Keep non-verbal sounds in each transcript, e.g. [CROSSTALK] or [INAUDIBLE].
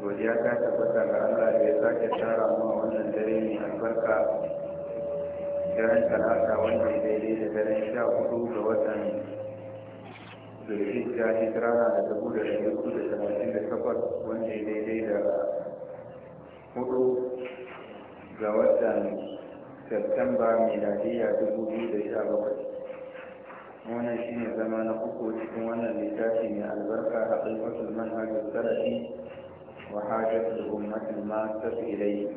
godiya ta tabbata ga Allah da ya sake tara mu a wannan dare mai albarka daren talata wannan daidai da daren sha hudu ga watan zulhijja hijira na da dubu da dari da talatin da takwas wanda ya daidai da hudu ga watan Satamba miladiya dubu biyu da sha bakwai wannan shine zama na uku cikin wannan littafi mai albarka a ƙarƙashin manhajar salafi وحاجة الأمة ما تب إليه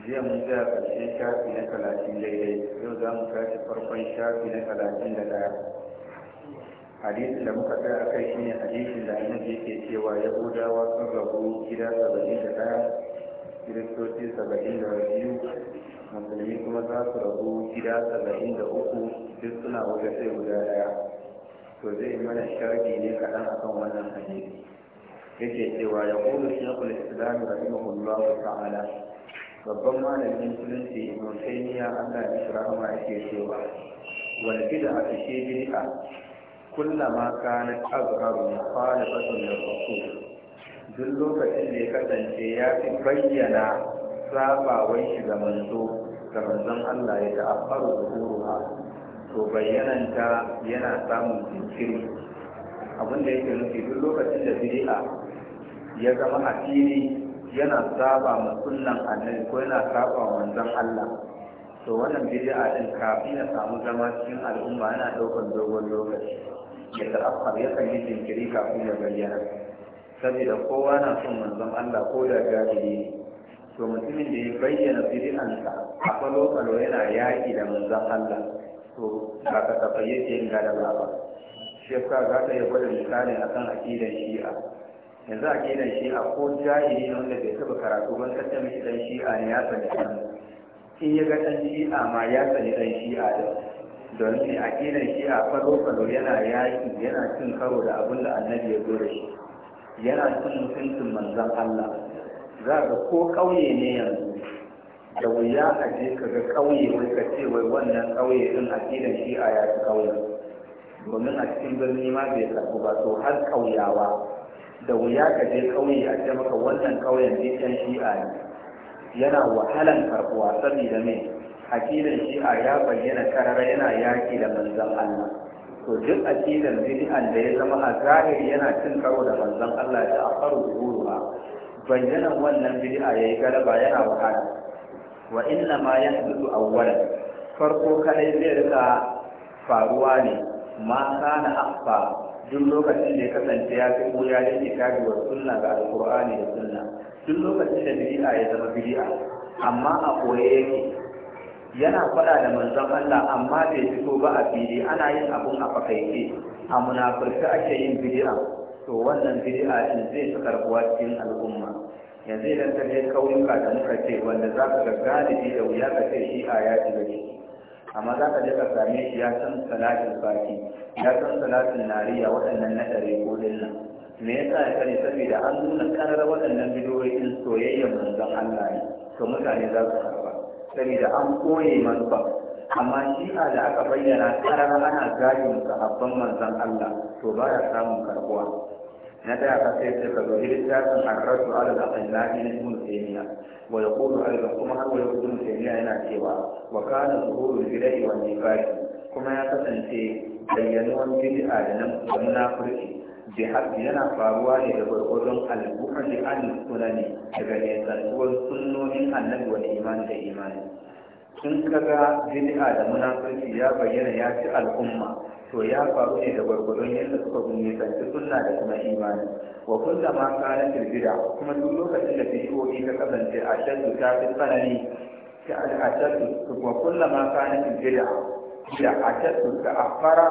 jiya mun tsaya ƙarshen shafi na talatin daidai yau za mu tashi farkon shafi na talatin da ɗaya hadisin da muka tsaya kai shine ne hadisin da annabi yake cewa yahudawa sun rabu gida saba'in da ɗaya kiristoci saba'in da biyu musulmi kuma za su rabu gida saba'in da uku duk suna waje sai guda ɗaya to zai mana sharhi ne kaɗan akan wannan hadisi yake cewa ya ƙulu shekul islam rahimahullah ta'ala babban malamin musulunci ibn taymiya Allah ya rahama yake cewa Wani wal bid'a fi bid'a kullama kanat azharu mukhalafatun lirrasul duk lokacin da ya kasance ya fi bayyana sabawan shi ga manzo ga manzon Allah ya ta'affaru zuhuruha to bayyananta yana samun jinkiri abin da yake nufi duk lokacin da bid'a ya zama a fili yana saba ma sunnan annabi ko yana saba manzon Allah to wannan bid'a din kafin ya samu zama cikin al'umma yana daukan dogon lokaci ya ta'akkar ya kan yi jinkiri kafin ya bayyana saboda kowa na son manzon Allah ko da jahili to mutumin da ya bayyana bid'ansa a falo-falo yana yaƙi da manzon Allah to ba ka tafaye yin gada ba shi yasa za ka iya gwada misali akan aƙidar shi'a yanzu a ke dan shi'a ko jahili ne wanda bai taba karatu ban kasa mishi dan shi'a ne ya tsani kan in ya ga dan shi'a ma ya tsani dan shi'a da Don ne a ke dan shi'a faro faro yana yaki yana cin karo da abin da annabi ya zo da shi yana cin mutuncin manzan Allah za ga ko ƙauye ne yanzu da wuya a je ka ga ƙauye wai ka ce wai wannan ƙauye din a aƙidan shi'a ya fi ƙauye domin a cikin birni ma bai karɓu ba to har ƙauyawa da wuya ka je kauye a ce maka wannan ƙauyen jikin shi'a ne yana wahalan karɓuwa saboda mai akidan shi'a ya bayyana karara yana yaƙi da manzon Allah to duk aƙidar bid'an da ya zama a zahiri yana cin karo da manzon Allah da afaru zuruha bayyanan wannan bid'a yayi galaba yana wahala wa inna ma yahdudu awwalan farko kadai zai rika faruwa ne ma kana akhfa duk lokacin da ya kasance ya fi ko ya yi kitabi wa sunna ga alkur'ani da sunna duk lokacin da bidi'a ya zama bidi'a amma a koye yake yana faɗa da manzon Allah amma bai fito ba a fili ana yin abun a fakaice a munafurci ake yin bidi'a to wannan bidi'a din zai fi karbuwa cikin al'umma yanzu idan ta je kauyuka da muka ce wanda za ka ga galibi da wuya ka ce a ya shiga ciki amma za ka je ka same shi ya san salatin fati ya san salatin nariya waɗannan na ɗare ko dinnan me yasa ya kare saboda an nuna karar waɗannan bidiyoyin soyayya manzon Allah ne to mutane za su karba saboda an koye manufa amma shi da aka bayyana karar ana gajin sahabban manzon Allah to ba ya samun karbuwa na da ka sai sai ka zori littafin arrasu ala al-aqillani na ibn taymiya wa yaqulu kuma har wa ibn taymiya yana cewa wa kana zuhurul bid'i wan nifaq kuma ya kasance bayyanuwan bid'a da nan da munafiki bi haddi yana faruwa ne da gwargwadon al-bukhari sunani daga ne sanuwar sunnonin annabi wal imani da imani sun kaga bid'a da munafiki ya bayyana ya ci al'umma to ya faru ne da gwargwadon yadda suka gumnisanci sunna da kuma imani wa kulla ma kana tilbida kuma duk lokacin da bishiyoyi ta kasance a shaddu ta fi tsanani ta al'ashaddu wa kulla ma kana tilbida da ashaddu ta afara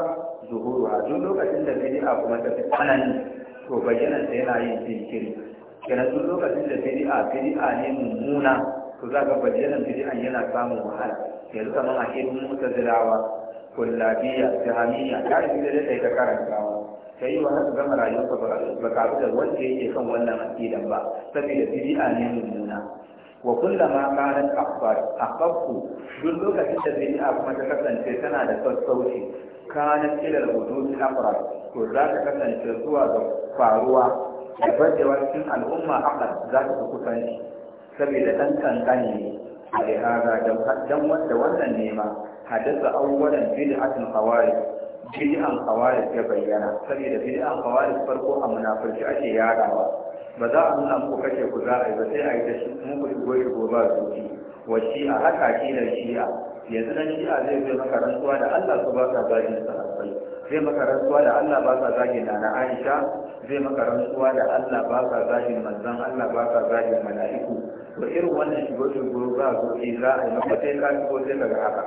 zuhuru a duk lokacin da bid'a kuma ta fi tsanani to bayyanan ta yana yin jinkiri kenan duk lokacin da bid'a bid'a ne mummuna to za ka bayyanan bid'an yana samun wahala yanzu kamar a irin mutazilawa kullabiya jahamiya ta yi da daɗa ta karantawa ka yi wa haka gama rayuwarka ba karu da wanda yake kan wannan aƙidan ba saboda bid'a ne mummuna wa kullama kanat akbar akabku duk lokacin da bid'a kuma ta kasance tana da sassauci kanat ila al-hudud akbar to za ta kasance zuwa ga faruwa da bajewa cikin al'umma akbar za ta kusanci saboda dan kankani ne a da dan wanda wannan nema hadasa awwalan bid'atul khawarij bid'an khawarij ya bayyana saboda bid'an khawarij farko a munafurci ake yadawa ba za a nuna muku kashe ku za a yi ba sai a yi ta shi muku shigo shigo ba zuci wa shi'a haka kilar shi'a yanzu nan shi'a zai zai maka da Allah su ba sa zagin sahabbai zai maka da Allah ba sa zagin nana Aisha zai maka da Allah ba sa zagin manzon Allah ba sa zagin mala'iku to irin wannan shigo shigo ba zuci za a yi maka sai ka shigo sai daga haka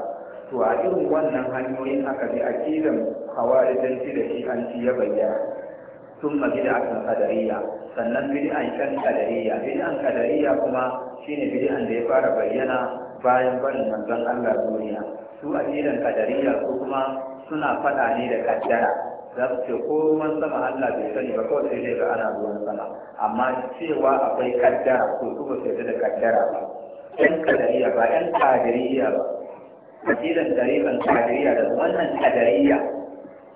to a irin wannan hanyoyin aka bi akidan hawarijanci da shi an ci ya bayyana sun ma akan kadariya, sannan an kan qadariyya an kadariya kuma shine an da ya fara bayyana bayan barin manzon Allah duniya su akidan kadariya su kuma suna fada ne da kaddara za su ce ko man sama Allah bai sani ba kawai sai dai ga ana ruwan sama amma cewa akwai kaddara ko su ba sai da kaddara ba Ƴan kadariya ba yan kadariya ba kasidan tarikan kadariya da wannan kadariya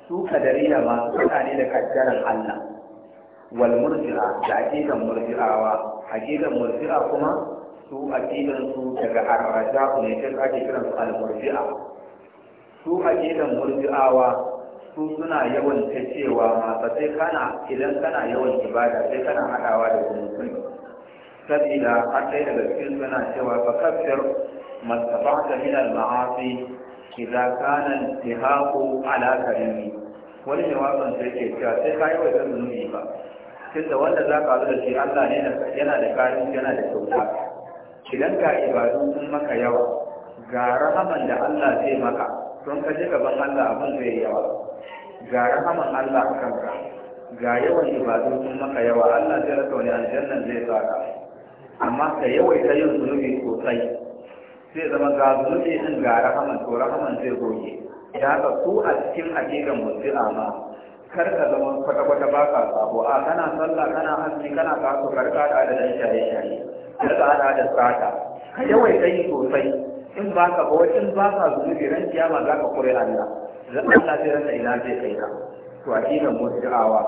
su kadariya ma suna ne da kaddaran Allah wal murji'a da aqidan murji'awa aqidan murji'a kuma su aqidan su daga arraja ne da ake kiran su al murji'a su aqidan murji'awa su suna yawan ta cewa ma ba sai kana idan kana yawan ibada sai kana hadawa da wani sabila har sai daga cikin suna cewa fa kafir mastafa'ta min al-ma'asi idza kana al-tihaqu ala karimi wani jawabin sai ke cewa sai ka yi wa zan zunubi ba da wanda za ka da shi Allah ne yana da karin yana da kyauta idan ka ibadu sun maka yawa ga rahaman da Allah zai maka don ka ji gaban Allah abin zai yawa ga rahaman Allah kanka ga yawan ibadu sun maka yawa Allah zai rasa wani aljannan zai tsaka amma ka yawaita yin zunubi sosai zai zama ga zunubi ɗin ga rahaman to rahaman zai goge ya haka su a cikin aƙidan musulma ma kar ka zama kwata-kwata ba ka sabo a kana sallah kana azumi kana kasu ka da adadin shaye-shaye kar ka da da sata ka yawaita yi sosai in ba ka ba in ba ka zunubi ran kiyama za ka kure Allah zan Allah zai rasa ina zai kai ka to aƙidan musulma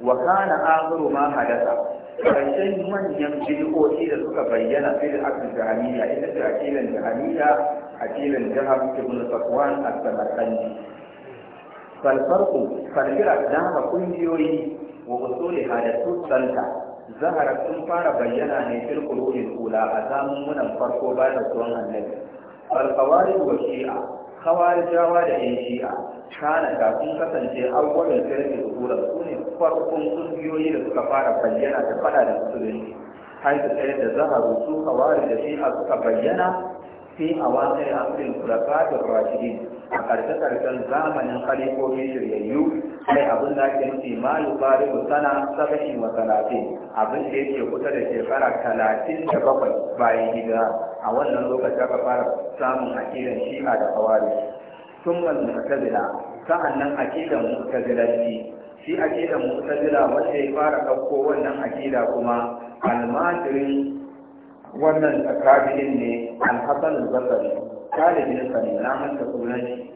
wa kana akhiru ma hadasa. karshen manyan bid'o'i da suka bayyana fil akil jahaniya ita ce akilan a akilan jihar ibn safwan a samarqandi fal farqu dama kungiyoyi wa usuli hadatu santa zahara sun fara bayyana ne fil qurunil kula a zamanin farko bayan tsohon annabi fal qawarij wa shi'a da yan shi'a kana da sun kasance awwalin firqi usulan ne farkon kungiyoyi da suka fara bayyana da fada da musulunci har da tsaye da zaharu su kawari da shi a suka bayyana fi a wasan amfin kulafafin rashidi a karshe-karshen zamanin halikokin shiryayyu sai abin da ake nufi ma yi sana sabashi wa talatin abin da yake kusa da shekara talatin da bakwai bayan gida a wannan lokacin aka fara samun akidan shi'a da kawari sun wani mutazila sa'annan akidan mutazilanci shi aƙidar mutazila wacce ya fara ɗauko wannan aƙida kuma almajirin wannan tsakabilin ne alhassan al talibin sa ne na hanta sunan shi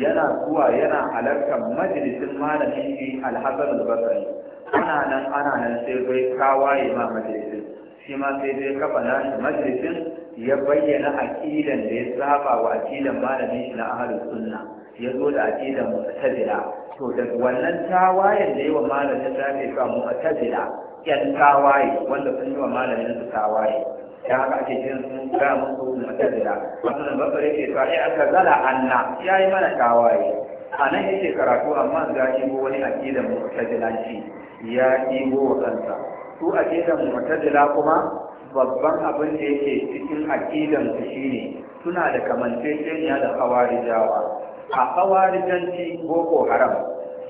yana zuwa yana halartar majalisin malamin shi alhassan albasari ana nan ana nan sai bai kawaye ma majalisin shi ma sai dai kafa nashi majalisin ya bayyana aƙidan da ya saba wa aƙidan malamin shi na ahalus sunna ya zo da aqidar mu'tazila to da wannan tawayen da yawa malamin da ake cewa mu'tazila yan tawaye wanda sun yi wa malamin su tawaye ya haka ake jin sun ga musu mu'tazila wannan babbar yake cewa ai eh, aka zala anna yayi mana tawaye a nan yake karatu amma ga ibo wani aqidar shi ya ibo wa kansa su aqidar mu'tazila kuma babban abin da yake cikin aqidan su shine suna da kamanceceniya da hawari jawa a ci boko haram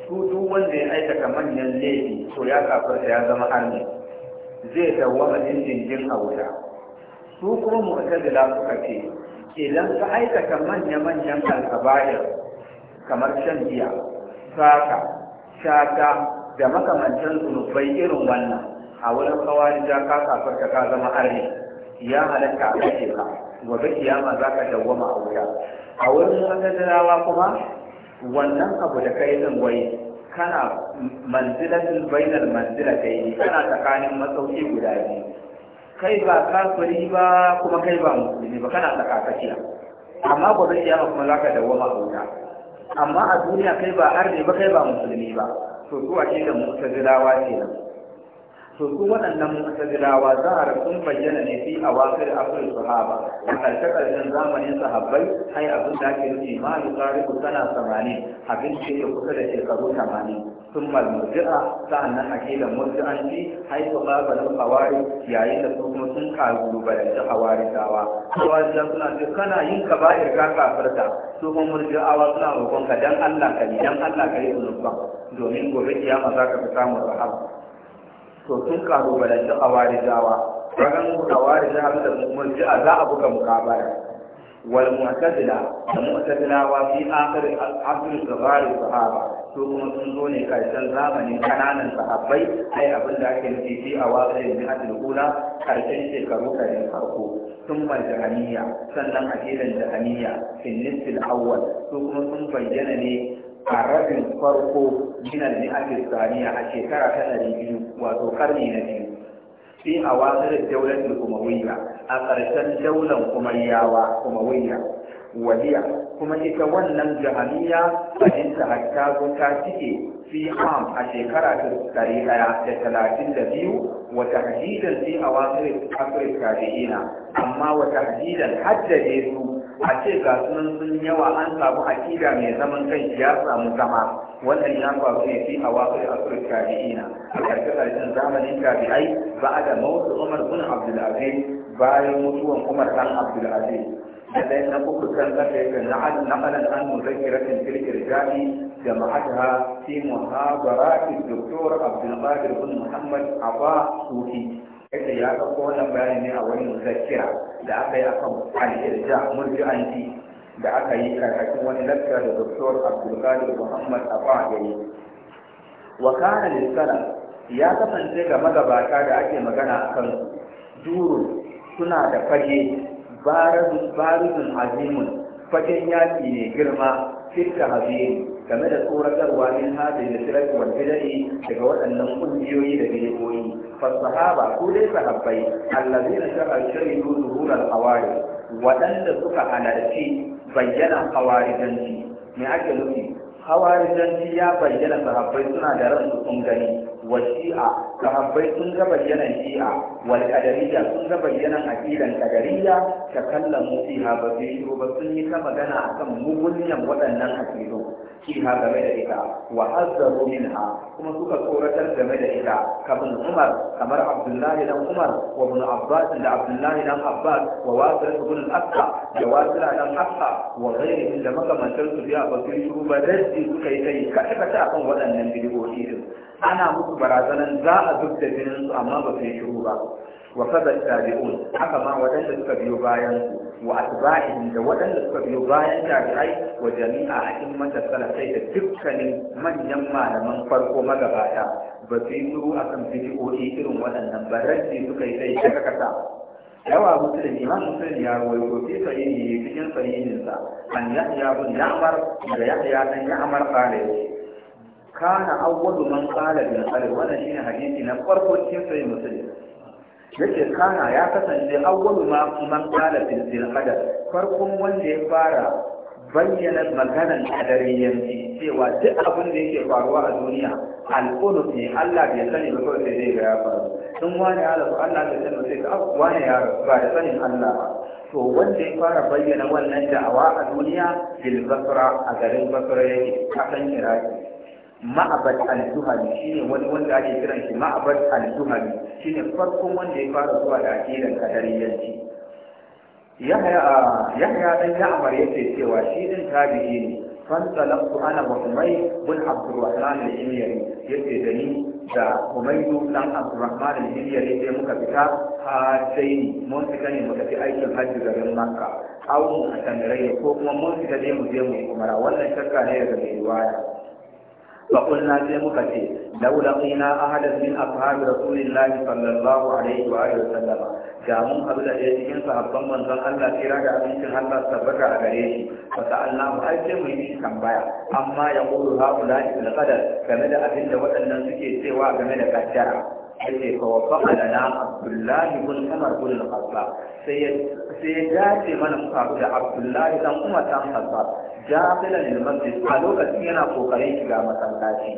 su duk wanda ya aikata manyan laifi to ya kafarta ya zama harni zai dawwama jinjin a wuta su kuma mu'tazila suka ce idan ka aikata manya-manyan alkabayar kamar shan giya saka shata da makamancin zunubai irin wannan a wurin kawari ka kafarta ka zama harni ya halatta a ka gobe kiyama za ka dawwama a wuya a wurin sakadarawa kuma wannan abu da kai zan wai kana manzilar bainar kai ne kana tsakanin matsauki guda ne. kai ba kafiri ba kuma kai ba musulmi ba kana tsakakakiya amma gobe kiyama kuma za ka dawwama a wuya amma a duniya kai ba har ba kai ba musulmi ba to zuwa ce da mutazilawa kenan to su waɗannan masajirawa za a sun bayyana ne fi a wakil akwai sahaba a karshe-karshen zamanin sahabbai hai abin da ake nufi ma yi ku sana samani abin da kusa da shekaru samani sun malmurdi'a sa'annan akidan murji'anci hai su ma ba nufa wari yayin da su kuma sun kalubalanci hawari dawa kowa jan suna ce kana yin ka ba'ir ka kafirta su kuma murji'awa suna roƙon dan allah ka ne dan allah ka yi zunuban domin gobe kiyama za ka fi samun rahama to sun kalubalanci a warizawa ranar a warija da murji'a za a buga mukabara wal mu'tazila da mu'tazilawa fi akhir al-asr sabar sahaba to kuma sun zo ne karshen zamanin kananan sahabbai ai abin da ake nufi fi a wasayin bi al-ula karshen shekaru karin farko sun bar jahaniya sannan a gidan jahaniya fil nisfil awwal to kuma sun bayyana ne a rabin farko minan ni'atis saniya a shekara ta ɗari biyu wato ƙarni na biyu sai a wasarar daular kumawiyya a ƙarshen daular kuma kumawiyya waliya kuma ita wannan jahaniya fahimta hatta zo ta cike fi ham a shekara ta ɗari ɗaya da talatin da biyu wata hadidan fi a wasarar afirka da amma wata hadidan haddade su a ce ga sunan sun yawa an samu akida mai zaman kai ya samu zama wannan ya faru ne fi awaqi da ina. a karkashin zamanin tabi'ai ba da mautu Umar bin Abdul Aziz bayan mutuwan Umar dan Abdul Aziz da dai na uku kan zaka yake na an naqalan an muzakkiratin fil da jama'atha fi muhadarati Dr. Abdul Qadir bin Muhammad Aba Sufi yake ya ɗauko wannan bayani ne a wani zakiya da aka yi akan al-irja murji'anti da aka yi karkashin wani lakka da doktor abdulkadir muhammad afa gari wa kana lissalam ya kasance ga magabata da ake magana a kan juru suna da fage baruzun azimun fagen yaki ne girma fitta haziri game da tsoratarwa min hadin da shirki wal bid'i daga waɗannan kungiyoyi da bidiyoyi fa sahaba ko dai sahabbai allazina shara shariku zuhur hawari waɗanda suka halarci bayyana hawarijanci me ake nufi hawarijanci ya bayyana sahabbai suna da ransu sun gani wa shi'a sahabbai sun ga bayyanan shi'a wal qadariyya sun ga bayyanan aqidan qadariyya ta kallamu fiha ba sai ba sun yi ta magana akan mugunyan waɗannan aqidu fiha game da ita wa hazzaru minha kuma suka tsoratar game da ita kamar Umar kamar Abdullahi dan Umar wa ibn Abbas da Abdullahi dan Abbas wa Wasil ibn Al-Aqsa da Wasil dan Aqsa wa ghairihi da makamantar su biya bakin shuru ba dai suka yi kai kada a akan waɗannan bidiyoyi din ana musu barazanan za a zubda jinin su amma ba su yi shuru ba wa kaza tabi'un haka ma waɗanda suka biyo bayan wa atba'in da waɗanda suka biyo bayan tabi'ai wa jami'a a immatar salafai da dukkanin manyan malaman farko magabata ba su yi suru akan bidiyoyi irin waɗannan ba rajji suka yi sai shaka kasa yawa musulun imam musulun ya rawaito fi sahihi cikin sahihinsa an yahya bin ya'mar da yahya dan ya'mar qala yace kana awwalu man qala bil qalb wannan shine hadisi na farko cikin sahih musulun yake kana ya kasance awwalu ma man qala fil qadar farkon wanda ya fara bayyana maganan yanzu cewa duk abin da yake faruwa a duniya al'uluf ne Allah bai sani ba kawai sai zai ga ya faru in wani ya rasu Allah bai sani ba sai ka wani ya rasu ba da sanin Allah ba to wanda ya fara bayyana wannan da'awa a duniya bil basra a garin basra yake a kan iraki ma'abar al shi shine wani wanda ake kiran shi ma'abar al shi shine farkon wanda ya fara zuwa da akidar kadariyanci yahya yahya dan ya'mar yace cewa shi din tabi'i ne fantalaqtu ana wa umay bin abdurrahman al-himyari yace da ni da umaydu dan abdurrahman al-himyari sai muka fita ha sai ni, mun fita ne muka fi aikin hajji garin makka au mu a ko kuma mun fita ne mu je mu kumara, wannan shakka ne daga mai riwaya فقلنا في مكتي لو لقينا أحدا من أصحاب رسول الله صلى الله عليه وآله وسلم جامون قبل أيديهم صحابا من ظن الله كيرا جامون كن الله سبك أغريه فسألناه أجل مهمين كمبايا أما يقول هؤلاء في القدر كمدى أبن وأن نسكي سوى كمدى كجرع yace fa wafaqa lana abdullahi bin umar bin sai ya dace mana sabu da abdullahi dan umar dan khattab jabilan lil masjid a lokacin yana kokarin shiga masallaci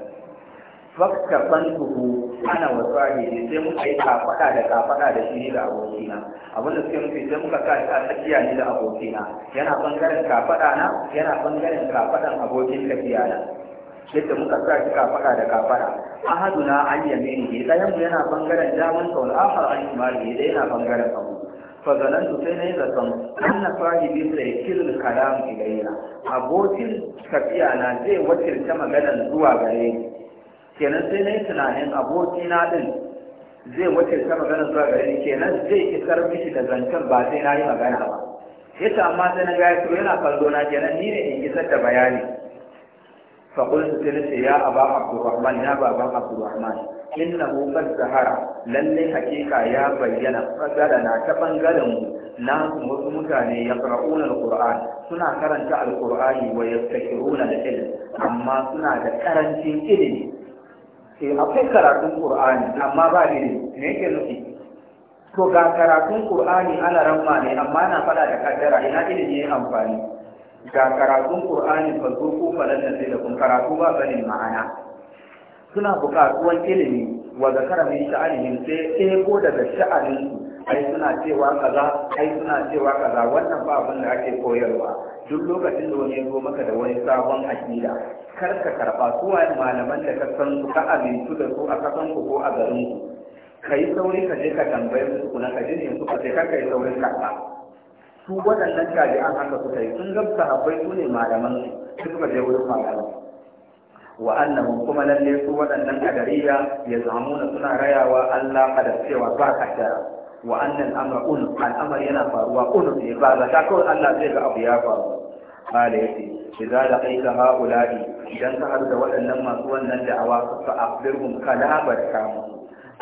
fakta fantuhu ana wasahi ne sai muka yi kafaɗa da kafaɗa da shi da abokina abinda suke muke sai muka sa shi a tsakiya ni da abokina yana ɓangaren kafaɗa na yana ɓangaren kafaɗan abokin tafiya na yadda muka sa shi kafara da kafada ahaduna an ne dayan mu yana bangaren daman sau na afar an shimali da yana bangaren abu fa su sai yi zaton na anna ya sai da kalam ilayya abokin tafiya na zai wakilta maganan zuwa gare ni kenan sai na yi tunanin abokina din zai wakilta maganan zuwa gare ni kenan zai isar mishi da zancen ba sai na yi magana ba yace amma sai na gaya ga yana kallo na kenan ni ne in isar da bayani فقلت تلك يا أبا عبد الرحمن يا أبا عبد الرحمن إنه قد ظهر للي حقيقة يا بينا فقالنا كفن تبنغلم ناس مكان يقرؤون القرآن سنة كرنت القرآن ويستكرون العلم أما سنة كرنت إلمي akwai karatun Qur'ani amma ba ne ne yake nufi to ga karatun Qur'ani ana ramma ne amma na fada da kaddara ina ilimi amfani ga karatun Qur'ani fa zuku da kun karatu ba ganin ma'ana suna buƙatuwan ilimi wa zakara min sha'anihim sai sai ko daga sha'anin ai suna cewa kaza ai suna cewa kaza wannan ba abin da ake koyarwa duk lokacin da wani yazo maka da wani sabon aƙida kar ka karɓa su malaman da ka san su ka amintu da su a kasan ku ko a garin ku ka yi sauri ka je ka tambaye su kuna ka je ne su ka kar ka yi saurin karɓa su waɗannan tabi'an haka suka yi sun ga sahabbai su ne malaman su suka je wurin malaman wa kuma lalle su waɗannan kadariya ya na suna rayawa Allah kadar cewa ba kaddara wa Wa'annan amra yana faruwa un ne ba ta kawai Allah zai ga abu ya faru قال يتي إذا لقيت هؤلاء إذا سهر دولة لما سوى النجع واصف فأخبرهم كلام الكامل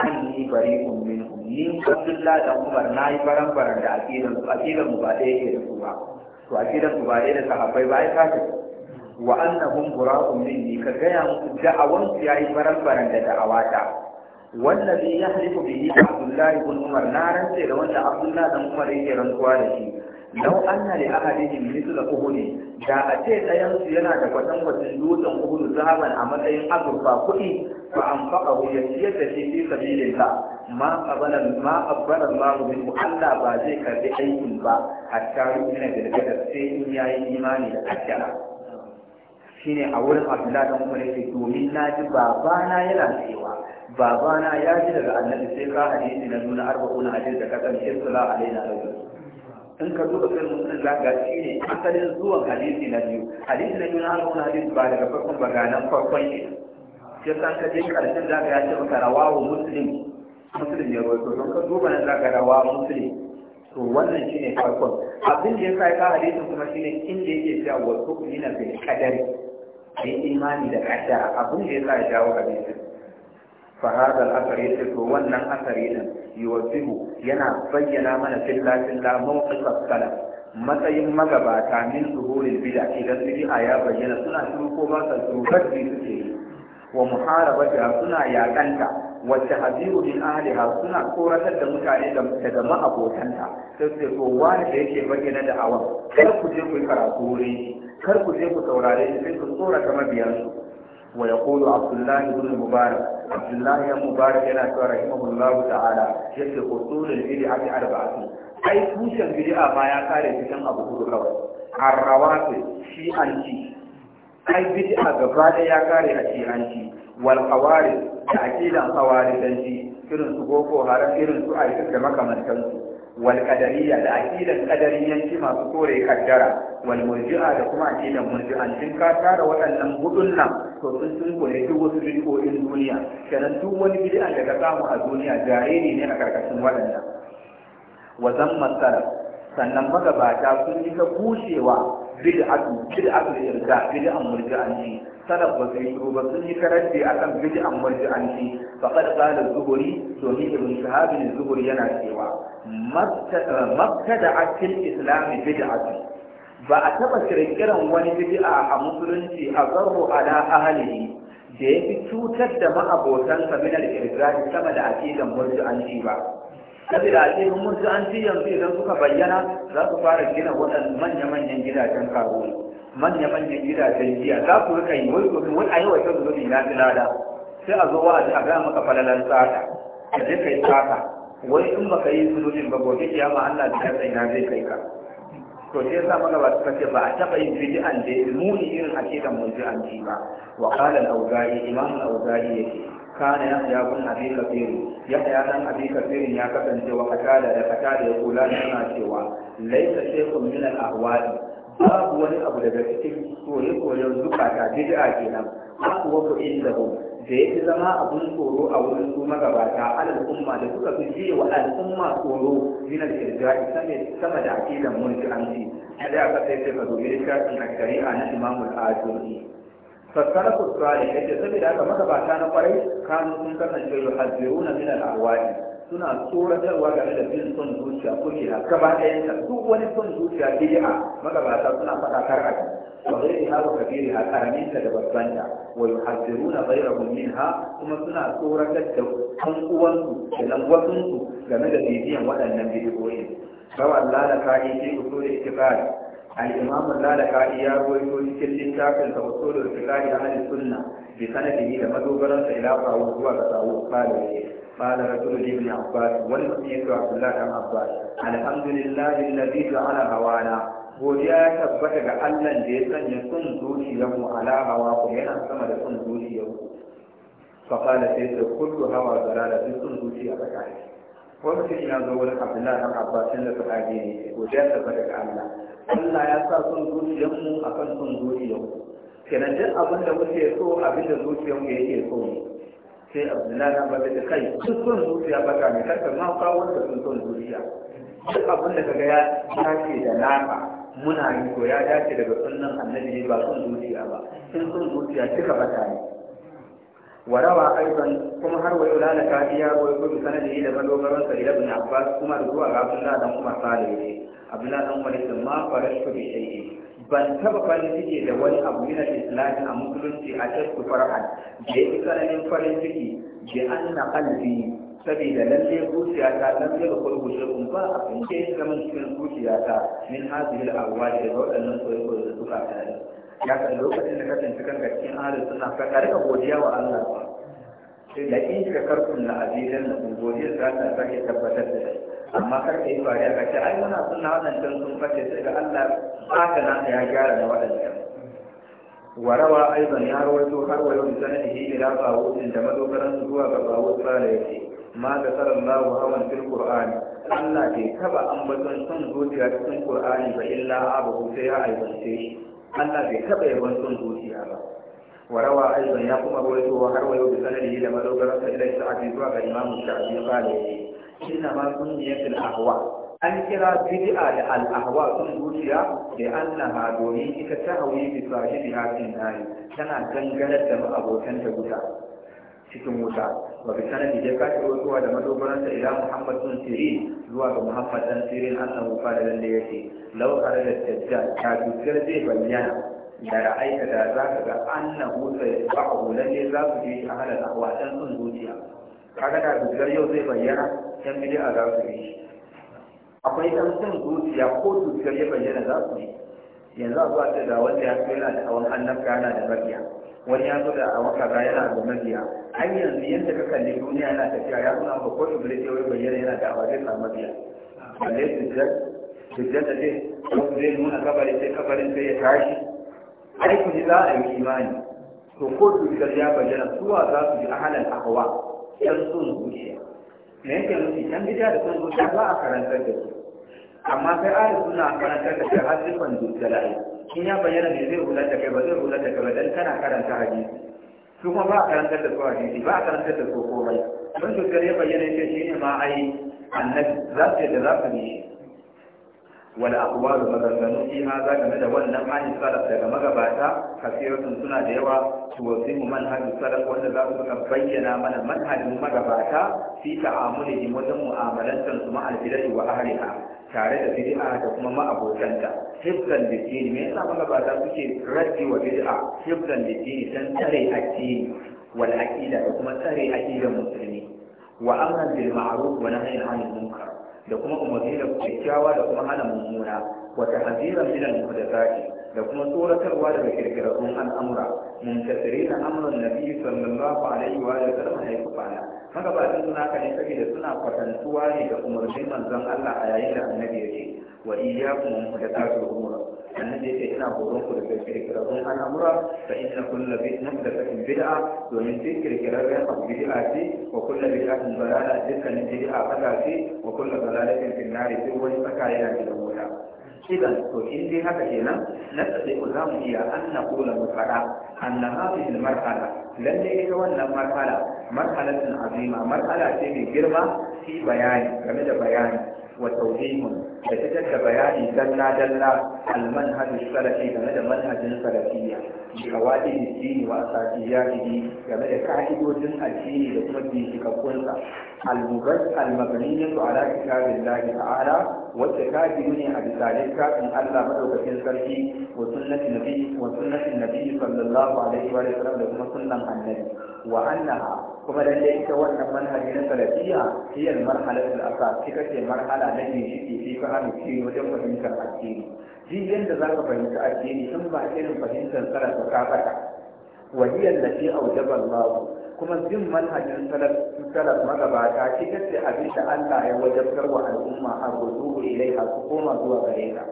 anni bari'un minhum ni Abdullah da Umar nayi baran baran da akidan su akidan mu ba ɗaya yake da su ba to akidan mu ba ɗaya da sahabbai ba ya kace wa annahum bura'un minni ka gaya musu da'awan su yayi baran baran da da'awata wallazi yahlifu bihi Abdullah ibn Umar na rantse da wanda Abdullah da Umar yake rantsuwa da shi lau an na ahadihim mithla uhudi da a ce ɗayan su yana da kwatan kwatan dutsen uhudu zaman a matsayin azurfa kuɗi ba an faɗa hu ya ciyar da shi fi sabilillah ma qabala ma qabbala Allah min Allah ba zai karbi aikin ba hatta yu'mina bil qadar sai in yayi imani da akira shine a wurin Abdullahi dan Umar yake domin naji babana yana cewa babana ya ji daga annabi sai ka hadisi na nuna arba'una hadisi da kasan irsala alaina rajul in ka duba kan za ga shi ne asalin zuwan hadisi na biyu hadisi na biyu na zauna hadisi ba daga farkon ba ga nan farkon ne sai san ka je karshen za ya yace maka wa musulun musulun ya rawaito don ka duba nan ka rawawo musulun to wannan shi ne farkon abin da ya sa ka hadisin kuma shi shine inda yake cewa wa tu'mina bil qadari ai imani da kadara abin da ya sa ya dawo hadisin فهذا الأثر يترك وأن أثر يوجه ينا بينا من في الله في الله موقف السلف matsayin magabata min zuhurin bida idan bid'a ya bayyana suna shiru ko ba sa shiru suke yi wa muharabata suna yakanta wacce haziru min ahliha suna koratar da mutane daga ma'abotanta sai su to wani da yake bayyana da awan kar ku je ku yi karatu wurin je ku saurare shi sai tsorata mabiyansu Wa ya koyo Abdullahi na mubarak Abdullahi na Bari yana taurin himar mu da ala, yadda ko tsoron da jirgin ajiyar da asibiti. Kai gidi a fa ya kare cikin abu huɗu kawai. A rawatse shi an ci. Kai biki a gabadaya ya kare a ci an ci. Walƙawarin da ake dan a irin su ko ko har kiransu aiki suke maka mai wal da da ƙadarin qadariyyanci masu kore kaddara wal da kuma aqidan murji'an din ka tara waɗannan hudun nan to sun sun kore duk wasu bid'o'in duniya kenan duk wani bid'a da ka samu a duniya jariri ne a karkashin waɗannan Wazan matsala. sannan magabata sun yi ta kushewa bid'atu bid'atu irda bid'an murji'anci salaf ba sai yi ba sun yi karanci akan bid'an murji'anci faqad qala zuhuri zuhri to ni ibn shahab az-zuhri yana cewa mabtada'at fil islam bid'atu ba a taba kirkiran wani bid'a a musulunci a zarru ala ahlihi da ya fi cutar da ma'abotansa minar irgadi sama da aƙidan murji'anci ba saboda a cikin mun an ci yanzu idan suka bayyana za su fara gina waɗannan manya-manyan gidajen karuwa manya-manyan gidajen jiya za ku rika yi wai kuma wani ayi wata zuwa ne na lada sai a zo wa a ga maka falalan tsaka a je kai tsaka wai in baka yi zunubin ba gobe ma Allah da ya na zai kai ka to sai sa maka ba su ce ba a taɓa yin bid'an da muni irin a ce da ji ba wa qala al-awza'i imam al yake kana ya ya kun abi kafiru ya ya dan abi kafirin ya kasance wa kakala da kakala ya kula da suna cewa laisa shaykhun min al-ahwali babu wani abu daga cikin koyo-koyon zukata bid'a kenan babu ku inda da ya zama abun tsoro a wurin su magabata al'umma da suka fi ji wa al'umma tsoro min al-irja'i sama da aqidan mulki amsi sai aka sai ka dubi littafin al-shari'a na imamul al-Ajuri fassara ku tsare yake saboda haka magabata na kwarai kanu sun kasance yuhazziruna min al suna tsoratarwa game da bin son zuciya ko ne ba ɗayan ta duk wani son zuciya a magabata suna faɗa kar a wa ghairi ha wa kabiri ha karamin ta da babban ta wa yuhazziruna ghairahum minha kuma suna tsoratar da kan uwansu da langwasunsu game da bibiyan waɗannan bidiyoyi kawai lalata ne ke usulul الإمام اللالكائي يروي cikin littafin tawassul al-fiqh ahli sunna bi sanadihi da madogaran sa ila qawu zuwa ga qawu qala qala rasul ibn abbas wal mu'min to abdullah ibn abbas alhamdulillah alladhi ja'ala hawana godiya ya tabbata ga Allah da ya sanya sun zuciyar mu ala hawa ko yana sama da sun zuciyar ku fa qala sai kullu hawa zalala sun zuciya bakari wani mutum ya zo wani abdullahi na abbasin da suka je ne godiya ta bada ga allah allah ya sa son zuciyarmu a kan son zuciyarmu kenan duk abin da muke so abin da mu yake so ne sai abdullahi na abbasin da kai sun son zuciya ba baka ne karka ma kawo da sun son zuciya duk abin da kaga ya dace da naka muna yi ko ya dace daga sunnan annabi ne ba son zuciya ba sun son zuciya duka bata ne وروى أيضا كما هروا إلى لكاتيا ويقول سنده إلى بلوغرنس إلى ابن عباس كما رجوع عبد الله بن عمر صالح عبد الله بن عمر ما فرشت بشيء ban taba farin ciki da wani abu yana islami a musulunci a cikin farhan Je ya tsananin farin ciki da an na kalbi saboda lalle zuciyata lalle da kwai gushe kun ba a kun ke zama cikin zuciyata min hazihil arwa da waɗannan kwai da suka tare ya kan lokacin da ka tuntu kanka cikin ahalin suna ka karka godiya wa Allah ba sai da in ka karkun na azilan da kun godiya za ta sake tabbatar da shi amma kar ka yi fariya ka ce ai muna suna waɗancan sun fashe sai ga Allah haka na ya gyara da waɗancan warawa aiban ya rawaito har yau da sanadihi ila bawusin da madogaran zuwa ga ba da yake ma da sallallahu hawan fil qur'ani Allah bai taba ambaton son zuciya cikin qur'ani ba illa abu sai ya aibance shi Allah bai taɓa yi wani sun zuciya ba. warawa aizan ya kuma bai zuwa har wayo da sanari da madogaran sa ilai sa abin zuwa ga imamu sha abin ba ma sun yi yankin ahwa an kira bid'a da al'ahwa sun zuciya da annaha domin ita ta hauyi bisa shi bi tana gangarar da ma'abotan ta guda cikin wuta wa bi sanadi da ka shigo zuwa da madogaran sa ila Muhammad bin Sirin zuwa ga Muhammad dan Sirin annahu da lalle yace law arada tajja ka dukkan zai bayyana da ra'aika da za ka ga annahu sai ba'u lalle za ku ji a halal ahwa dan sun zuciya kaga da dukkan yau zai bayyana yan bid'a za su yi akwai dan sun zuciya ko dukkan ya bayyana za su yi yanzu a zuwa da wanda ya kai da hawan annabta yana da mabiya wani ya zo da a waka ga yana da mabiya An yanzu yadda ka kalli duniya yana tafiya ya suna maka ko iblis ya bayyana yana da awa zai samu mabiya balle su sujjad da zai zai nuna kabarin sai kabarin sai ya tashi aiki ne za a yi imani to ko dukkan ya bayyana suwa za su ji halin akawa? yan sun zuciya me yanke nufi yan gida da son zuciya ba a karantar da su amma sai yi suna karantar da shi har sifan in ya bayyana ne zai hula da kai ba zai hula da kai ba dan kana karanta hadisi su kuma ba a karantar da su hadisi ba a karantar da su komai don su ya bayyana ya ce shi ne ma ai annabi za su da za su ne shi wal aqwalu maganganu fi ma za game da wannan hanyar salaf daga magabata kasiratun suna da yawa su wasimu manhajin salaf wanda za su suka bayyana mana manhajin magabata fi da wajen mu'amalantar su ma'al bidai wa ahliha tare da bid'a da kuma ma'abokanta. hibdan da me yasa maka ba za suke raddi wa bid'a hibdan da dini dan tsare addini wal aqida da kuma tsare aqidan musulmi wa amran bil ma'ruf wa nahyin 'anil munkar da kuma umarni da kyakkyawa da kuma hana mummuna wa tahziran min al muhdathati da kuma tsoratarwa daga kirkirarrun al'amura muntasiri na amuran nabi sallallahu alaihi wa sallam ya yi kufana haka ba sun suna kan saboda suna kwatantuwa ne da umarnin manzon Allah a yayin da annabi ya ce wa iyyakum muhdathatul umur annabi ya ce ina horon ku daga kirkirarrun al'amura fa inna kullu bid'atin bid'a domin duk kirkirarren abu bid'a ce wa kullu bid'atin dalala dukkanin bid'a fada ce wa kullu dalalatin fi an-nar duk wani tsaka yana da wuta idan to in dai haka kenan na tsaye ku za mu iya an na kula mu faɗa an na hafi da marhala lalle ita wannan marhala marhalatin azima marhala ce mai girma fi bayani game da bayani wa tauhimun da fitar da bayani dalla dalla almanhajus salafi game da manhajin salafiyya kawadi addini wa asasiyatihi game da ka'idodin addini da kuma bincikakunsa al-mubaz al-mabniyatu ala kitabillahi ta'ala wacce ji ne a bisa kafin Allah madaukakin sarki wa sunnati nabi wa sunnati nabi sallallahu alaihi wa sallam da kuma sunnan annabi wa annaha kuma da ita wannan manhaji na salafiyya hiyar marhalatul asa kika ce marhala na ka fi ci wajen fahimtar addini duk yadda za ka fahimci addini sun ba irin fahimtar salafa ka fata wa hiya allati awjaba Allah kuma jin manhajin salaf magabata ta ce abin da Allah ya wajabtar wa al'umma a rudu ilaiha su koma zuwa gare ta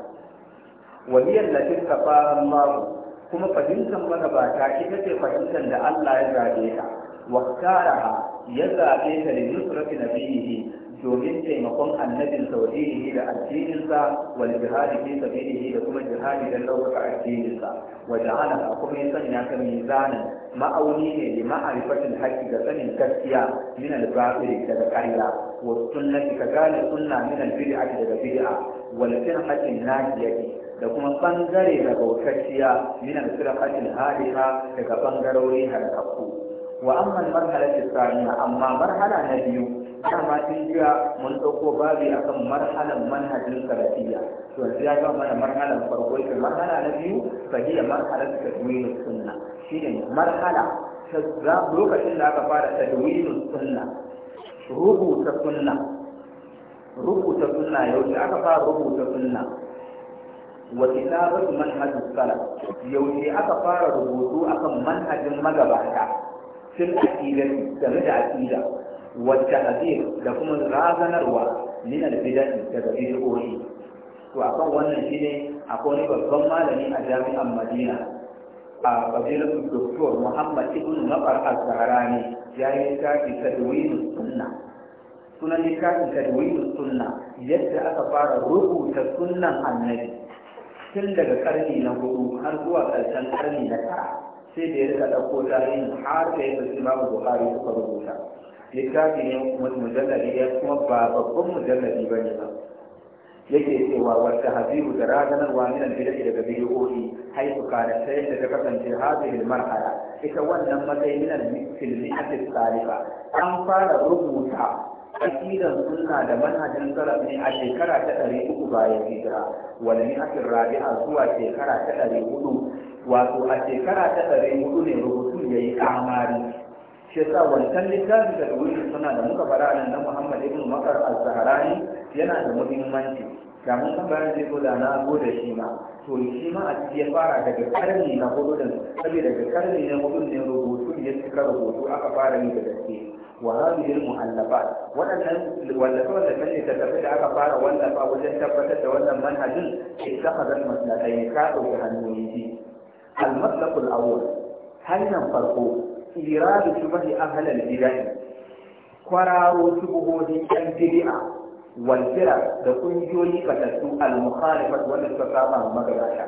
waliyar da tilka faran maru kuma fahimtar magabata ta ce fahimtar da Allah ya zabe ta wa ya zabe ta da nusrati nabiyhi domin taimakon annabin tauhidihi da addininsa wal jihadi fi sabilihi da kuma jihadi don ɗaukaka addininsa wa ja'ala kuma ya sanya ka mizanin ma'auni ne li ma'rifatil haqqi da sanin gaskiya min al daga ƙarya wa sunnati ka gane sunna min al bid'ati daga bid'a wal firqatin najiyati da kuma bangare da bautacciya min al firqatil hadiha daga bangarori halakakku wa amma al marhalatu thaniya amma marhala na biyu dama tun jiya mun ɗauko babi akan marhalan manhajin karatiya to yanzu ya ga mana marhalan farko ita marhala na biyu fa hiya ta tadwinu sunna ne marhala ta lokacin da aka fara tadwinu sunna rubuta sunna rubuta sunna yaushe aka fara rubuta sunna wa manhajin manhajus yau yaushe aka fara rubutu akan manhajin magabata fil aqidati game da aqida والتحذير لكم الغاز نروى من البدع تبعيد أوحي وأقوى أن الجنة أقوني بالضمى لني أجام المدينة آه، فضيلة الدكتور محمد ابن نقر الزهراني جايزة في تدوين السنة سنة لك في تدوين السنة يجب أن أفار رؤو تسنة عن النبي كل ذلك قرني نقوم هنقوى قلتان قرني نتعى سيدي رسالة قوتارين حارفة بسماء البخاري وقرروا شعب littafi ne kuma mujalladi ya kuma ba babban mujalladi ba ne ba yake cewa wata haziru da raganarwa min al-bid'i daga bid'o'i haifu kana ta yadda ta kasance hadhihi marhala ita wannan matsayi min al-filmiyat al-salifa an fara rubuta akidan sunna da manhajin salaf ne a shekara ta ɗari uku bayan hijira wal mi'atir rabi'a zuwa shekara ta ɗari hudu wato a shekara ta ɗari hudu ne rubutun yayi kamari shi yasa wancan littafi daga wurin suna da muka fara nan na Muhammad ibn Makar az-Zahrani yana da muhimmanci da mun san bayan zai zo na zo shi ma to shi ma a cikin fara daga karni na hudu din saboda daga karni na hudu ne rubutu ya cika rubutu aka fara yi da gaske wa hadhihi al-mu'allafat wadannan wallafa wallafa ne ta tafi da aka fara wallafa wajen tabbatar da wannan manhajin ittakhadha maslahayn ka dauki hanyoyi al-maslahul awwal hanyar farko iradu a ahlal bid'ah kwararo buhodin yan bid'a wal da kungiyoyi fatattu al mukhalifat wanda suka saba magabata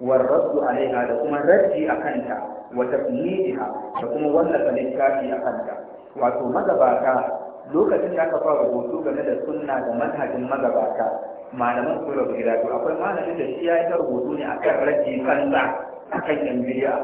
wal raddu alaiha da kuma raddi kanta wa tafnidiha da kuma wallafa littafi kanta, wato magabata lokacin da aka fara hoto game da sunna da manhajin magabata malaman kula da gida akwai malamin da shi ya yi rubutu ne akan raddi kansa akan yan bid'a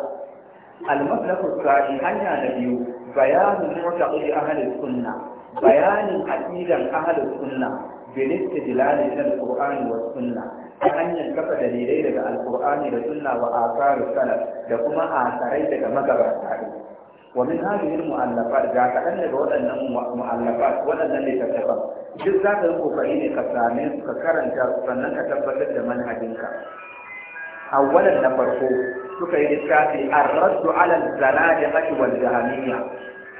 المسلك الثاني هنيا نبيو بيان معتقد أهل السنة بيان عقيدة أهل السنة بالاستدلال إلى القرآن والسنة هنيا كفى دليلي لك القرآن والسنة وآثار السلف لكما آثاري لك مقبع ومن هذه المؤلفات ذاك أن وأن مؤلفات وأن اللي تتفق جزاك الكفرين كسامين ككرن sannan ka tabbatar da manhajinka awwalan na farko suka yi littafi ar-raddu zana da zanadiqati wal jahamiyya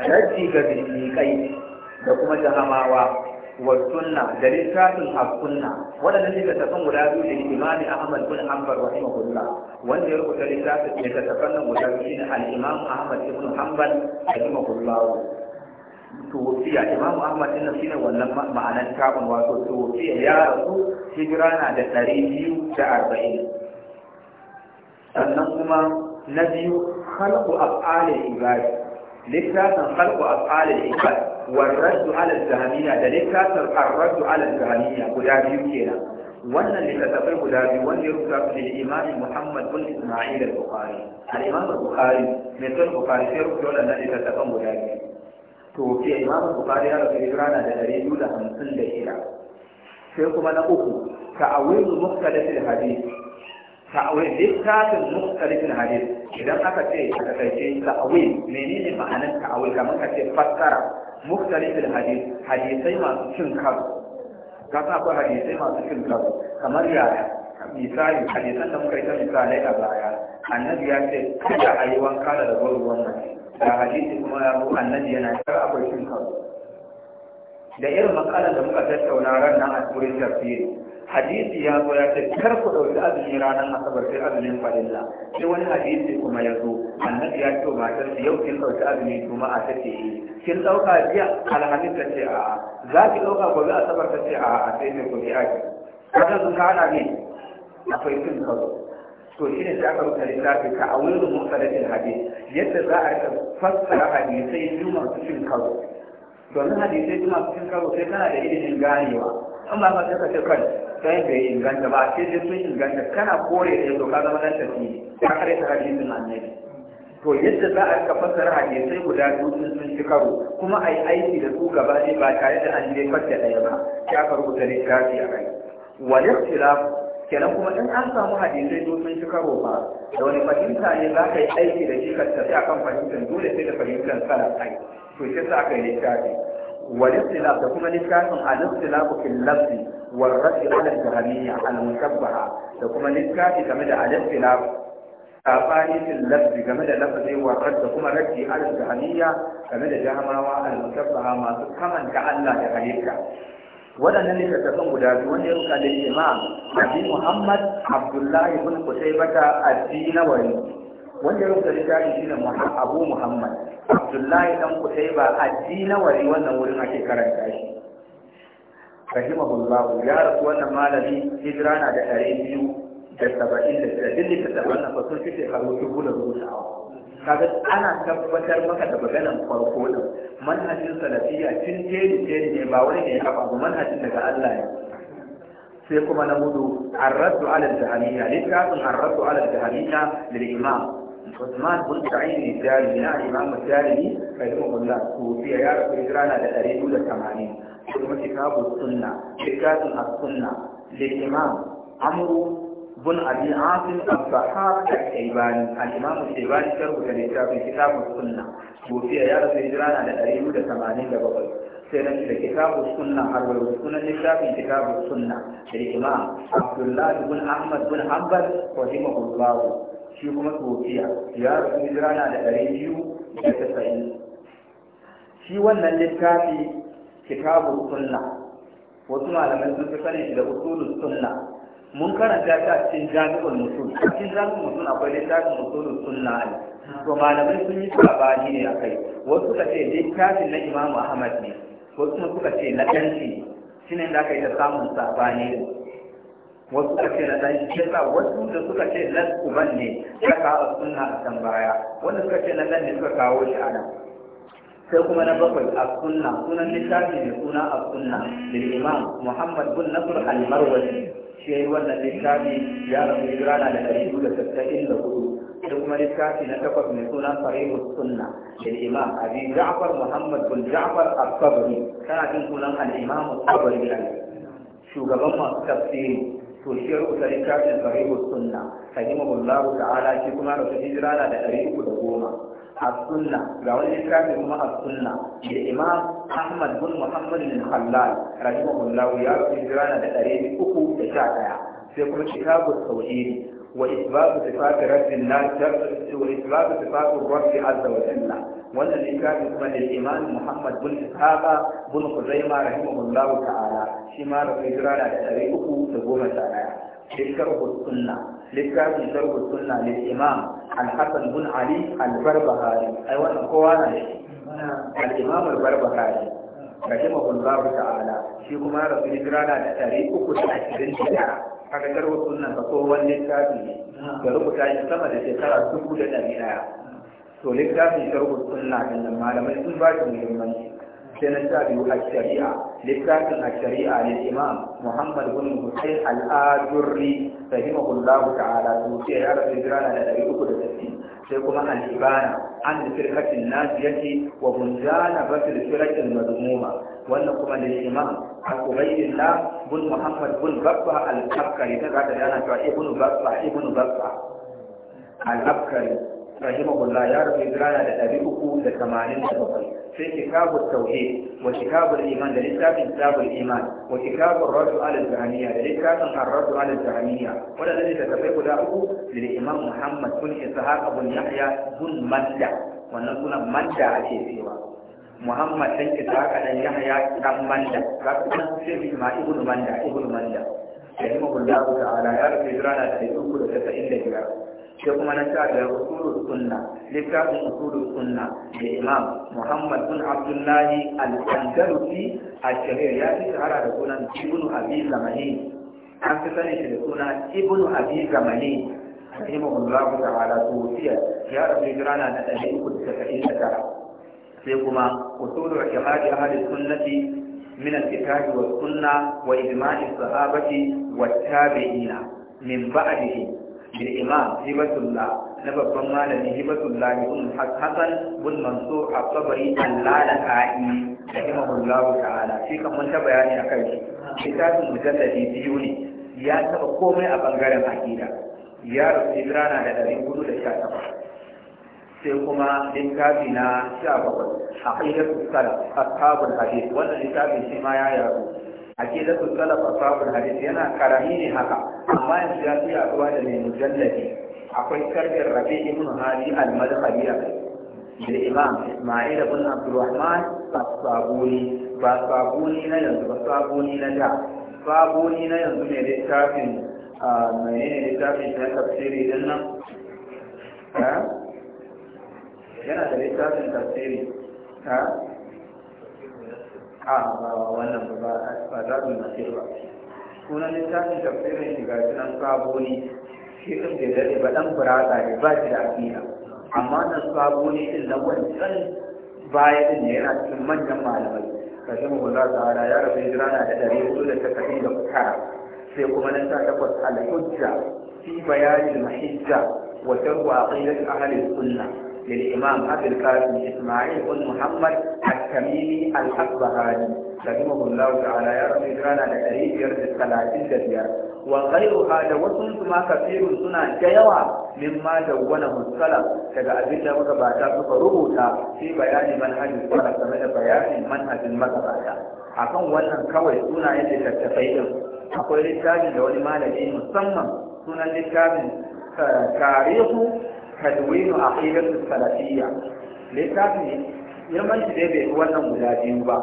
raddi ga zindiqai da kuma jahamawa wa sunna da littafin as-sunna wadannan littattafan guda biyu da imami ahmad bin hanbal rahimahullah wanda ya rubuta littafin littattafan nan guda biyu shine al-imam ahmad ibn hanbal rahimahullah tuwofiya imam ahmad din shine wannan ma'anan tabun wato tuwofiya ya rasu hijira na da ɗari biyu da arba'in sannan kuma na biyu halku af'alil ibad littafin halku af'alil ibad warraddu ala zahamina da littafin arraddu ala zahamina guda biyu kenan wannan littattafai guda biyu wanda ya rubuta su da imamin Muhammad bin Isma'il al-Bukhari al-Imam al-Bukhari mai son Bukhari sai rubuta wannan littattafan guda biyu to ke imam Bukhari ya rubuta Ibrana da da da hamsin 256 sai kuma na uku ta'awilu muhtadatil hadith ta'awil littafin mustalifin hadis idan aka ce a takaice ta'awil menene ma'anar ta'awil kamar ka ce fassara mustalifin hadis hadisai masu cin karo ka san akwai hadisai masu cin karo kamar yaya misali hadisan da muka yi ta misalai a baya annabi ya ce kada a yi wanka da rabar ruwan da hadisi kuma ya zo annabi yana kar akwai cin karo da irin matsalar da muka tattauna ran nan a wurin tafsiri hadisi ya zo ya ce kar ku ɗauki azumi ranar asabar sai azumin farilla sai wani hadisi kuma ya zo annabi ya ce matar yau kin ɗauki azumi juma'a ta ce yi kin ɗauka jiya alhamis ta ce a'a za ki ɗauka gobe asabar ta ce a'a sai ne ku biya ki wannan sun kana ne akwai cin karo to shi ne aka rubuta littafi ka a wurin mukhtalafin hadis yadda za a fassara hadisai biyu masu cin karo domin hadisai biyu masu cin karo sai kana da ilimin ganewa amma ba ka ce kan sai bai inganta ba sai dai sun inganta kana kore da yanzu ka zama dan tafi ka kare ta hadisin annabi to yadda za a rika fassara hadisai guda biyu sun sun karo kuma a yi aiki da su gaba ne ba tare da an je fassara ɗaya ba ya ka rubuta a kai wani ikhtilaf kenan kuma in an samu hadisai to sun ci karo ba da wani fahimta ne za ka yi aiki da shi ka tafi akan fahimtar dole sai da fahimtar salaf kai? to shi sa aka yi littafi wani ikhtilaf da kuma littafin al ku fil lafi والرد على الجهمية المشبهة لكم للكافي كمدى الاختلاف أفاني في اللفظ كمدى لفظ والرد كما رد على الجهمية كمدى جهمة المشبهة ما تكمن كألا يخليك waɗannan littattafan guda biyu wanda ya ruka da imam abi muhammad abdullahi bin kusaybata ad-dinawi wanda ya ruka ne shine abu muhammad abdullahi dan kusayba ad-dinawi wannan wurin ake karanta shi فهمه الله يا رسولنا ما الذي هجرانا لحرين بيو كالسبعين لذلك كتبعنا فصول فيه خلو شبول الروس عوام كذلك أنا كفتر ما كتب بغانا مقرقونا من هذه الثلاثية تن تيري تيري يباوري يحفظ من هذه النجاة الله سيقوم نمودو الرد على الجهنية لتعاق الرد على الجهنية للإمام عثمان بن سعيد الجالي نعم إمام الجالي فهمه الله سوفي يا رسول إجرانا لحرين بيو kuma kitabu sunna kitabun as-sunna al-imam amru bin abi asim al-sahab al-albani al-imam al-albani da kitab kitabu sunna wofi ya da rabbi na da 187 sai nan da kitabu sunna har wa sunna kitab kitabu sunna al-imam abdullah bin ahmad bin hanbal wa dima kullahu shi kuma wofi ya da rabbi na da 200 da 90 shi wannan littafi kitabu sunna wasu malaman sun fi sanin shi da usulu sunna mun karanta ta cikin jami'ul musul cikin jami'ul musul akwai littafin usulul sunna ne to malamai sun yi sabani ne akai wasu ka ce kafin na imamu ahmad ne wasu kuma suka ce na shi shine da aka yi ta samun sabani wasu ka ce na ɗanci shi sa wasu da suka ce lan uban ne suka kawo sunna a can baya wanda suka ce na ɗan ne suka kawo shi a nan sai kuma na bakwai a sunna sunan littafi mai suna a sunna da imam muhammad bin nasur al-marwazi shi yi wannan littafi ya rabu rana da ɗari da tattakin da hudu da kuma littafi na takwas mai suna sahihus sunna da imam abi ja'far muhammad bin ja'far al-sabri kana jin sunan al-imam al-sabri shugaban masu tafsiri to shi ya rubuta littafin sahihus sunna rahimahullahu ta'ala shi kuma rasu hijira da ɗari biyu da goma السنة بأول الكتاب مع السنة للإمام أحمد بن محمد بن خلال رحمه الله يا رب الجيران لتاريخ أكو في كل كتاب التوحيد وإثبات صفات رب الناس وإثبات صفات الرب عز وجل وأن الإكرام كما للإمام محمد بن إسحاق بن خزيمة رحمه الله تعالى شمال في على تاريخه تقوم تعالى تذكره السنة littafin sharhu sunna lil imam al-hasan bin ali al-barbahari ai wannan kowa na shi al-imam al-barbahari rahimahullah ta'ala shi kuma rasul hijrana da tare uku da ashirin da tara kaga sharhu sunna ka wani littafi ne da rubuta shi sama da shekara dubu da ɗari ɗaya to littafin sharhu sunna din nan malamai sun ba shi muhimmanci سنتابع الشريعة لساكن الشريعة للإمام محمد بن حسين الآجري فهمه الله تعالى توسيع عرب الجرانة أكد لتسليم سيكون الإبانة عن فرقة الناس يتي وبنزان بسر فرقة المذمومة وأنكم للإمام غير الله بن محمد بن بقى بطة الأبكري تقعد لنا ابن بقى ابن بقى الأبكر رحمه الله يا رب الجرانة لدريقه لثمانين سبقين sai kitabut tauhid wa kitabul iman da littafin kitabul iman wa kitabur radd ala al da littafin ar-radd ala al-jahmiya wanda da littafai guda uku da imam Muhammad sun isa Ishaq bin Yahya gun Manda wannan sunan Manda ake cewa Muhammad dan Ishaq dan Yahya dan Manda kafin sai ma ibnu Manda ibnu Manda rahimahullahu ta'ala ya rubuta hijira na 395 sai kuma na sha da usulul sunna littafin usulul sunna da imam muhammad bin abdullahi al-andalusi a shari'a ya fi shahara da sunan ibnu abi zamani an fi sani da suna ibnu abi zamani rahimahullahu ta'ala tuwfiya ya rabu hijira na da ɗari da saba'in da tara sai kuma usulul ihadi ahli sunnati wa ijma' والسنة sahabati wa tabi'ina min بعدهم bil imam hibatullah na babban malami hibatullah ibn hasan bin mansur at-tabari allala lalakai rahimahullahu ta'ala shi kan mun ta bayani akan shi kitabun mujalladi biyu ne ya taba komai a bangaren akida ya rubuta rana da ɗari hudu da sha takwas sai kuma littafi na sha bakwai aqidatu tsala ashabul hadith wannan littafin shi ma ya yaro aqidatu tsala ashabul hadith yana karami ne haka amma yanzu ya fi da mai mujallabi akwai karbin rabi ibn hadi al a da imam isma'il bin abdurrahman ba sabuni ba sabuni na yanzu ba sabuni na da sabuni na yanzu ne ne da tafin na tafsiri din nan yana da littafin tafsiri ha a ba wannan ba ba za su nasir ba sunan littafin tafsirin shiga sunan sabo ne shi ɗin da dare ba ɗan burata ne ba shi da aƙida amma nan sabo ne ɗin na wancan baya ɗin ne yana cikin manyan malamai kashin wula tsara ya rabu hijira na da ɗari hudu da takardun da sai kuma nan ta takwas al fi bayanin mahijja wa tarwa aqidat ahli sunna للإمام أبي القاسم إسماعيل بن محمد التميمي الأصبهاني رحمه الله تعالى يا رب إجرانا لأريد يرد الثلاثين دبيار هذا وصلت ما كثير سنة جيوة مما دونه السلف كذا أبدا وكباتا فروتا في بيان منهج السلف كما بيان منهج المكباتا akan wannan kawai sunayen littattafai din akwai littafin da wani malami musamman sunan littafin tarihu tadwinu aqidatu salafiyya littafin girman shi dai bai wannan guda biyu ba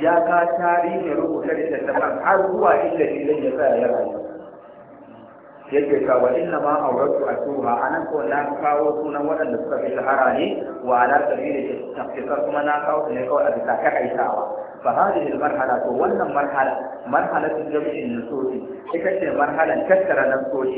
ya ka tarihi rubuta littattafan har zuwa inda zai ya tsaya ya rayu yake ka wa inna ma auratu atuha anan ko na kawo sunan waɗanda suka fi shahara ne wa ala sabili da kuma na kawo ne kawai a bisa aitawa فهذه المرحلة ولا مرحلة مرحلة جمع النصوص تكتب مرحلة كثر النصوص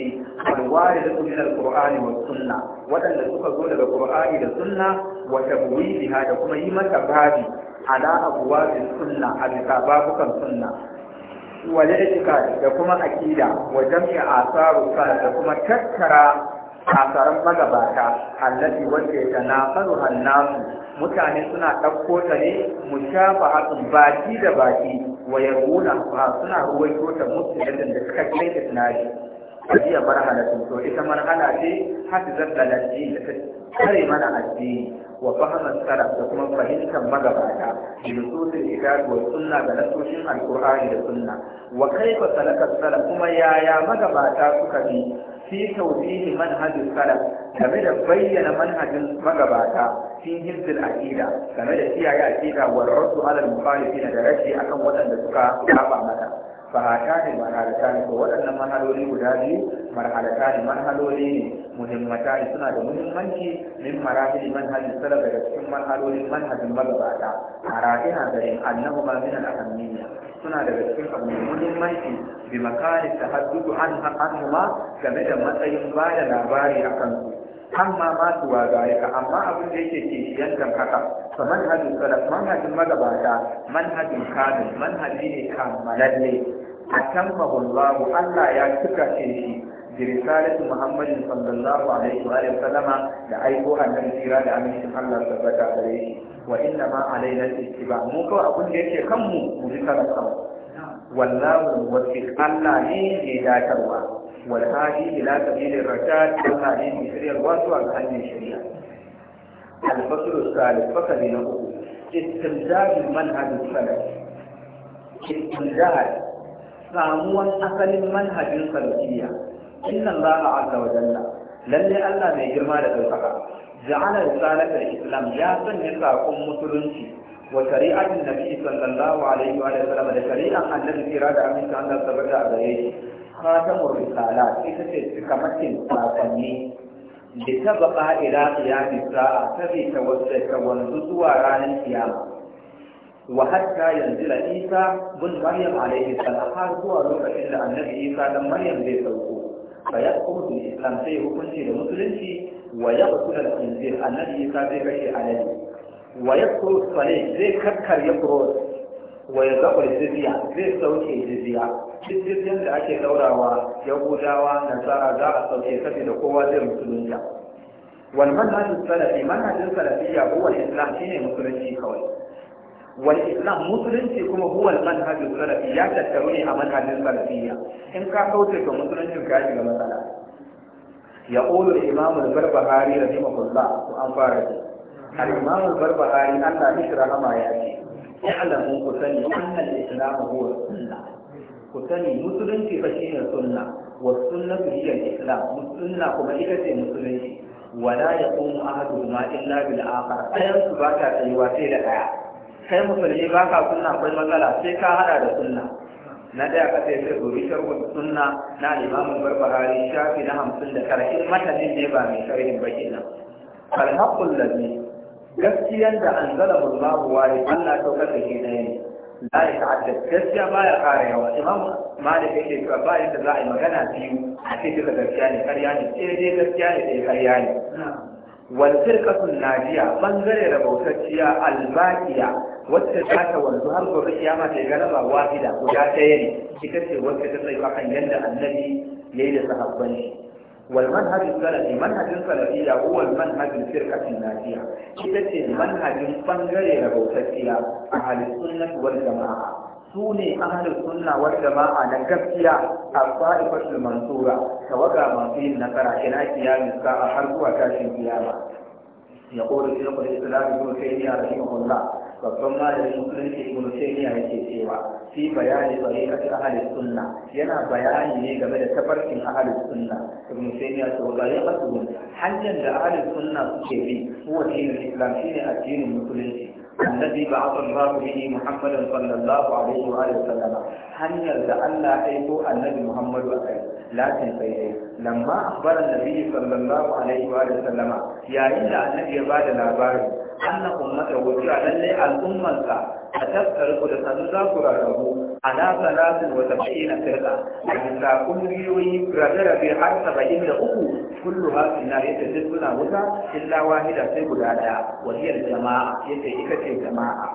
والوارد من القرآن والسنة لسوك قول القرآن والسنة وتبويل هذا كما يمة بابي على أبواب السنة على بابك السنة والاعتقاد لكما أكيدا وجمع آثار لكما كثر آثار مغباتا التي وجهت ناصرها الناس mutane suna ɗauko ta ne mu shafa hatsin baki da baki wa ba suna ruwan ta musulun da suka kai ta A ajiya marhala sun to ita marhala ce hasi zarta lafi da ta kare mana addini wa fahimtar tsara da kuma fahimtar magabata da nususin ita da sunna da nasoshin alkur'ani da sunna wa kai salakar salaf kuma yaya magabata suka bi fi tauhidi manhajin salaf game da bayyana manhajin magabata fi hinsil aqida game da kiyaye aqida wa rusu ala al-mukhalifin da rashi akan wadanda suka saba mata fa hata ne marhalatan ko wadannan marhaloli guda biyu marhalatan marhaloli ne muhimmatai suna da muhimmanci min marahil manhajin salaf daga cikin marhalolin manhajin magabata arafina da annahu ma min al-ahammiyya suna daga cikin abu mai muhimmanci bi makani ta haddudu an hannuma game da matsayin ba da labari a kansu amma ma su wagaye ka amma abin da yake yankan haka fa manhajin salaf manhajin magabata manhajin kamil manhaji ne kammalalle a tammahullahu Allah ya cika shi bi risalati Muhammadu sallallahu alaihi wa sallama da aiko annabi sira da amincin Allah tabbata gare shi wa inna ma alaina ittiba mu kawai abin da yake kanmu mu bi sallallahu wallahu muwaffiq Allah ne ke datarwa wal hadi ila sabilir rashad Allah ne ke shiryarwa zuwa ga hanyar shari'a al-fasl al-salih fasali na uku istimdad manhaj salaf istimdad samuwan asalin manhajin salafiyya inna Allah azza wa jalla lalle Allah mai girma da ɗaukaka ja'ala risalatul islam ya sanya sakon musulunci wa shari'atin nabi sallallahu alaihi wa sallam da shari'an annabi kira da aminci Allah tabbata a gare shi khatamur risalat ita ce cikamakin sakonni da ta baka ila qiyamis sa'a sai ta wasa ta wanzu zuwa ranar kiyama وحتى ينزل عيسى بن مريم عليه السلام هذا هو لوكا إلا النبي عيسى بن مريم ليس هو fa ya kuma su islam sai ya hukunci da musulunci wa ya kula da khinzir annabi isa zai kashe annabi wa ya kuru sale zai ya kuro wa ya zaɓar jizya zai sauke jirgin. duk jirgin da ake daurawa na nasara za a sauke kafi da kowa zai musulunta wal manhajin salafi manhajin ya huwa islam shine musulunci kawai Wani islam musulunci kuma huwa al manhaj ya tattaru ne a manhajin salafiyya in ka kauce to musuluncin ka shiga matsala ya qulu al imam al barbahari an fara ji al imam al barbahari Allah rahama ya ce i'lamu ku sani anna al islam huwa sunna ku sani musulunci fa shine sunna wa islam kuma ita ce musulunci wala yaqumu ahaduhuma illa su sai da daya kai musulmi ba ka sunna akwai matsala sai ka hada da sunna na daya ka sai sai gobe sharhu sunna na imamu barbahari shafi na hamsin da karshen matanin ne ba mai sharhin ba kenan falhaqul ladhi gaskiyan da anzala Allah wa Allah to ka da ne la ya ta'adda gaskiya ba ya kare yawa imam malik yake cewa ba yadda za a yi magana biyu a cikin gaskiya ne karya ne sai eh, dai gaskiya ne sai eh, karya ne wancan kasun najiya ɓangare da bautacciya albaƙiya wacce ta ta wanzu har gobe kiyama ta ga raba guda ɗaya ne ita ce wacce ta tsaye akan yadda annabi ya yi da sahabban shi والمنهج السلفي منهج السلفي هو المنهج الفرقة الناجية كتبت المنهج فنجري لبوتكيا أهل السنة والجماعة su ne ahalin sunna wal jama'a na gaskiya a fa'ifatul mansura waga masu yin nasara ina ka a har zuwa tashin kiyama ya kore shi da islam ibn taymiya rahimahullah babban malamin musulunci ibn taymiya yake cewa fi bayani tariqati ahli suna yana bayani ne game da tafarkin ahli sunna ibn taymiya to tariqatu hanyar da ahli sunna suke bi huwa dinul islam shine addinin musulunci الذي بعث الله به محمدا صلى الله عليه واله وسلم هنيا الله ايتو النبي محمد وكاي لكن سيدي لما اخبر النبي صلى الله عليه واله وسلم يا ان النبي بعد الابار anna ummatahu cewa lallai al'ummansa a taskar ku da sanu za ku rarrabu ala salatin wa sab'ina firqa a bisa kungiyoyi rabe-rabe har saba'in da uku kullu ha fi yadda duk suna wuta illa wahida sai guda daya wahiyar jama'a yadda ita ce jama'a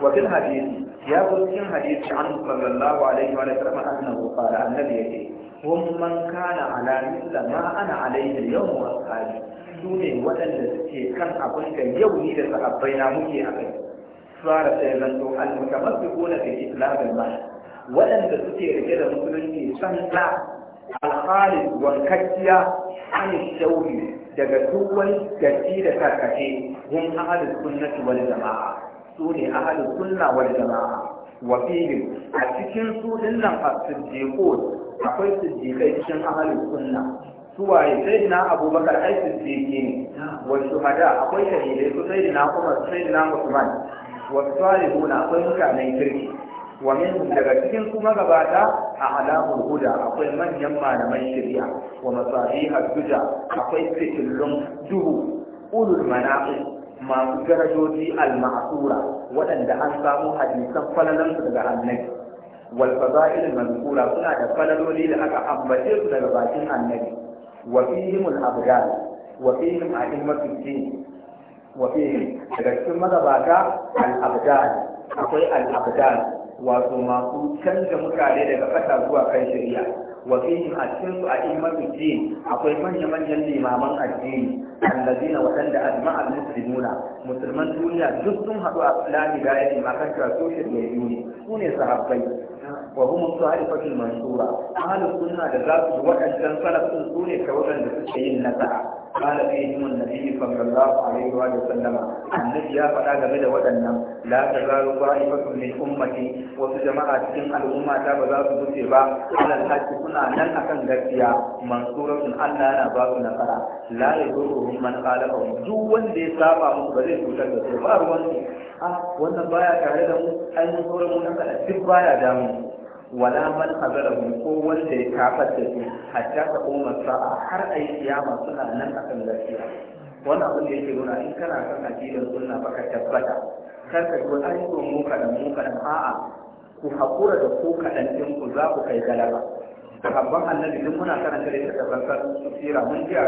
wa hadisi ya zo cikin hadisi an sallallahu alaihi wa sallam annahu qala annabi yake hun man kana ala illa ma ana alaihi yau mu asali su waɗanda suke kan abin yau ni da sahabbai na muke a zan to an muka masu gona da islamin waɗanda suke rike da musulunci san da alhali wankakkiya an shauri daga duk wani gaci da karkashe hun ahalin sunnati wal jama'a su ne ahalin sunna wal jama'a wa fihim a cikin su dinnan fasir jeko akwai siddiqai cikin ahlus sunna suwaye sai na abubakar ai siddiqi ne wa shuhada akwai shahidai su sai na umar sai na usman wa salihuna akwai mutanen kirki wa min daga cikin kuma gabata a alamul huda akwai manyan malaman shari'a wa masahi hajjuja akwai fitillun duhu ulul manaqib masu garajoji al-ma'sura waɗanda an samu hadisan falalansu daga annabi wal fada'il mazkura suna da falaloli da aka ambace su daga bakin annabi wa fihim al abdal wa fihim a'immatul daga cikin magabata al abdal akwai al abdal masu canza mutane daga fata zuwa kan shari'a wa fihim a cikin su a'immatul din akwai manya-manyan limaman addini allazina waɗanda ajma'a muslimuna musulman duniya duk sun haɗu a lami da yake makan cewa su shirye biyu su ne sahabbai wa hum as-sa'ifatul mansura ahlus sunna da za su waɗannan salafin su ne ka waɗanda suke yin nasara قال فيهم النبي صلى الله عليه وآله وسلم النبي يا فلا جمد ودنا لا تزال طائفة من أمتي وسجماعة من الأمة تبذات بسيبا على الحج كنا نن أكن غسيا منصورة ألا نباس نقرا لا يضرهم من خالفهم جوا دي سابا مبرز وتكتب أروان آه وانا بايا كهذا أن نصور منك الدب بايا دامون wala man hadarahum ko wanda ya kafar da su hatta ka umma sa'a har ayi kiyama suna nan kan lafiya wannan abin da yake nuna in kana kan aqidar sunna baka tabbata kar ka ji wani ko mu kadan mu kadan a'a ku hakura da ko kadan ɗinku ku za ku kai galaba sahabban annabi duk muna karanta da tafsirar sira mun ji a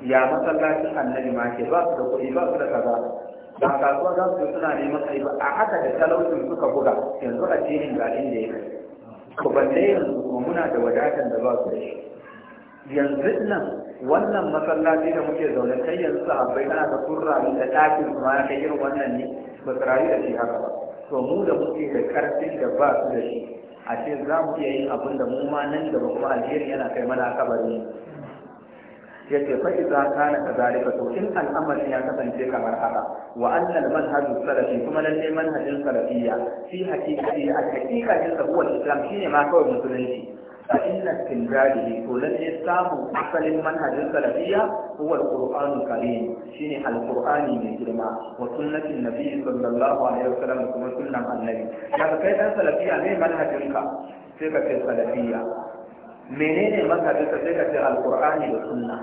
ya masallacin annabi ma ke ba su da kuɗi ba su da kaza ba kasuwa za su suna neman kai ba a haka da talaucin suka buga yanzu a cikin ga inda ya kai to balle yanzu kuma muna da wadatan da ba su da shi yanzu nan wannan masallaci da muke zaune kai yanzu sahabbai na da sun da ɗakin su ma kai irin wannan ne ba su rayu da shi haka ba to mu da muke da karfin da ba su da shi a ce za mu iya yin abin da mu ma nan gaba kuma alheri yana kai mana kabari ya ce fa idza kana kadhalika to in al'amari ya kasance kamar haka wa anna al-manhaj salafi kuma lalle manhajin salafiyya fi haqiqati a haqiqatin sa huwa islam shine ma kawai musulunci fa inna istinjadihi to lalle samu asalin manhajin salafiyya huwa al-qur'an karim shine al-qur'ani mai girma wa sunnatin nabi sallallahu alaihi wasallam kuma sunnan annabi kaga kai dan salafiyya ne manhajinka sai ka ce salafiyya menene manhajin ka sai ka ce alqur'ani da sunna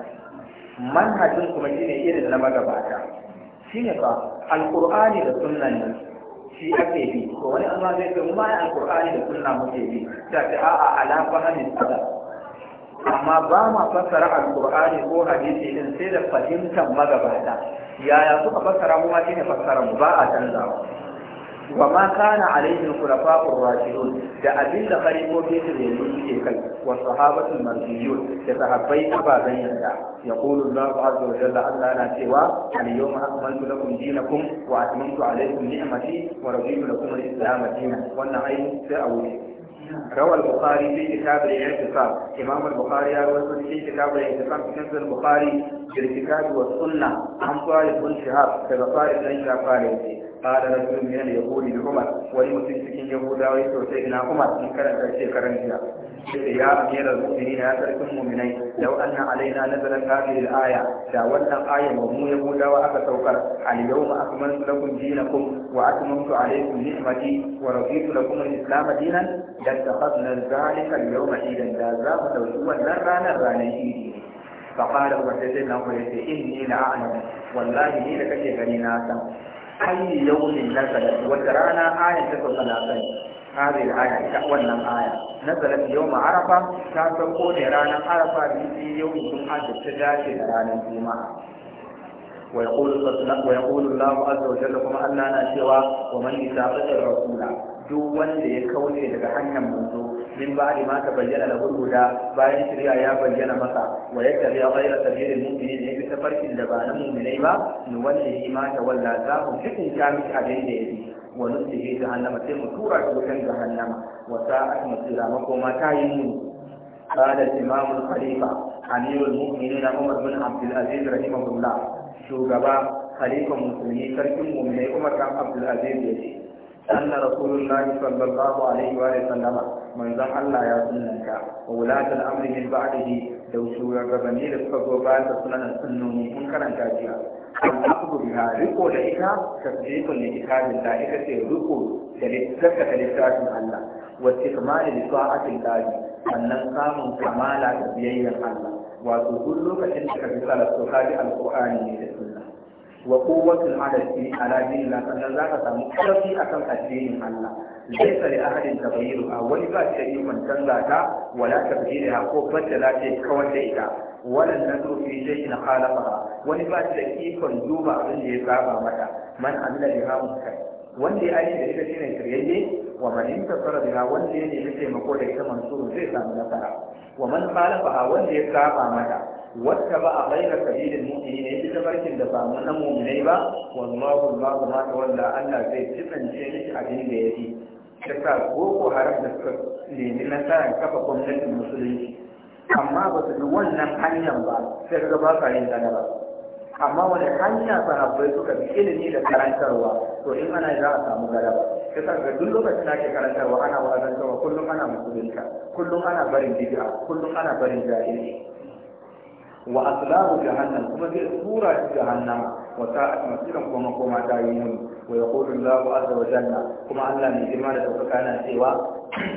manhajin kuma shine irin na magabata shine fa alqur'ani da sunna ne shi ake bi to wani amma zai ce mu mai alqur'ani da sunna muke bi ta ce a ala fahimin salaf amma ba ma fassara alqur'ani ko hadisi din sai da fahimtar magabata yaya suka fassara mu ma shine fassara mu ba a canza. وما كان عليه الخلفاء الراشدون ده أبين ده خريب وبيت والصحابة المرجيون يتحبين أبا بينا يقول الله عز وجل أن أنا سوا يوم أكملت لكم دينكم وأتممت عليكم نعمتي ورضيت لكم الإسلام دينا والنعيم سأولي روى البخاري في كتاب الاعتصام امام البخاري روى في كتاب الاعتصام في كنز البخاري في الكتاب والسنه عن طارق بن شهاب كذا طارق بن شهاب قال qala rajulun min al-yahudi li umar wani mutum cikin yahudawa ya sauke ina umar in karanta shekaran jiya sai ya amira mu'minin ya sarkin mu'minai law anna alaina nazalan hadhihi al-aya da wannan aya mu yahudawa aka saukar al-yawma akmaltu lakum dinakum wa atmamtu alaykum ni'mati wa raditu lakum al-islam da takhadna dhalika da za wannan ranar ranar idi فقال أبو سيدنا أبو إني لأعلم والله kake gari لي ناسا ayyu yawmin nazalat wata rana ayan ta sauka na sani hadhihi al-aya ta wannan aya nazalat yawma arafa ta sauko ne ranar arafa bi yawmin jum'a ta dace da ranar juma'a ويقول ويقول allah na cewa كما أننا سوى ومن يسابق wanda ya ليكون daga hanyar منذ min ba'di ma tabayyana lahu huda bayan shari'a ya bayyana masa wa yattabi ghayra sabilil mu'minin ya bi tafarkin da ba na mu'minai ba ni wallahi ma tawalla za mu cikin ta miki abin da yake wa nusihi jahannama sai mu tura shi wutan jahannama ta yi قال الإمام الخليفة أمير المؤمنين عمر بن عبد العزيز رحمه الله شو غبا خليفة مسلمين تركم مؤمنين عمر بن عبد العزيز أن رسول الله صلى الله عليه وآله وسلم من زم الله يا سننك وولاة الأمر من بعده لو شو يغبني لفقه وبعد سنن السنوني من كان كاجيا الأخذ بها رقو لإكا تصديق لكتاب الله إكا رقو لكتاب الله واستكمال لطاعة الله أن samun kamala da biyayyar Allah wato duk lokacin da ka bi salatu ka bi alqur'ani ne da sunna wa kowatin adalci a rajin na sannan za ka samu ƙarfi a kan addinin Allah zai tsare ahadin tabayiru a wani ba shi da ikon canza ta wala tabayiru ha ko fadda za ta kawar da ita wannan na zai yi na khalafa wani ba shi da ikon duba abin da ya saba mata man amila bi ha muskai wanda ya aiki da ita shi ne kiryayye wa man intasara biha wanda ya nemi taimako da ita mansuru zai samu nasara wa man khalafa wanda ya saba mata wata ba a bayyana kabilin mu'mini ne ita barkin da ba na mu'minai ba wallahu Allahu ma ta wanda Allah zai tsance miki abin da yake ta sa ko haram da suka nemi nasarar kafa gwamnatin musulunci amma ba su bi wannan hanyar ba sai ga ba sa yin ba. amma wani hanya sahabbai suka bi ilimi da karantarwa to in ana za a samu galaba ta sa ga duk lokacin da ake karantarwa ana wa'azantarwa kullum ana musulunta kullum ana barin bid'a kullum ana barin jahilci wa aslamu jahannam kuma zai tura shi jahannama wa sa'at masiran kuma makoma ta yi muni wa yaqulu Allahu azza wa jalla kuma Allah ne girma da daukaka yana cewa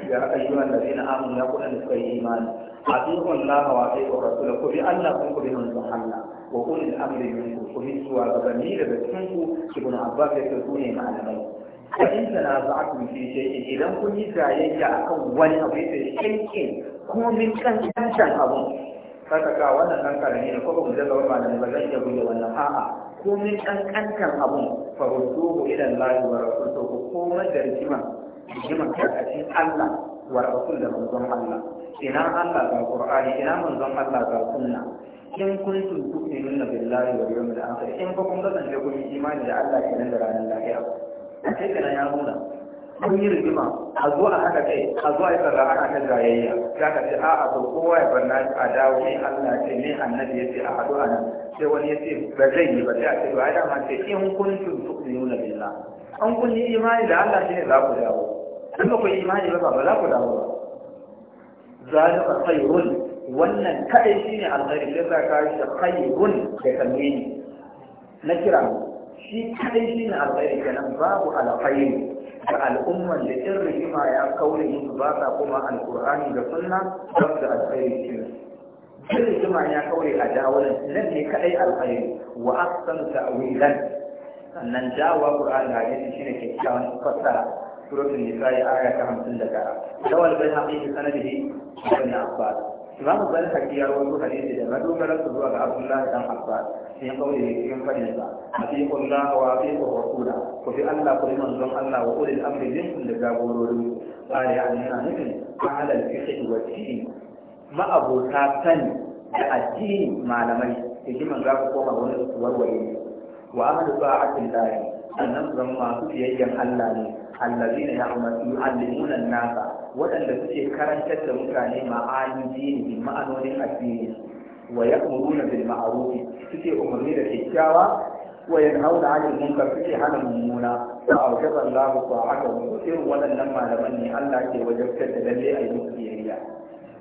ya ayyuhan ladina amanu ya kunna suka yi imani atiu Allah wa atiu rasul ku bi Allah kun ku bi manzo Allah wa ulil amri minkum ku bi suwa gabanni da cikin ku ibn Abbas ya ce ne malamai in sana za'akum fi shay'in idan kun yi jayayya akan wani abu sai kinkin ko min kankancan abu. ka wannan kan karami ne ko ba mu daga wani malami ba zan iya buɗe wannan a'a komin ƙanƙantar abun faruduhu idan lahi wa rasul to ko komai da rigima rigiman karkashin Allah wa rasul da manzon Allah ina Allah ga Qur'ani ina manzon Allah ga sunna in kuntum tu'minuna billahi wal yawmil akhir in ba kun je kun imani da Allah kenan da ranar lafiya sai kana ya nuna kun yi rigima a zo a haka kai a zo a yi a ana ta jayayya za ka ce a'a to kowa ya bar nashi a dawo ne Allah ce ne annabi ya ce a haɗu a nan sai wani ya ce ba zai yi ba sai a ce ba ya dama ce in kuntum tu'minuna billah an kun yi imani da Allah shine za ku dawo in ba ku yi imani ba ba za ku dawo ba zalika khairun wannan kai shine alkhairi sai ka kawo shi khairun da kalmi na kira shi kai shine alkhairi kenan babu alkhairi da al'umman da in rigima ya kaure musu ba sa kuma alkur'ani da sunna don da alkhairi cikin rigima ya kaure a dawalin nan ne kadai alkhairi wa aksan ta'wilan sannan dawa qur'ani da hadisi shine kyakkyawan fassara suratul nisa'i aya ta 59 dawal bayhaqi bi sanadihi ibn abbas imam zalhaki ya rawaito hadisi da madogaran su zuwa ga abdullahi dan abbas sai ya kaure cikin fadin sa atiqullah wa atiqu rasula ku fi allah ku manzon allah wa ulil amri minkum da jagororin bari an yana nufin ahlal fiqh wa tin ma'abota sani da addini malamai hikiman za ku koma wani su ne. wa ba ahlu ba'atin lahi annan zama masu biyayyen allah ne allazina ya'malu yu'allimuna an-nasa waɗanda suke karantar da mutane ma'ani dini ma'anonin addini wa ya'muruna bil suke umarni da kyakkyawa wa da 'anil munkar suke hana mummuna fa awjaba Allahu ta'atahu irin waɗannan malaman ne Allah ke wajen da lalle yi musu biyayya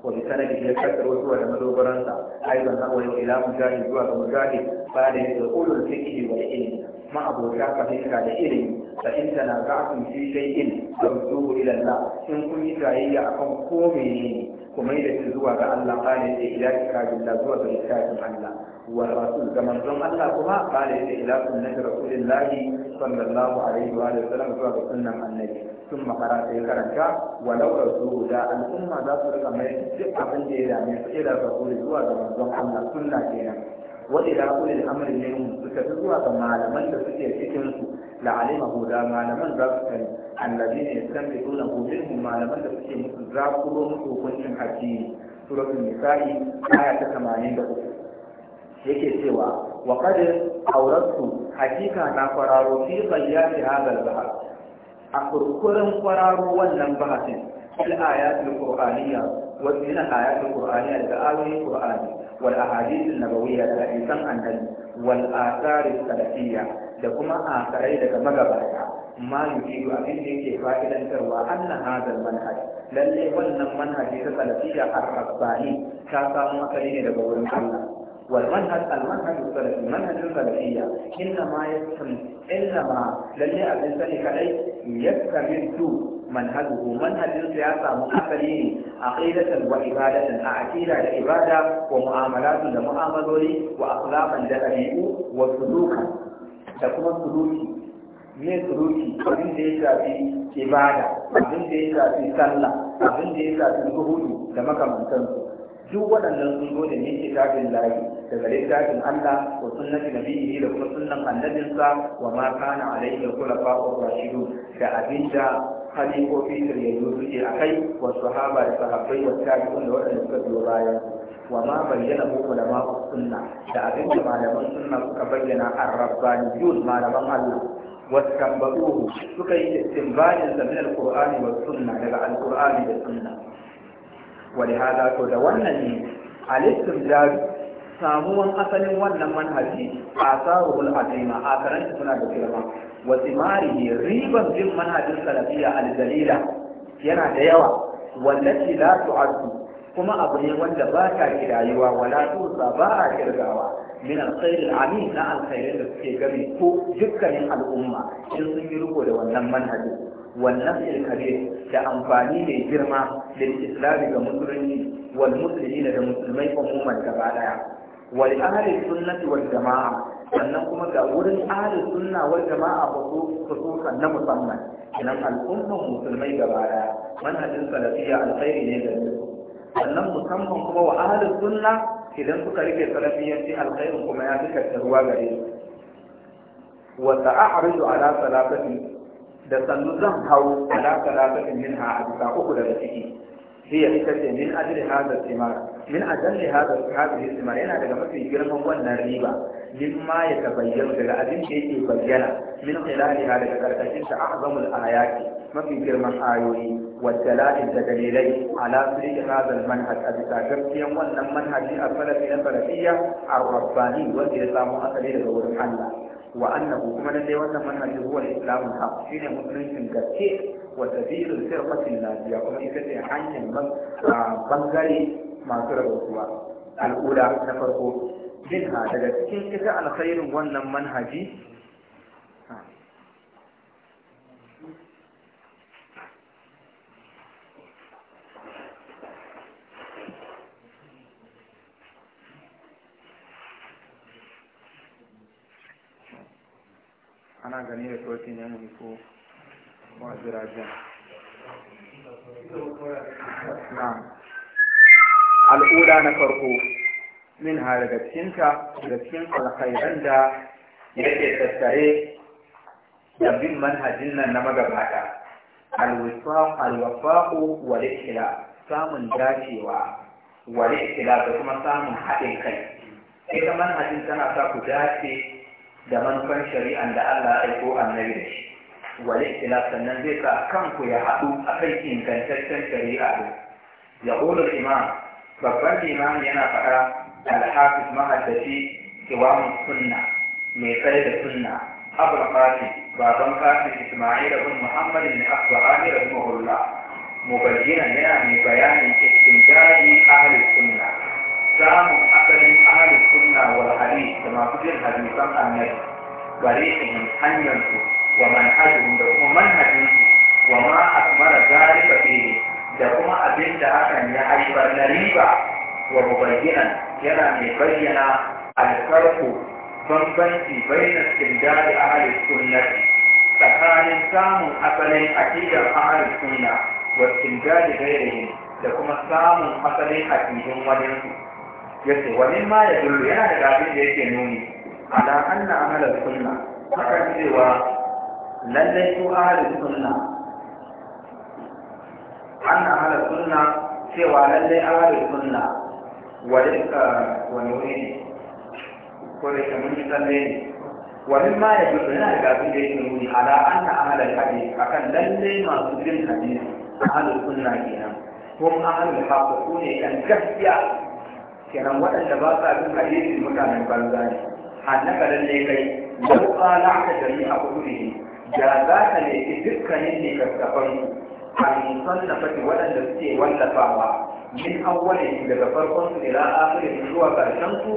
وبسند يذكر وسوى المدوبرنسا أيضا هو إلى مجاهد ومجاهد ilimi يقول الفقه والعلم ما أبو شاك فيك لإلم فإن تنازعتم في شيء فردوه إلى الله إن كنت جاهية أكون قومي kuma da su zuwa ga Allah kare da ila kitabillah zuwa ga littafin Allah wa rasul ga manzon Allah kuma kare da ila sunnati rasulillahi sallallahu alaihi wa sallam zuwa ga sunnan annabi sun makara ya karanta walau su da al'umma za su rika mai duk abin da ya dame su ila rasulu zuwa ga manzon Allah sunna kenan wa ila amrin ne mu suka fi zuwa ga malaman da suke cikin su la'alimahu da malaman za su kai annabi ne san bi dole bin malaman da suke musu za ro musu hukuncin haji suratul nisa'i aya ta 83 yake cewa wa qad awratu hakika na fararo fi bayyani hadal bahar a kurkurin kwararo wannan bahasin fil ayatul qur'aniyya wa min ayatul qur'aniyya daga ayoyin qur'ani wal ahadith an-nabawiyya da hadisan annabi wal athar salafiyya da kuma asarai daga magabata ma yufidu abin da yake fa'idantarwa anna hadal manhaj lalle wannan manhaji ta salafiyya ar-rabbani ta samu asali ne daga wurin Allah والمنهج المنهج السلفي منهج السلفية إنما يستمد إنما لن للي الإنسان كأي يستمد منهجه منهج السياسة مؤثرين عقيدة وعبادة عقيدة لعبادة ومعاملات لمعاملولي وأخلاقا لأبيه وسلوكا تكون سلوكي ne suruki abin da ya shafi ibada abin da ya shafi sallah abin da ya shafi zuhudu da makamantansu duk waɗannan sun zo da ne layi daga littafin Allah wa sunnati nabiyyi da kuma sunnan annabinsa wa ma kana da al-khulafa ar-rashidun da abinda khalifofi shiryayyu suke akai wa sahaba da sahabbai wa tabi'un da waɗanda suka biyo bayan wa ma bayyana mu ulama sunna da abinda malaman sunna suka bayyana ar-rabbaniyun malaman Allah واستنبطوه سكي استنباط من sunna والسنة لبع da والسنة wani hada to da wannan ne samuwan asalin wannan manhaji a tsarul azima a karanta suna da girma wa ne riban bin manhajin salafiya al yana da yawa wallaci la tu'addu kuma abu ne wanda ba ta kidayuwa wala tusa ba a kirgawa min alkhairil amin na alkhairin da suke gari ko dukkanin al'umma in sun yi riko da wannan manhaji والنفع الكبير كأنفاني للجرمة للإسلام كمسلمين والمسلمين كمسلمين عموما كبعدها ولأهل السنة والجماعة sannan kuma ga wurin ahli sunna wal jama'a su na musamman idan al'ummar musulmai gaba daya manhajin salafiyya alkhairi ne da su sannan musamman kuma wa ahli sunna idan suka rike salafiyyanci alkhairin kuma ya fi ruwa gare su wa ta'aridu ala salafati da sannu zan hau ala talatatin minha a bisa uku daga ciki hiya ita ce min ajli hadha thimar min ajalli hadha hadhihi yana daga mafi girman wannan riba mimma ya tabayyana daga abin da yake bayyana min khilaliha daga karkashin ta azamul ayati mafi girman ayoyi bisa! تدليلي wannan manhaji a المنهج na تاكرتيا a المنهج wanda ya samo asali daga wurin Allah. wa annahu kuma lalle wannan manhaji huwa al-islamu haq shine musuluncin gaske wa sabilul firqatin najiya kuma ita ce hanyar bangare masu rabuwa al'ula na farko minha daga cikin ita alkhairin wannan manhaji ana gani da kawai ne mu ko ba jiragen al'uda na farko min ha daga da daga cikin alkhairan da yake tattare da bin manhajin nan na magabata alwafa'u wale kila, samun dacewa wale kila da kuma samun haɗin kai ita manhajin tana sa ku dace da manufan shari'an da Allah aiko annabi da shi wale ikhtilaf sannan zai sa kanku ya haɗu a kan ingantaccen shari'a ne ya ƙunar imam babban imam yana faɗa alhafiz mahaddaci iwamun sunna mai tsaye da sunna abul Fati baban Fati isma'il ibn muhammad ibn asbahani mu mubayyinan yana mai bayanin jari ahli sunna samun asalin ahalin sunna wal hadith da masu jin hadisan annabi barihihim hanyar su wa manhajin da kuma manhajin su wa ma akmara zalika fihi da kuma abin da hakan ya haifar na riba wa mubayyinan yana mai bayyana alfarko bambanci bayyana tindari ahalin sunnati tsakanin samun asalin akidar ahalin sunna wa tindari gairihim da kuma samun asalin akidin wajensu yace wani ma ya dullu yana da gafin da yake nuni ala anna amala sunna haka cewa lallai su ahli sunna anna amala sunna cewa lallai ahli sunna wani wani wuri ko da ke mun tsalle ne wani ma ya dullu yana da gafin da yake nuni ala anna amala kaɗe akan lallai masu bin hadith ahli sunna kenan ko ahli haqqu ne kan gaskiya kiran waɗanda ba sa bin hadisin mutanen banza ne annaka lalle kai lau qala a jami'a ne. da za ka nemi dukkanin ne kaskafan an sannafati waɗanda suke wallafawa min awwalin daga farkon su ila akhirin zuwa karshen su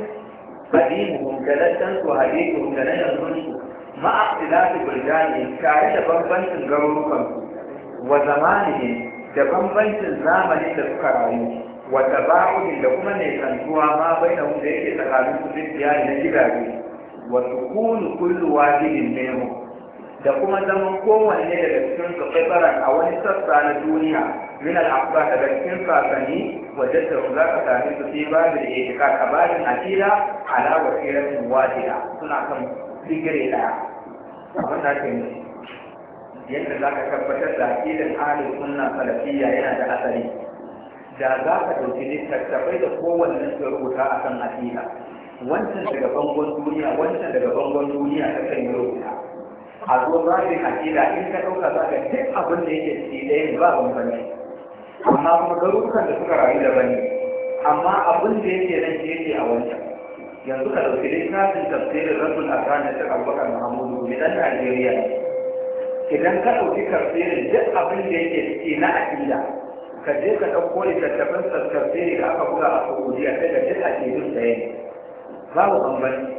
qadimuhum galattan su hadithuhum da nan su ma ikhtilafi burjani tare da bambancin garurukan su wa ne da bambancin zamanin da suka rayu wata ba'udin da kuma ne kantuwa ma bai da wanda yake tsakanin su duk iyali na gidaje wa sukunu kullu wahidin mu. da kuma zaman kowanne daga cikin su fitaran a wani sassa na duniya min al-aqsa daga cikin kasani wajen da za ka sami su sai babu da yake ka kabarin akira ala wasiratin wahida suna kan digire daya abin da ake nufi yadda za ka tabbatar da akidan ahlus sunna salafiyya yana da asali da za ka ɗauki littattafai da kowanne su rubuta a kan aƙida wancan daga bangon duniya wancan daga bangon duniya ta kan rubuta a zo zafin aƙida in ka ɗauka za ka duk abin da yake ciki ɗaya ne ba bambanci amma kuma garurukan da suka rayu da bane amma abin da yake nan shi yake a wancan yanzu ka ɗauki littafin tafsirin rasul akan da ta abubakar mahamudu mai ɗan najeriya idan ka ɗauki tafsirin duk abin da yake ciki na aƙida ka je ka ɗauko littattafan tafsiri da aka buga a Saudiya sai ka jin addinin da yayi babu bambanci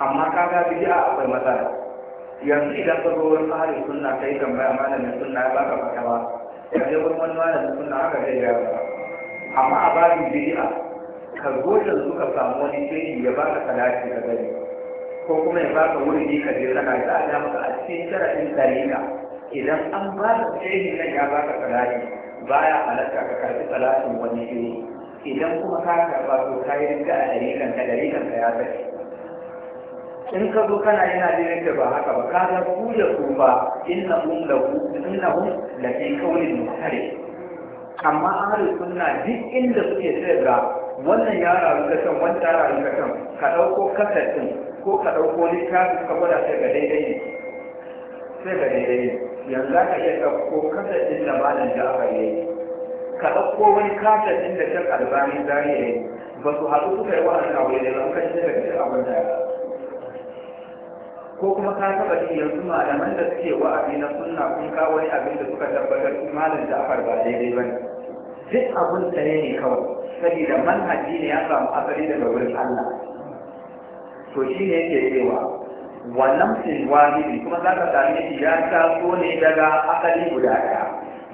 amma ka ga a akwai matsala yanzu idan ka zo wani tsari sunna kai tambaya malamin sunna ba ka fata ba ya je wani wani malamin sunna aka kai ya ba amma a babin bid'a ka zo su ka samu wani shehi ya baka salati da gari ko kuma ya baka wuri ka je kana da maka a cikin sharaɗin dalila idan an ba ka shehi nan ya baka salati baya halatta ka karɓi salatin wani iri idan kuma ka karɓa to ka yi rinka a dalilan ka dalilan ka ya tafi in ka zo kana yana jirin da ba haka ba ka ga ku da ku ba ku inna hum la fi qawlin muhtari amma ahli sunna duk inda suke tsira wannan ya rayu da kan wanda ya rayu da kan ka dauko kasatin ko ka dauko littafin ka gwada sai ga daidai ne sai ga daidai ne yanzu za ka iya ɗauko kasashen da malam da ya yi ka ɗauko wani kasashen da shan albani zariya ne, ba su haɗu suka yi wa'azin kawai da ba kan shi daga shan abin da ko kuma ka taɓa shi yanzu malaman da suke wa abin na suna kun kawo wani abin da suka tabbatar malam aka ba daidai ba ne duk abin sa ne kawai saboda manhaji ne ya samu asali daga wurin Allah to shi ne yake cewa wannan ne kuma za ka sami shi ya taso ne daga asali guda ɗaya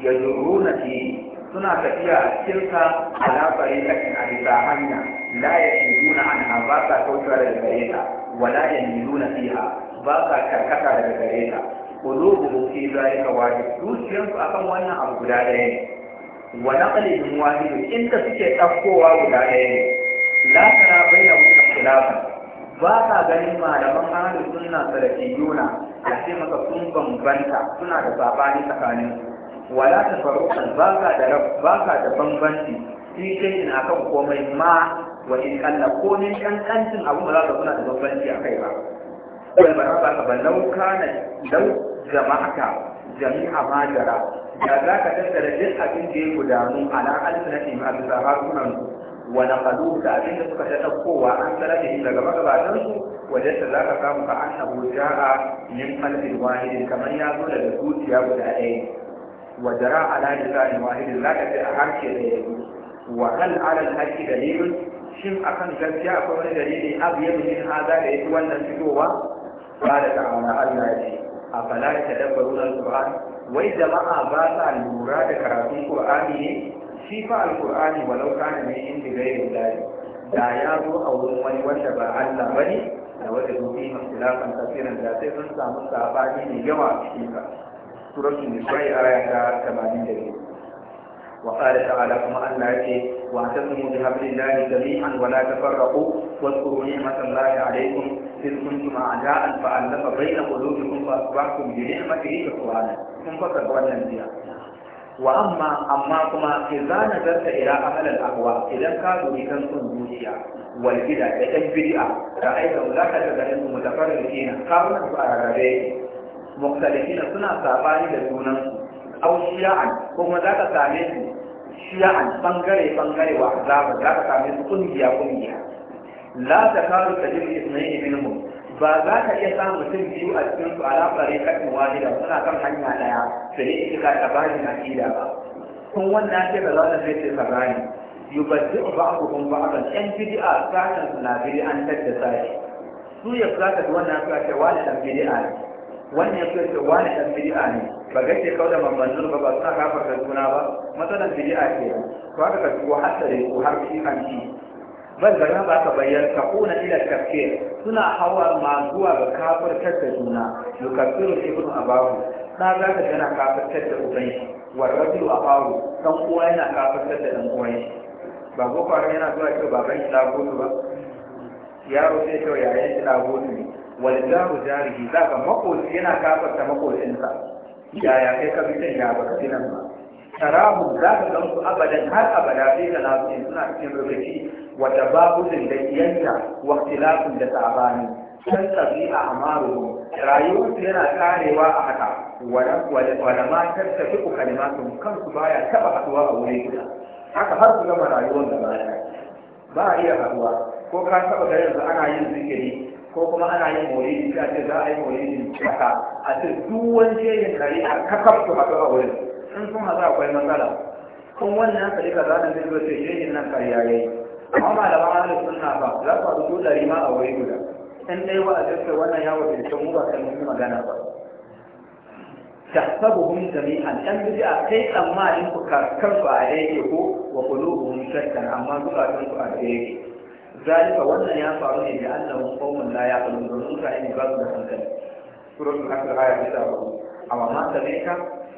ya zuru na fi suna tafiya a cikin ka lafari a hanya la ya shiru an ha ba ka kautar daga gare ta wala ya nilu na ha ba ka karkata daga gare ta qulubuhum fi zalika wajib zuciyarsu akan wannan abu guda ɗaya ne wa in wahid inda suke ɗaukowa guda ɗaya ne la tara da khilafa ba ka ganin malaman ahalin sunna salafiyuna a ce maka sun bambanta suna da sabani tsakanin wala ta farukan ba ka da ba ka da bambanci fi shayin akan komai ma wa in kalla ko ne kankancin abu ba za ka suna da bambanci a kai ba bal ba ba ka ban lauka na lau jama'aka jami'a majara da za ka tattara duk abin da ya gudanu ala alfinati ma bisa harsunan wa naqalu da abin da suka ta daukowa an sanar da shi daga magabatan wajen da za ka samu ka annahu ja'a min qalbin wahidin kamar ya zo daga zuciya guda ɗaya wa jara ala lisanin wahidin zaka ce a harshe da yayi wa hal ala al-haqqi dalilun shin akan gaskiya akwai wani dalili abu ya min za da yake wannan fitowa ba da ta'ala Allah ya ce a fala ta dabbaru na Qur'an wai jama'a ba sa lura da karatun Qur'ani ne shi fa alqur'ani walau kana min inda ghairi Allah da ya zo a wurin wani wanda ba Allah bane da wanda dubi ikhtilafan kaseeran da sai sun samu sabani ne yawa cikin ka suratul nisa'i aya ta 82 وقال تعالى كما أن يأتي واعتصموا بحبل الله جميعا ولا تفرقوا واذكروا نعمة الله عليكم إذ كنتم أعداء فألف بين قلوبكم فأصبحتم بنعمته إخوانا ثم فكروا الأنبياء wa amma amma kuma idza zarta ila amal al ahwa idan ka dubi kan sun zuciya wal bid'a da ɗan bid'a da aika za ka ga ganin su mutafarriqina ka su a rarrabe mukhtalifina suna sabani da junan su aw shi'an kuma za ka same su shi'an bangare bangare wa azaba za ka same su kungiya kungiya la takaru tajidu ismaili minhum ba za ka iya samun mutum biyu a cikin su alaƙari kafin da suna kan hanya ɗaya su ne itika da bayan aƙida ba kun wannan ce ba za ta zai ce sabani yubaddi ba'duhum ba'dan yan bid'a satan na bid'an tattasa shi su ya fara da wannan su suka ce wani dan bid'a ne wannan ya ce wani dan bid'a ne ba ga ce kauda mamman ba ba suna kafa da suna ba matsalan a ke, ba ka ka ko hatta ko har shi kan shi bazara ba ka bayyana ka kuna ila kafir suna hawa ma zuwa ga kafirtar da juna kafiru ibnu abahu da za ka gana kafirtar da uban shi wa rajulu abahu dan uwa yana kafirtar da dan uwan shi ba boko haram yana zuwa cewa baban shi gudu ba yaro sai to yayan shi lagoto ne wal jaru jarihi za ka makoci yana kafirta makocinsa yaya kai ka bi ya ba ka nan ba karamu za ka gan su abadan har abada sai da lafiya suna cikin rubuci wa tababudin da kiyanta wa ikhtilafin da sabani san a amaru rayuwarsu yana karewa a haka wala ma tattafi ku kalimatun kansu baya taba haduwa a wuri guda haka har su gama rayuwar da baya ba a iya haduwa ko ka taba ga yanzu ana yin zikiri ko kuma ana yin maulidi Ka ce za a yi maulidi ka. a ce duk wani yayin kare ka kafa su haɗu a wurin in sun haɗu akwai matsala kun wannan ka dika zanen zai zo sai shehin nan karya ya yi amma malaman ahalin sunna ba za su haɗu su ɗari ma a wuri guda in ɗaya wa a jirka wannan ya wakilce mu ba sai mun magana ba تحسبهم جميعا أن بدأ كي أما إنك كركب عليك وقلوبهم شتى أما زقا تنك عليك ذلك وأن يفعلون بأنهم قوم لا يعقلون ذنوبك إن باب سورة الحق الآية 9 أما ما سمعك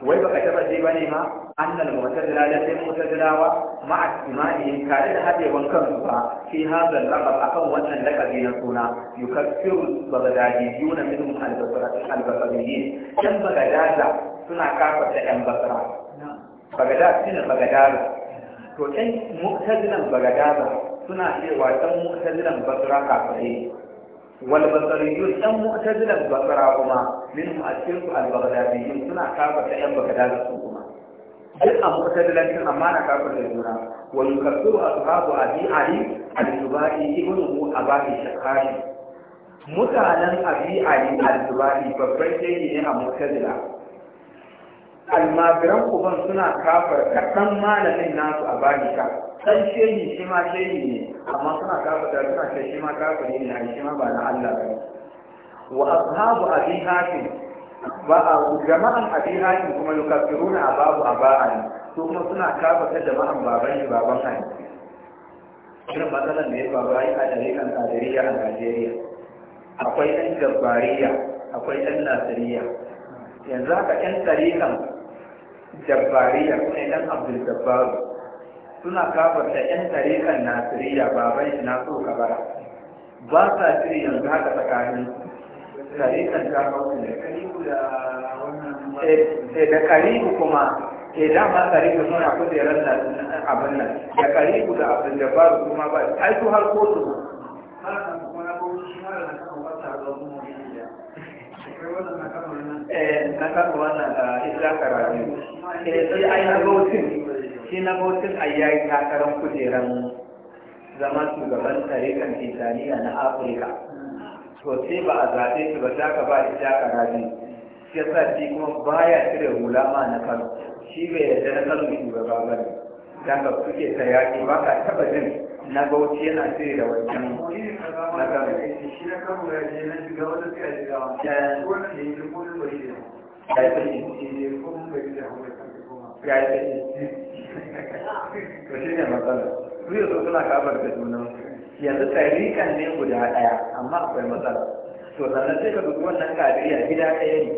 wai baka taba je bane ma annal mu'tazila da sai mu'tazilawa ma imani tare da ban kansu ba fi hadal laqab akan wannan laqabi na suna yukaffiru bagdadi yuna min al-basariyyin dan bagdada suna kafarta yan basra bagdad shine bagdada to kai mu'tazilan bagdada suna cewa dan mu'tazilan basra kafare. walbasariyun ɗan mu'tazilan basara kuma min a cikin su albagdadiyun suna kafa ta ɗan bagdadi kuma duk a mu'tazilan amma na kafa da juna wani kasu a su hafu a bi a yi a zubaɗi ibn mu a ba shi shakari mutanen a bi a yi babban jeji ne a mu'tazilan almajiran uban suna kafar kaɗan malamin nasu a ka ɗan shehi shi ma shehi ne amma suna kafar da suna ce shi ma kafar ne na shi ma ba na Allah ba wa ashabu abi hafi ba a jama'an abi hafi kuma yukaffiruna ababu aba'an to kuma suna kafar da jama'an baban shi baban hakim irin matsalar da ya faru a yi a ɗariƙan tsadariya a Najeriya akwai ɗan gabariya akwai ɗan nasiriya yanzu haka tsari tsarikan ya kuma dan abdul jabbaru suna kafarta yan tarikan nasiriya baban shi na so bara ba sa shiri yanzu haka tsakanin tarikan ta kawo da karibu da wannan eh, eh, da kuma ke eh, dama karibu suna kujerar da abin nan da karibu da abdul jabbaru kuma ba ai su har kotu Eh, na kama wannan a ah, isra karatu eh, shi ai na bautin shi na bautin a yayi takarar kujeran zama shugaban tarikan titaniya na afirka to sai ba a zaɓe shi ba za ka ba isra karatu ya sa shi kuma baya cire hula ma na kano shi bai yarda na kano shugaba ba ne don ka suke ta yaƙi ba ka taɓa jin na bauchi yana ce da wancan na kano shi na kano ya je na shiga wata suka shiga wannan ne ya kuma bai da ya yi fashi kuma bai da ya yi fashi ko [LAUGHS] shi ne matsala su suna kabar da junan yanzu tarikan ne guda ɗaya amma akwai matsala to sannan sai ka dubi wannan kadiriya gida ɗaya ne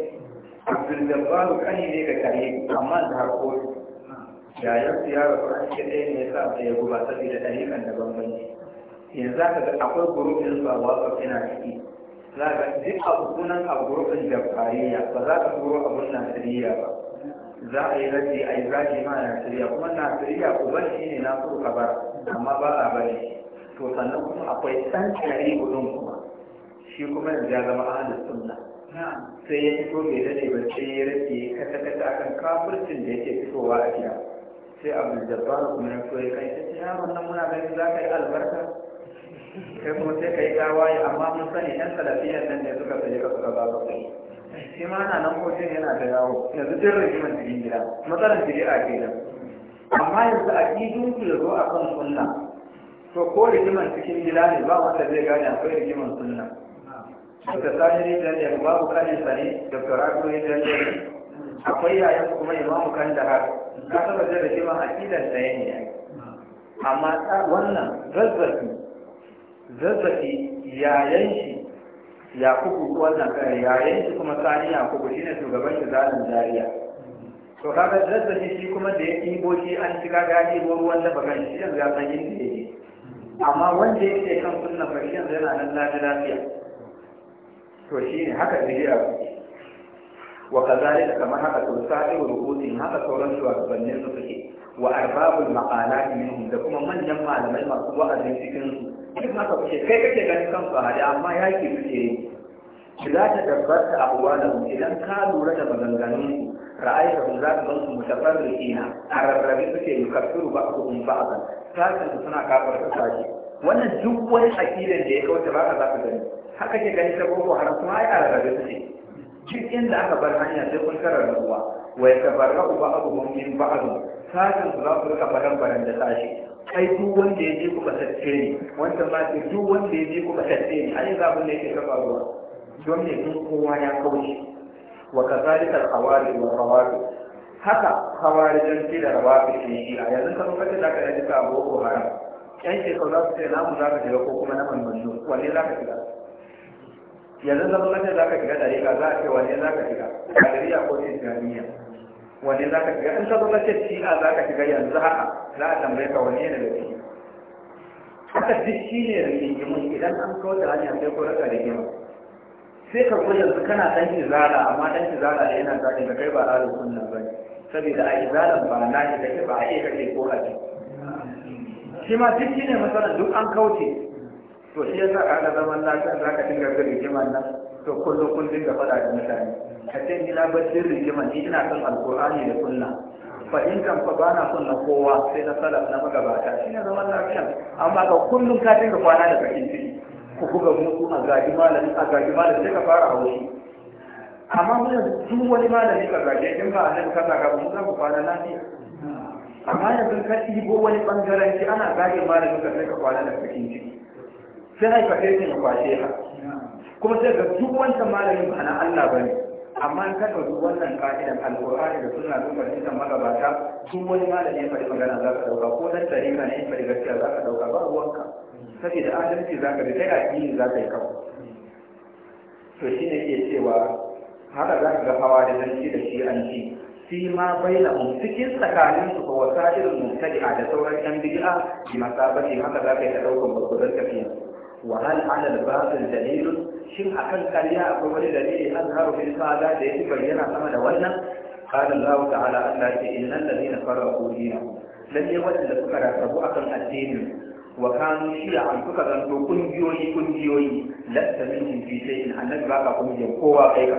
abdul jabbaru kani ne ga kare amma da harkoki yayan su ya rabu an ce ɗaya ne sa ta ya guba saboda ɗariƙan da bambanci yanzu za ka ga akwai gurufin su a wasu yana ciki za ka duk abu sunan a gurufin fariya ba za ka turo abin nasiriya ba za a yi rabi a yi zaɓi ma nasiriya kuma nasiriya uban shi ne na ka ba amma ba a bari to sannan kuma akwai san tsari gudun kuma shi kuma yanzu ya zama ahalin sunna sai ya fito bai dade ba sai ya rage kasa kasa akan kafircin da yake fitowa a gida sai abu jabbar kuma ya koyi kai ta ce wannan muna ganin za ka yi albarka kai kuma sai ka yi waye, amma mun sani yan salafiyan nan ne suka sai ka suka ba ka kuɗi shi ma na nan kotun yana da yawo yanzu jin rigiman cikin gida matsalar ke kenan amma yanzu a kidun ku ya zo a kan sunna to ko rigiman cikin gida ne ba wanda zai gane akwai rigiman sunna Dr. Sani Rijiyar babu kanin sani, Dr. Rago Rijiyar akwai yayin kuma imamu kan da har ka saba da shi ma da ɗaya ne amma wannan zazzafi zazzafi yayan shi kuku wannan kare yayan shi kuma kuku shi shine shugaban shi zalin jariya to kaga zazzafi shi kuma da ya ɗibo shi an shiga gani ruwan da bakan shi yanzu ya san inda ne amma wanda yake kan sunna fa yanzu yana nan lafiya to shi ne haka zuriya wa kazalika kamar haka to sa'iru haka sauran shugabannin su suke wa arbabul ma'ana minhum da kuma manyan malamai masu wa'azin cikin su duk haka kuke kai kake ganin kansu a hada amma yaki kuke za ta tabbata abuwalahu idan ka lura da maganganun su ra'ayta za ka gansu mutafarriqina a rarrabe suke yukaffiru ba'dhum ba'dan sakin suna kafar sashi wannan duk wani aqidan da ya kauce ba ka za gani haka ke ganin ta boko kuma suke cikin inda aka bar hanya sai kun karar ruwa Wai ka bar tabarra ba abu mun ba abu sashin su za ku rika faran faran da tashi. Kai duk wanda ya je ku ba tacce ni wanda ma ce duk wanda ya je ku ba tacce ni ai za abin da yake ka faruwa don ne duk kowa ya kauce wa kazalika al-hawari wa rawati haka ki da rawati ke shi a yanzu kamar kace da ka yi ka abu ko haram yan shekaru za su ce mu za ka shiga ko kuma na manzo wanne za ka shiga yanzu zama nan za ka shiga dariƙa za a ce wane za ka shiga galeriya ko islamiyya wane za ka shiga in ka zama ce a za ka shiga yanzu haka za a tambaye ka wane ne da shi haka duk shi ne da rigimin idan an kawo da hanyar sai ko raka rigima sai ka zo yanzu kana dan izala amma dan izala da yana zaɗi da kai ba a nan ba ne saboda a izalan ba na shi ke ba a iya kake ko a ce shi ma duk shi ne matsalar duk an kauce to shi yasa a da zaman lafiya za ka dinga ga rigimar nan to kullum kun dinga faɗa da mutane ka ce ni na baccin rigimar ni ina son alkur'ani da sunna fa in kan fa ba na son na kowa sai na salaf na magabata shi ne zaman lafiya amma ka kullum ka dinga kwana da bakin ciki ku buga mutu a gaji malami a gaji malami sai ka fara haushi amma muna duk wani malami ka gaji in ba a nan ka zaga mu za ku kwana lafiya amma yanzu ka ɗibo wani ɓangaranci ana gaje malami ka sai ka kwana da bakin ciki sai haifa kai ne kwashe ka kuma sai ga duk wancan malamin ba na Allah ba ne amma ka ɗauki wannan ka'idan alƙur'ani da suna sun farci da magabata duk wani malami ya faɗi magana za ka ɗauka ko dan tarika ne ya faɗi gaskiya za ka ɗauka ba ruwanka saboda adalci za ka bi kai addini za ka yi kawo to shi ne ke cewa haka za ka ga hawa da zanci da shi an ci fi ma baina mu cikin tsakanin su ko wasa'ilul mubtadi'a da sauran yan bid'a bi masabati haka za ka yi ta daukan bakuran tafiya wahal ala labarin dalilin shin a kan karya akwai wani dalili an haru fi fada da ya fi bayyana sama da wannan kada Allah ta'ala Allah ce inna allazina farqu dina dan ne wanda suka rasabu akan addini wa kanu shi'a an suka zanto kungiyoyi kungiyoyi latta min fi shay'in annabi ba ka kungiya kowa kai ka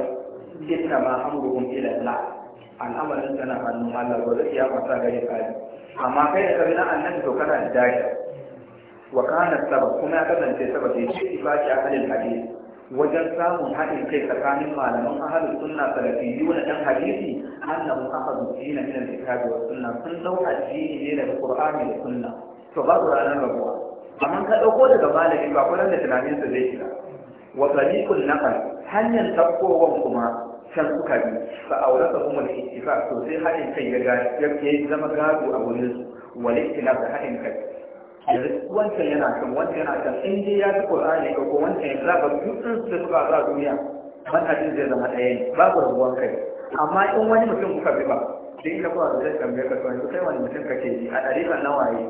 inna ma amruhum ila Allah al'amalan kana hannu Allah wa zai ya fata gare ka amma kai da kabila annabi to kana da dai wa kana sabab kuma ya kasance sabab ya ce ifaki a halin hadisi wajen samun haɗin kai tsakanin malaman ahalin sunna salafiyyu na ɗan hadisi annahu akhadhu dina min al-kitabi wa sunna sun dauka dini ne daga qur'ani da sunna to babu ranar rabuwa amma ka dauko daga malami ba kullum da tunanin sa zai shiga wa tariqul naqal hanyar tabbowan kuma can suka bi fa aurata humul ittifaq to sai haɗin kai ya zama gado a wurin su wal ittilaf da haɗin kai Yanzu! wancan yana kan wancan yana kan in dai ya fi ƙur'ani ko ko wancan ya zaɓa dukkan su suka za a duniya manhajin zai zama ɗaya ne babu rabuwar kai amma in wani mutum kuka bi ba sai ka kowa da zai tambaye ka to kai wani mutum kake ji a ɗariƙan nawa yi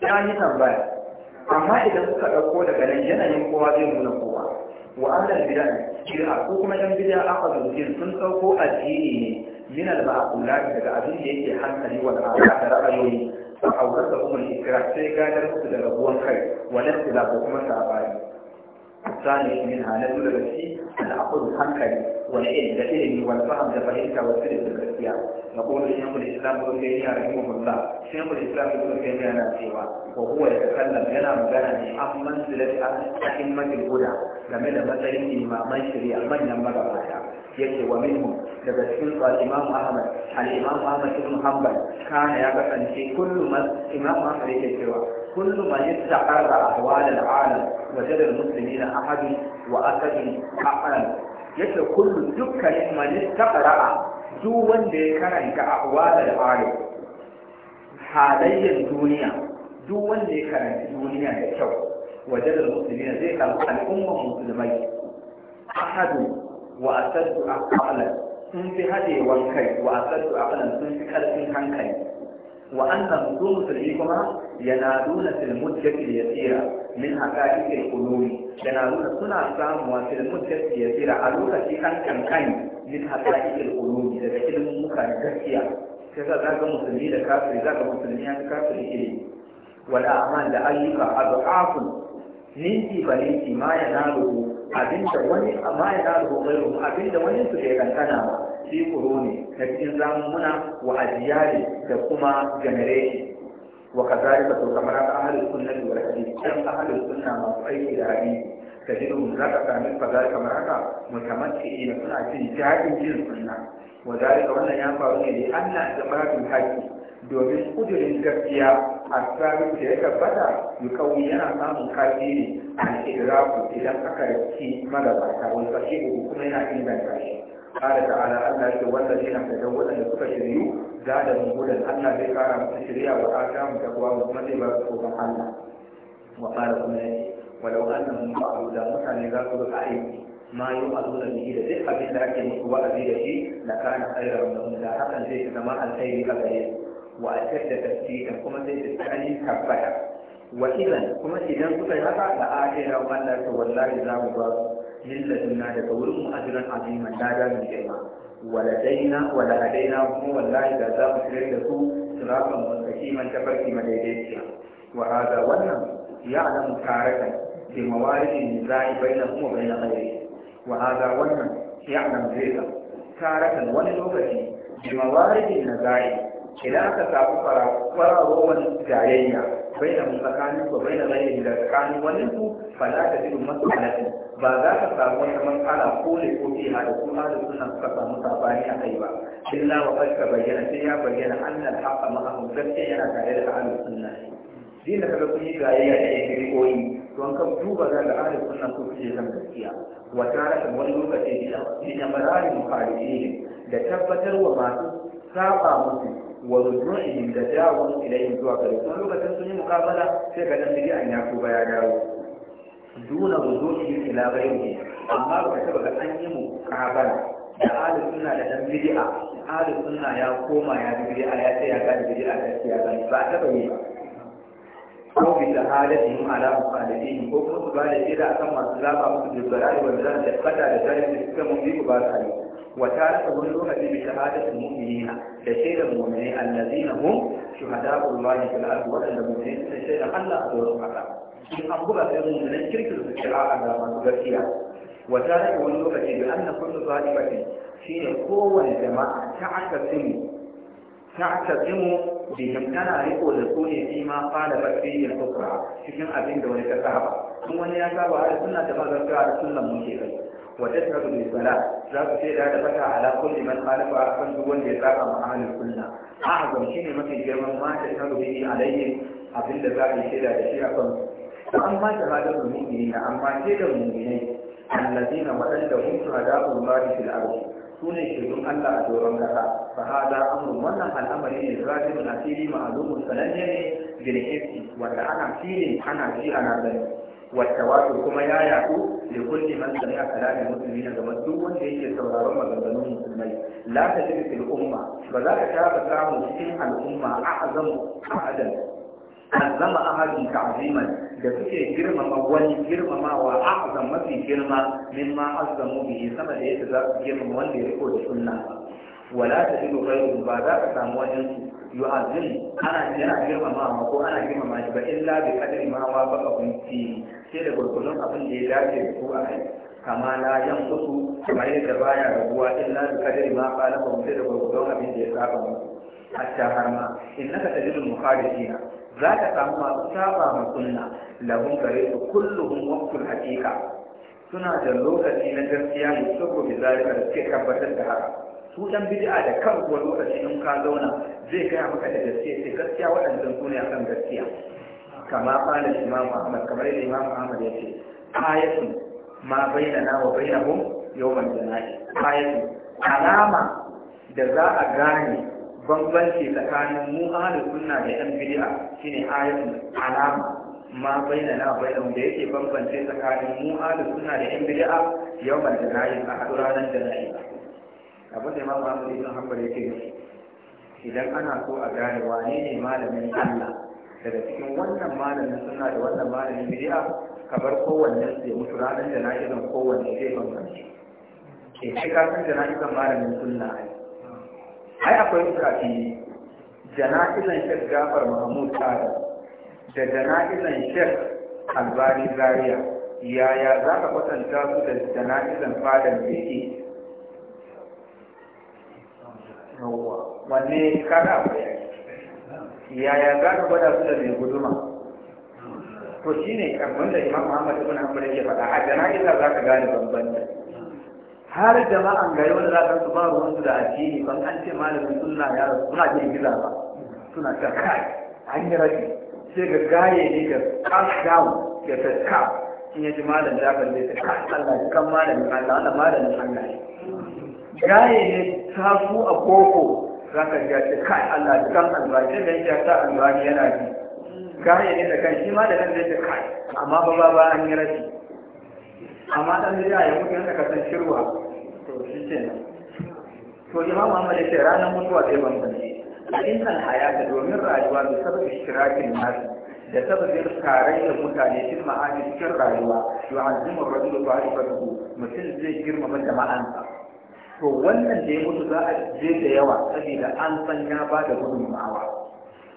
ya yi tambaya amma idan kuka ɗauko daga nan yanayin kowa zai nuna kowa wa annal bid'a bid'a ko kuma yan bid'a aka zuci sun sauko addini ne min al-ma'qulat daga abin da yake hankali wa da ra'ayoyi aure aurata umar ikra sai gadar su da rabuwar kai wa nafsi la ko kuma sabani sani minha na dole da shi da hankali wani ilmi da ilmi wani fahim da fahimta wa da gaskiya na kuma shi islam ya rage mu hulla shi yankun islam ko sai ya na cewa ko kuwa ya kallon yana magana ne an mansu da ta ahin guda game da matsayin limaman shirya manyan magabata ya ce wa minhu daga cikin su imam ahmad al imam ahmad ibn hanbal kana ya kasance kullum imam ahmad yake cewa كل من يتعرض أحوال العالم وجد المسلمين أحد وأسد أحد يتو كل دكا من يتقرأ دو وندي كرنك أحوال العالم حالي الدنيا دو وندي كرنك الدنيا يتو وجد المسلمين زي الأمة المسلمين أحد وأسد أحد sun fi haɗewar kai wa a sarsu a sun fi ƙarfin hankali wa annan su musulmi kuma Yana nuna yanaluna fil ya tsira, min haqa'iqil Yana nuna suna samuwa fil ya tsira, a lokaci kan kankani min haqa'iqil qulumi daga ilimin muka da gaskiya sai ka ga musulmi da kafiri ka ga musulmi ya kafiri ilimi wal a'mal da ayyuka adhafun ninki fa ninki ma yanaluhu abinda wani ma yanaluhu ghayruhu abinda wani su ke kankana ba kuro ne na cikin zamuna wa ajiyari da kuma generation وكذلك تكمرات أهل السنة والحديث كم أهل السنة مصري إلى حديث تجدهم ذاك كامل فذلك مرات متمتعين سنة جاء جيل السنة وذلك وانا ينفعون لأن أزمات الحج domin kudurin gaskiya a tsarin da ya tabbata yukawi yana samun kafiri a idraku idan aka rikki magabata wani sashe uku kuma yana inganta shi kare ta ala Allah ke wanda shi na kaga wadanda suka shiryu za da mugudan Allah zai kara musu shirya wa aka mu ta kuwa kuma zai ba su tsoron Allah wa kuma ne walau annan mun ba mu da mutane za su ga aiki ma yi wa zuwa da shi da duk abin da ake muku wa da shi da kana tsayar da mu da hakan zai ta zama alkhairi a gare wa a tafi da tafi da kuma zai ta tsani kafaya wa idan kuma idan kuka yi haka da ake yawan lafiya wallahi za mu ba min ladunna daga wurin mu ajran aziman lada mai girma waladaina daina kuma wallahi da za mu shirya da su siratan mustaqiman tafarki madaidaiciya wa hada wannan ya'lamu tarakan bi mawaridin nizai bainahum wa bain ghayrihim wa hada wannan zai wani lokaci idan aka samu kwararowar jayayya bai da tsakanin ko bai da zai da tsakanin wani su ba za ka jiru masu alaƙi ba za ka samu wata matsala ko ne ko ke da kuma da suna suka samu sabani a kai ba illa wa farka bayyana sai ya bayyana annal haqa ma'ahum gaskiya yana tare da ahlus sunna din da kaga kun yi jayayya da yake rikoyi to an kan duba za ka ahlus sunna ko kuje kan gaskiya Wata tare wani lokaci da da mararin mukhalifi da tabbatar wa masu saba musu wa rujuihim da dawo ilayhim zuwa gare kuma lokacin sun yi mukabala sai ga dan bidiyan ya tuba ya dawo duna rujuihim ila ghairihi amma ba ta ga an yi mukabala da ahli sunna da dan bid'a ahli sunna ya koma ya bid'a a ce ya ga bid'a ta ce ya ga ba ta bayyana ko bi shahadatihim ala muqalidihim ko kuma su ba da ira kan masu zaba musu dubbara da wanda da fata da tarihi da suka mun bi ba ta yi wata rasa wani lokaci bi shahada da mu'minina da shaida mu'minai allazina hum shuhada Allah fil ard wa anna mu'minina da shaida Allah da wasu haka in an buga sai mu'minai kirkir su kira a ga masu gaskiya wata rasa wani lokaci bi anna kullu zalibatin shine kowane jama'a ta akasimu ta akasimu bihim da su ne fi ma fala bakriyin kufra cikin abin da wani ka saba kuma wani ya saba a da sunna da magaskiya da sunna mun ke wata ta zuwa bala za su sai da fata ala kulli man khalafa akan duk wanda ya tsaka ma ahlul sunna a hazan shine mafi girman ma ta ta zuwa abinda za ka sai da shi a kan an ma ta hada da mu'mini da an ma sai da mu'mini alladina wa anda hum shuhada'u lillahi fil ardh sune shi don Allah a doron kasa fa hada amru wannan al'amari ne zalimin asiri ma'lumun sananne ne bil hisbi wanda ana fili ana ji ana gani والتواصل كما يا يعقوب لكل من سمع كلام المسلمين كما دو wanda yake sauraron maganganun musulmai la tajid fil umma ba za ka taba samu cikin al'umma a'zam ahadan azama ahadin ta'ziman da suke girmama wani girmamawa a'zam mafi girma mimma azzamu bihi sama da yadda za su girmama wanda ya riko da sunna wala ta ido ghairu ba za ka samu wajen su yu'azzim ana yana girmama ma ko ana girmama shi ba illa bi kadri ma wa ba abun fi sai da gurgurun abin da ya dace da su a kai kama la yan kusu kamar yadda baya rabuwa illa bi kadri ma qala ba sai da gurgurun abin da ya saba mu hatta har ma innaka tajidul mukhadithina za masu safa ma sunna lahum gare su kulluhum suna da lokaci na gaskiya musamman da zalika da suke tabbatar da haka su dan bid'a da kan wani lokaci in ka zauna zai kai maka da gaskiya sai gaskiya waɗannan su ne akan gaskiya kama qala imam muhammad kamar yadda imam ahmad ya ce ayatun ma na wa bainahum yawmal jana'i ayatu alama da za a gane bambanci tsakanin mu ahlus sunna da yan bid'a shine ayatu alama ma bainana bainahum da yake bambance tsakanin mu ahlus sunna da yan bid'a yawmal jana'i a ranar jana'i abin da imamu ahmad ibn hanbal yake nufi idan ana so a gane wane ne malamin Allah daga cikin wannan malamin suna da wannan malamin Ka kabar kowanne ya mutu ranar da jana'izan kowanne zai bambance ke shi eh, kafin jana'izan malamin sunna ai ai akwai mutu jana'izan shek gafar mahmud adam da jana'izan shek albani zaria yaya za ka kwatanta su da jana'izan fadan yake yawwa wanne kaga akwai yaki yaya za ka gwada su da mai guduma to shi ne abin da imam muhammad ibn hanbal yake faɗa a jana'iza za ka gane bambanci har jama'an gari wanda za ka su ba ruwansu da addini ban an ce malamin sunna ya rasu suna girgiza ba suna ta kai an yi rashi sai ga gaye ne ga calm down ya ta cap in ya ji malam da aka zai ta kai Allah kan malamin Allah wannan malamin Allah ne gaye ne ta ku a koko za ka ga ce kai Allah da kan albashi da ya ta albashi yana ji gaye ne da kan shi ma da kan zai ce kai amma ba ba ba an yi rashi amma dan da ya mutu yana kasan shirwa to shi ce to imam Muhammad ya ce ranar mutuwa sai ban sani in kan haya da domin rayuwa da sabbin shirakin nasu da sababin tarayyar mutane cikin ma'ajin cikin rayuwa yu'azzimu ar-rajulu fa'iqatahu mutum zai girmama jama'ansa to wannan da ya mutu za a je da yawa saboda an san ya ba da gudunmawa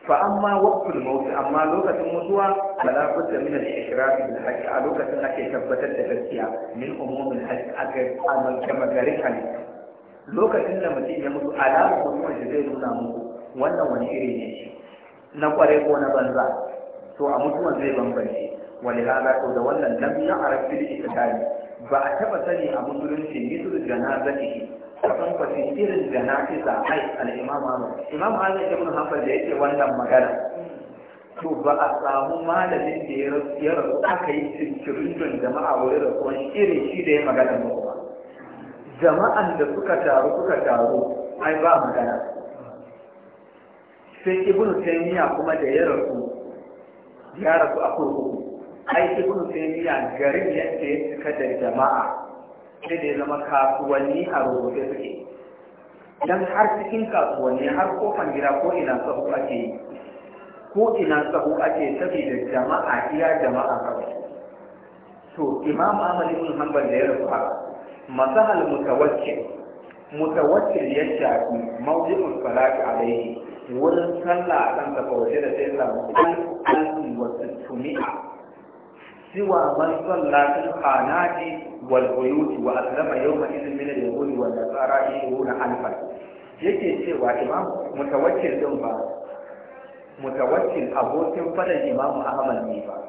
fa amma waqtul maut amma lokacin mutuwa bala da min al-ikrar bil haqq a lokacin ake tabbatar da gaskiya min umumil haqq aka amal kama gari lokacin da mutum ya mutu alamar mutuwar da zai nuna muku wannan wani iri ne shi na kware ko na banza to a mutuwar zai bambance wani hada to da wannan lam na arabbil ikrar ba a taɓa sani a musulunci mitul janazati kasan kwasi irin za a yi imam Ahmad imam Ahmad ibn Hanbal da yake wannan magana to ba a samu malamin da ya rasu aka yi cincirindon jama'a wani rasuwan irin shi da ya magana ba jama'an da suka taru suka taru ai ba magana sai ibn taymiya kuma da ya rasu ya rasu a kurkuku ai ibn taymiya garin ya ce suka da jama'a sai da ya zama kasuwanni a rubuce suke dan har cikin kasuwanni har kofan gida ko ina sahu ake yi ko ina sahu ake saboda jama'a iya jama'a kawai to imam ahmad ibn hanbal da ya rufa masahal mutawakkil mutawakkil ya shafi mawdi'ul salati alayhi wurin sallah kan ka waje da sai samu an an wasu tumi'a سوى من صلى في الخانات والبيوت وأسلم يومئذ من اليهود والنصارى يشهون حنفا yake cewa imam mutawakkil din ba mutawakkil abokin fadar imam Ahmad ne ba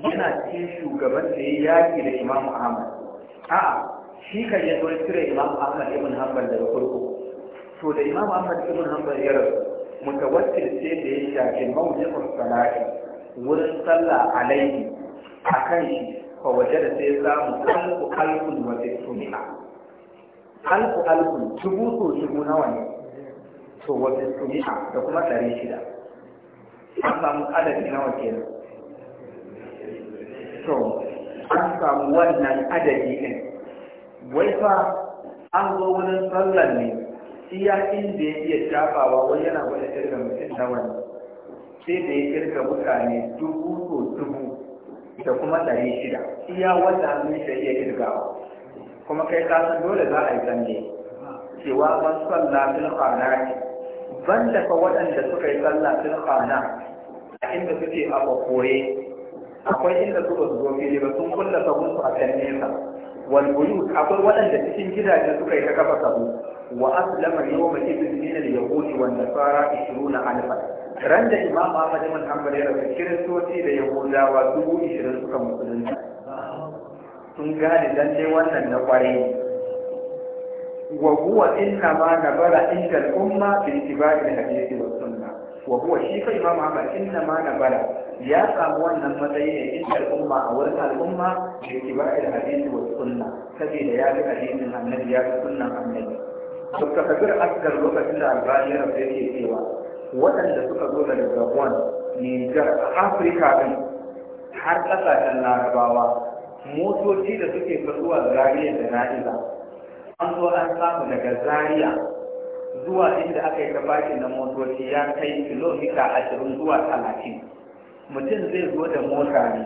yana cikin shugaban da ya yaki da imam Ahmad a'a shi kan ya zo cire imam Ahmad ibn Hanbal daga farko to da imam Ahmad ibn Hanbal ya rasu mutawakkil sai da ya shafi mawjibus salati wurin sallah alaihi a kan shi fa waje da sai samu alfu alfun wa tis'umi'a alfu alfun tubu so tubu nawa ne to wa tis'umi'a da kuma ɗari shida an samu adadi nawa kenan to an samu wannan adadi ne, wai fa an zo wurin sallar ne iya inda ya iya shafawa wani yana wani kirga mutum na wani sai da ya kirga mutane dubu ko dubu da kuma ɗari shida iya wanda hannun shi iya kirgawa kuma kai ka san dole za a yi zanne cewa ban salla fil qana ban da fa waɗanda suka yi salla fil qana a inda suke a kokoye akwai inda suka zo fili ba sun kulla sabon su a can nesa wal buyut akwai waɗanda cikin gidaje suka yi ta kafa sabo wa aslama yawma idin min al yahudi wan nasara 20 alfan ran da imam ahmad ibn hanbal ya rabu kiristoci da yahudawa dubu ishirin suka musulunta sun gane dai wannan na kwarai wa huwa inna ma nabara inda al-umma bi ittiba'i al-hadisi wa sunna wa huwa shi kai imam ahmad inna ma nabara ya samu wannan matsayi ne inda al-umma a wurin al'umma bi ittiba'i al-hadisi wa sunna saboda ya bi hadisin annabi ya bi sunnan annabi ka kafir Asgar lokacin da albani ya rabu yake cewa waɗanda suka zo daga gabon nijar afirka ɗin har ƙasashen larabawa motoci da suke fasuwa zariya da na'iza an zo an samu daga zariya zuwa inda aka yi tafakin na motoci ya kai kilomita ashirin zuwa talatin mutum zai zo da mota ne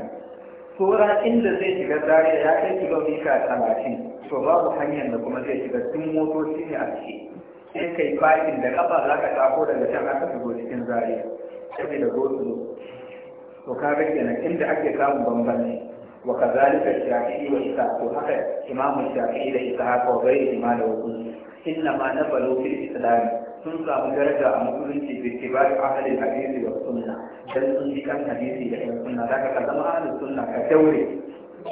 Tora inda zai shiga zariya ya kai kilomita talatin to babu hanyar da kuma zai shiga tun motoci ne a ciki sai yi bakin da kafa za ka tako daga can aka shigo cikin zariya sai da gosulo to ka ga kenan inda ake samun bambanci wa kazalika shafi'i wa isa to haka imamu shafi'i da isa haka wa gairi imam da wasu inna ma nabalu fil islam sun samu daraja a musulunci bi tibari ahli hadisi wa sunna dan sun bi kan hadisi da kan sunna zaka ka zama ahli sunna ka daure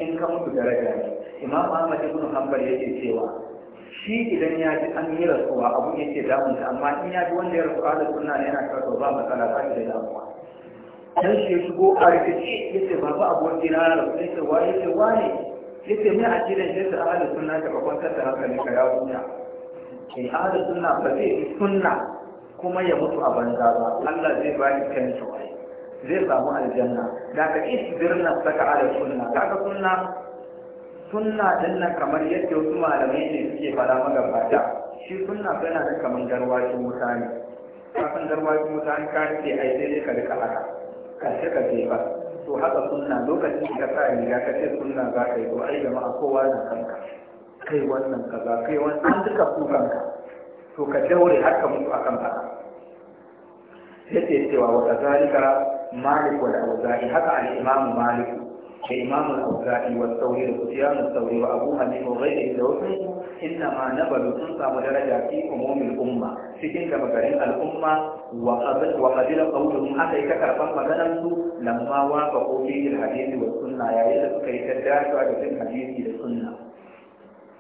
in ka mutu daraja ne imam ahmad ibn hanbal yake cewa shi idan ya ji an yi rasuwa abu ke damun ta amma in ya ji wanda ya rasu a da suna yana karatu ba matsala ba da damuwa dan shi ya shigo a rikici yace baba abokin na rasu ce wa ce wa ne ce me a gidan shi da ahlus suna ta kwantar da hankalin ka ya huta in ahlus suna ba zai yi suna kuma ya mutu a banza ba Allah zai ba ni kan shi zai samu aljanna da ka isbir nafsaka ala sunna ka sunna sunna din nan kamar yadda wasu malamai ne suke fada magabata shi sunna yana da kamar garwashin mutane kafin garwashin mutane ka ce ai sai dai ka rika haka ka ce ka ce ba to haka sunna lokacin da ka sa riga ka ce sunna za ka yi to ai jama'a kowa da kanka kai wannan kaza kai wannan duka ku kanka to ka daure har ka mutu akan haka yace cewa wa kazalika malik wal awza'i haka al-imam malik الإمام الأوزاعي والثوري وسفيان الثوري وأبو حنيفة وغيره لوسن إنما نبل تنصى ودرجة في أموم الأمة في تلك مكان الأمة وقبل وقبل قولهم حتى يكفر فمغنمت لما وافقوا فيه الحديث والسنة يا يد كي تدرس على الحديث والسنة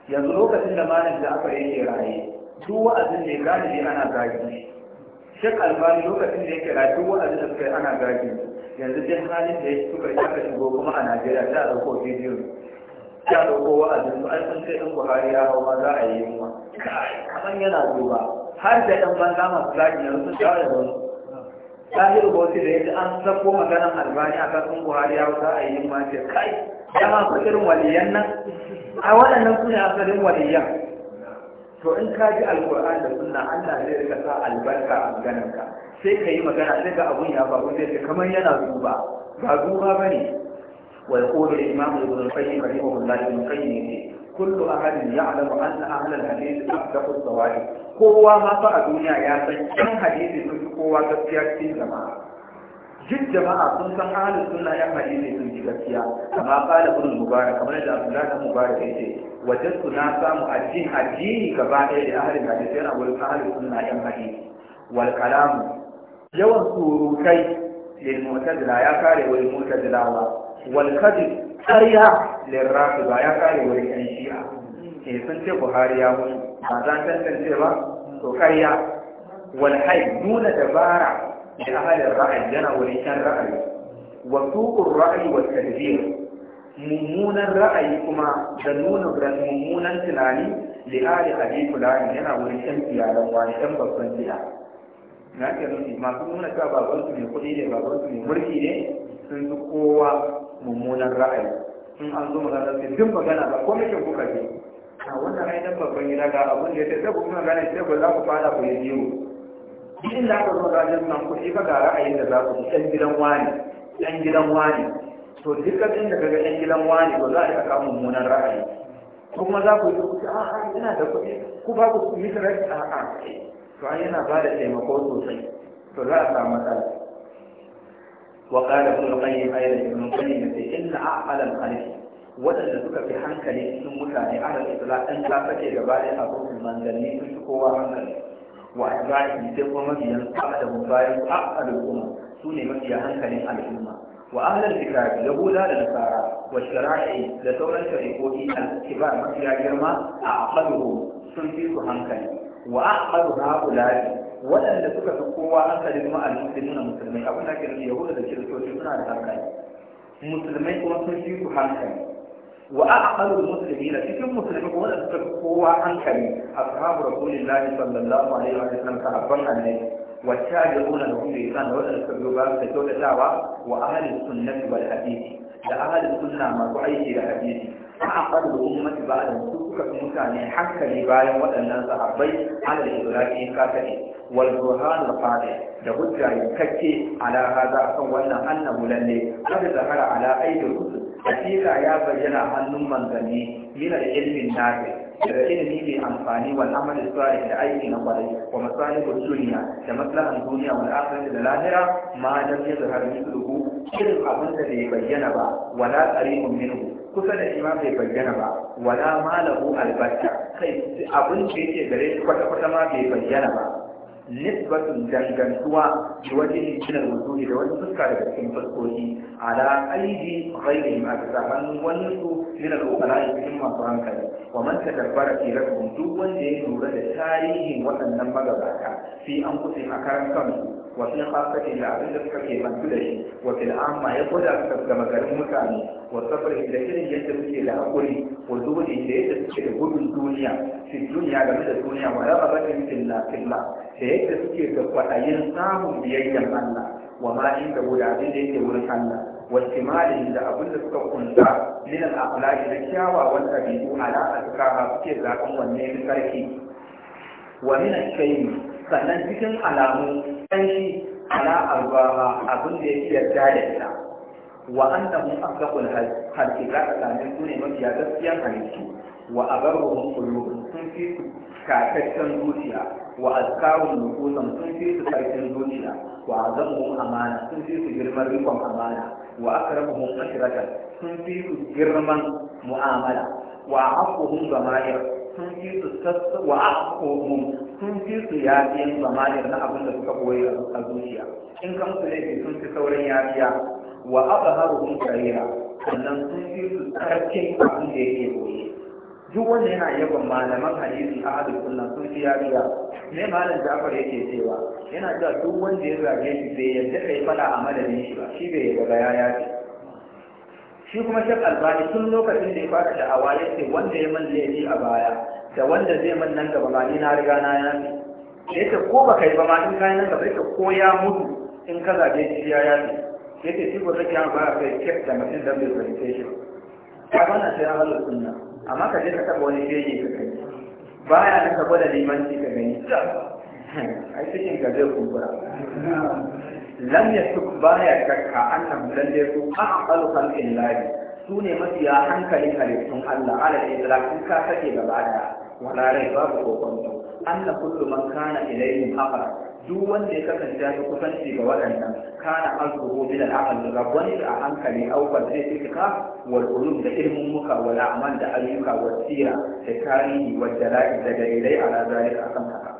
يزلوك سنمان الزعفر يشيرعي دو أذن لغالي أنا زاجي شك الباني لوك سنمان الزعفر أنا زاجي yanzu duk halin da ya suka shaka shigo kuma a najeriya ta dauko bidiyon ta ɗauko wa'azin su ai sun sai in buhari ya hawa za a yi yunwa kamar yana duba har da ɗan banza masu zaki yanzu sun shawo da wani tahiru bauti da yadda an sako maganan albani a kasan buhari ya za a yi yunwa ce kai dama ku irin waliyan nan a waɗannan su ne asalin waliyan to in ka ji alkur'ani da sunna Allah zai rika sa albarka a maganarka sai ka yi magana sai ga abun ya faru zai kamar yana duba ba duba bane ويقول الإمام ابن القيم رحمه الله ابن القيم كل أحد يعلم Kowa ma fa a duniya ya ما فأدونا يا sun fi kowa قوة السياسة jama'a. duk jama'a sun san ahalin suna ya faɗi ne sun ji gaskiya amma kala ibn mubarak kamar da abdullahi ibn mubarak yace wajadtu na samu addini addini gaba ɗaya da ahalin hadisi yana wurin ahalin suna ya faɗi wal kalamu yawan surukai lil mu'tazila ya kare wal mu'tazilawa wal kadhib qariya lil rafiba ya kare wal yan shi'a eh sun ce buhari ya mutu ba za tantance ba to qariya wal hayy nuna dabara da ahalin ra'ayi yana wani kan ra'ayi wa suqur ra'ayi wa mummunan ra'ayi kuma da nuna ran mummunan tunani li ali abi fulani yana wani kan tiyaran wani kan babban tiya na ce nufi masu nuna cewa mai kuɗi ne mai sun fi kowa an zo magana wannan ai dan babban gida ga abin da ya tafi kuma magana sai ku za ku fara ku yi biyu duk da aka zo rajin nan ku ka ga ra'ayin da za ku ci ɗan gidan wani ɗan gidan wani to dukkan inda ka ga ɗan gidan wani ba za a iya kamun mummunan ra'ayi kuma za ku yi kuɗi a a ina da kuɗi ku ba ku yi sarari a a to an yana ba da taimako sosai to za a samu matsala وقال ابن القيم أيضا ابن القيم إن alal الخلق waɗanda suka fi hankali sun mutane ala isla ɗan ta ke gaba ɗaya a kofin manzanni sun fi kowa hankali wa asba'i sai kuma mabiyan sa'adahu bayan sa'ad al'umma su ne mafiya hankalin al'umma wa ahlul kitab yahuda da nasara wa shara'i da sauran shari'o'i al-kibar mafiya girma a aqaluhu sun fi su hankali wa aqalu ha'ula'i waɗanda suka fi kowa hankalin ma'almusulmi na musulmai abin da ke yahuda da kiristoci suna da hankali musulmai kuma sun fi su hankali wa aqbalu muslimin cikin musulmi ko wanda suka kowa hankali ashabu rasulillahi sallallahu alaihi wa sallam ka abban annabi wa tabi'una lahum bi ihsan wa ladaka bi ba ka tauda dawa wa ahli sunnati wal hadisi da ahli sunna ma aiki da hadisi fa aqbalu ummati ba'da suka fi mutane hankali bayan waɗannan sahabbai ala ibrahim ka kake wal burhan da hujja kake ala kan wannan annabi lalle kada zahara ala aidil rusul hakika ya bayyana hannun manzanni min al-ilmin nafi daga ilimi mai amfani wal amal salih da aiki na kwarai wa masalihud dunya da maslahan duniya wal akhirah da lahira ma zahar ni mithluhu irin abin da bai bayyana ba wala min minhu kusa da shi ma bai bayyana ba wala malahu albatta kai abin da yake gare shi kwata-kwata ma bai bayyana ba nisbatun dangantuwa da wani jinar ne da wani fuska daga cikin fuskoki ala aidi ghairihim a bisa hannun wani su jinar a cikin masu hankali wa man tadabbara ke rabbihim duk wanda ya lura da tarihin waɗannan magabata fi an kusa a karan kansu wa fi khasati da abin da suka ke bantu da shi wa fil ya gwada su gama garin mutane wa safari da irin yadda suke da hakuri wa zuhudi da yadda suke da gudun duniya fi duniya game da duniya wa rabatin filla-filla, da yadda suke da kwaɗayin samun biyayyar Allah wa ma inda guda abin da yake wurin Allah واستماله إذا أبن تكونتا من الأخلاق الكياوة والأبيض على suke في ذاكم والنيل wa minan الشيء sannan cikin alamu ƙanshi ala arbaha abin da yake yarda da ita wa annahum asdaqul halqi za ka same su ne mafiya gaskiyan halittu wa abarruhum qulubun sun fi kakakken zuciya wa azkarun nufusan sun fi su karfin zuciya wa azamuhum amana sun fi su girman rikon amana wa mun ashratan sun fi su girman mu'amala wa afuhum gama'ir sun fi su sassa wa aqhum sun fi su yafiyan zamanir na abin da suka koyi a zuciya in kan su laifi sun fi sauran yafiya wa sun karira sannan sun fi su tsarkin abin da yake koyi duk wanda yana yaban malaman hadisi a hadin sunna sun fi yafiya me malam Ja'far yake cewa yana cewa duk wanda ya zage shi bai yadda kai fada a madadin shi ba shi bai yaba ya yafi shi kuma shek albani tun lokacin da ya fara da ya ce wanda ya manne laifi a baya da wanda zai man nan gaba ma ni na riga na ya ne ya ce ko ba kai ba ma in ka nan gaba ya ko ya mutu in ka zage shi ya ya ne ya ce shi ko zai kyan ba kai kek da mutum da mai fahimce shi ba wannan sai an halar sunna amma ka je ka taɓa wani jeji ka kai baya nan ka gwada limanci ka gani ai cikin ka zai kumbura lam yasuk baya shakka annam lalle su aqalu khalqin lahi su ne mafiya hankali halittun Allah ala itlaq in ka sake gaba da wala rai babu kokonto anna kullu man kana ilayhim aqrab duk wanda ya kasance ya kusanci ga waɗannan kana azruhu min al-aql da wani a hankali aw zai fika wal ulum da ilmin muka wal a'mal da ayyuka wal sira da tarihi wal dalail da dalilai ala zalika akan haka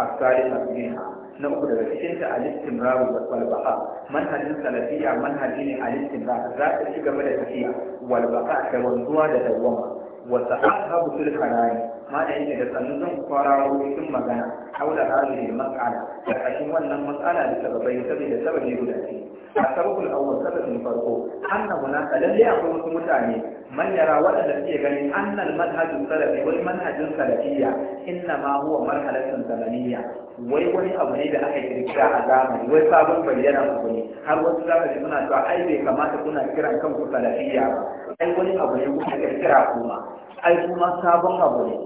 الثالثة منها na uku daga cikin ta al-istimrar wal baqa manhajin salafiyya manhaji ne al-istimrar za ta ci gaba da tafiya wal da wanzuwa da dawwama wa sahabu fil qarari ma da yake da sannu zan cikin magana haula hadhihi mas'ala da kashin wannan matsala da sababai saboda sababi guda ce a sababul awwal sababin farko an na lalle akwai wasu mutane man yara waɗanda suke ganin annal manhajin salafi wai manhajin salafiyya inna ma huwa marhalatun zamaniya. wai wani abu ne da aka kirkira a zamani wai sabon bayyana abu ne har wasu za ka suna cewa ai bai kamata kuna kiran kanku salafiyya ba ai wani abu ne kuka kirkira kuma ai kuma sabon abu ne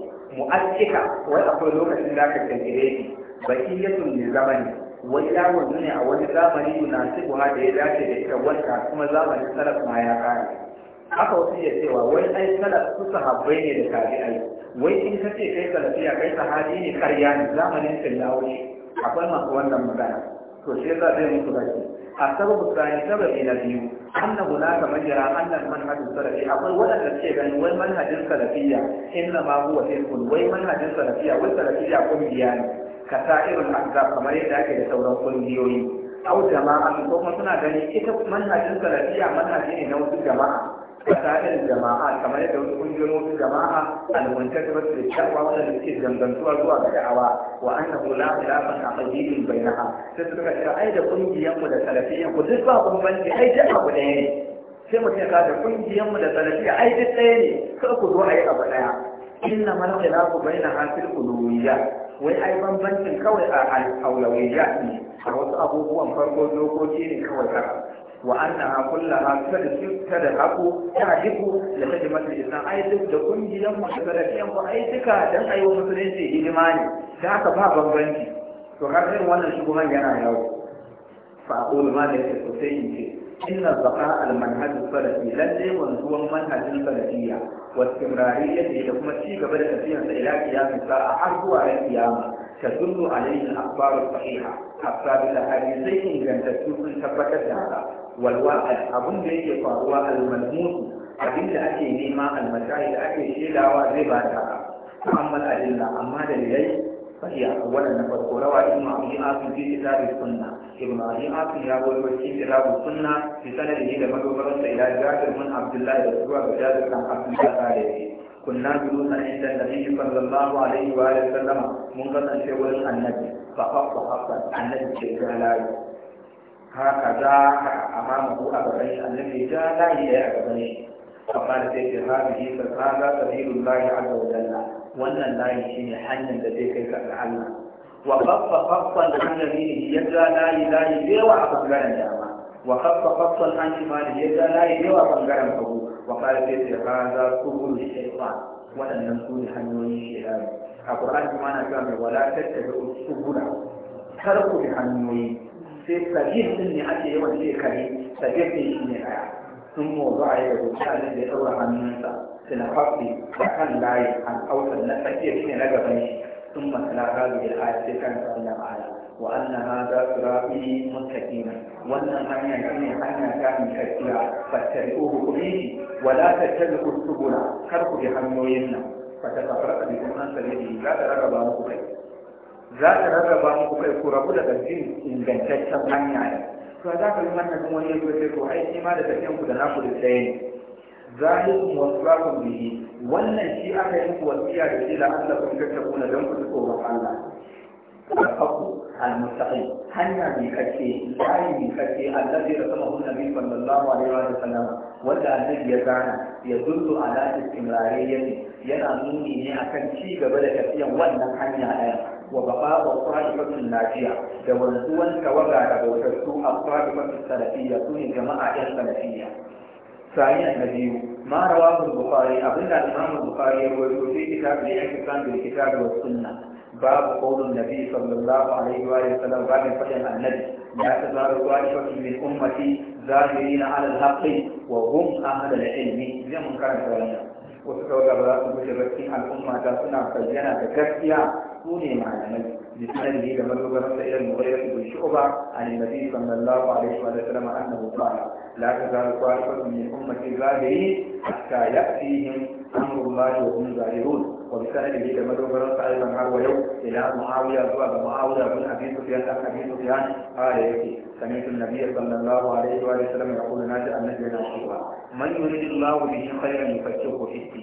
mu'akkika wai akwai lokacin da aka kirkire shi bakiyatun ne zamani wani yawon ne a wani zamani yunasibu ha da ya dace da ita wanda kuma zamanin salaf ma ya kare haka wasu iya cewa wai ai kada su sahabbai ne da ai wai in ka ce kai salafiya kai sahabi ne karya ne zamanin fillawoci akwai masu wannan magana to shi yasa zai mutu shi a sababu tsani sababi na biyu annahu la ka majira annal manhajus salafi akwai wadanda ce gani wai manhajin salafiya inna ma huwa tilkun wai manhajin salafiya wai salafiya kungiya ne ka irin azza kamar yadda ake da sauran kungiyoyi au jama'a ko kuma suna ganin ita manhajin salafiya manhaji ne na wasu jama'a kasa'ir jama'a kamar yadda wasu kungiyoyin wasu jama'a almuntar da shafa, wanda wadanda suke zangantuwa zuwa ga da'awa wa na annahu a khilafa bai bainaha sai suka ce ai da kungiyan da salafiyan ku duk ba bambanci ai duk abu ɗaya ne sai mu ce ka da kungiyan mu da salafiya ai duk ɗaya ne kar ku zo a yi abu ɗaya inna mal khilafu bainaha fil uluhiyya wai ai bambancin kawai a al-awlawiyya ne a wasu abubuwan farko dokoki ne kawai ka وأنها كلها تدحك تهدف لخدمة الإسلام أي duk da kungiyan masarafiyan ku ai duka dan ayi wa musulunci hidima da haka ba bambanci to ka irin wannan shugaban yana yawo fa aqulu ma da yake sosai in ce inna zaqa al manhaj salafi lalle wanzuwan manhajin salafiyya wa istimrariyya da kuma ci gaba da tafiyar sa ila qiyamis a har zuwa iyama. تدل عليه الأخبار الصحيحة أخبار الحديثين كان تسوق ثبت هذا والواقع أظن به فهو الملموس أبين أكي نيما المشاهد أكي شيلا وزبا أما الأدلة أما دليل فهي أولا نفس روى ابن أبي عاصم في كتاب السنة ابن أبي عاصم يقول في كتاب السنة في سنة إلى مدوبرة إلى جابر من عبد الله بن جابر بن عبد الله kunna julusan inda nabi sallallahu alaihi wa alihi wasallam mun kasance wurin annabi fa haqqo haqqan annabi ke ga layi haka za ka amama ku a gaban shi annabi ya layi ya a gaban shi amma da sai ce ha bihi fa hada sabilullahi azza wa jalla wannan layi shine hanyar da zai kai ka ga Allah wa khaffa khaffan annabi ya ga layi layi da yawa a bangaren dama wa khaffa khaffan annabi ya ga layi da yawa a bangaren hagu وقال كيف هذا سبل الشيطان وأن نكون حنوني الشيطان القرآن كما كامل ولا تتبعوا السبل تركوا بحنوني في سبيل إني أتي يوم شيء الشيخين سبيل إني أعلم ثم وضع يده كان الذي أورى حنويسا سنحفظي وكان لا يحن أو سنحفظي إني لقبني ثم تلا هذه الآية كانت أن معنا وأن هذا صراطي مستقيما وأن من يكون أن كان كثيرا فاتبعوه kar ku bi hanyoyin nan. بحميوينا فتتفرق fara عن سبيله لا ترغب مكوكي za ta rarraba muku kai ku rabu daga jin ingantaccen hanya ne to za ka yi wannan wani ya ko sai ko ai ma da tafiyan ku da naku da tsaye ne zalikum wasfaqum bihi wannan shi aka yi muku wasiya da shi la Allah kun tattauna dan ku tsoro Allah الحق المستقيم هنا بكتي لاي بكتي الذي رسمه النبي صلى الله عليه وسلم ولا الذي يزعنا يدل على استمراريته yana nuni ne akan ci gaba da tafiyan wannan hanya ɗaya wa baba wa sa'ifatun lafiya da wanzuwan tawaga da bautattu a sa'ifatun salafiyya su ne jama'a ɗan salafiyya ثانيا النبي ما رواه البخاري أبدا الإمام البخاري ويقول في كتاب الاعتصام بالكتاب والسنة باب قول النبي صلى الله عليه وآله وسلم باب فتن النبي لا تزال طائفة من أمتي ظاهرين على الحق وهم أهل العلم زي من كان سوانا وتقول الله سبحانه الأمة سنة بينا تكفيا مع معلمين بسنده لما ذكرت الى المغيرة بن شعبة عن النبي صلى الله عليه وسلم انه قال لا تزال طائفة من امتي ظاهرين حتى ياتيهم amru mali wa hum zahirun wa bi da madogaran sa ayyukan har wa yau ila muawiya zuwa ga muawiya bin abi sufyan da abi sufyan ala yake sami'tu nabiy sallallahu alaihi wa sallam yaqulu nati annabi yana cewa man yuridu allah bihi khayran yufakkihu fihi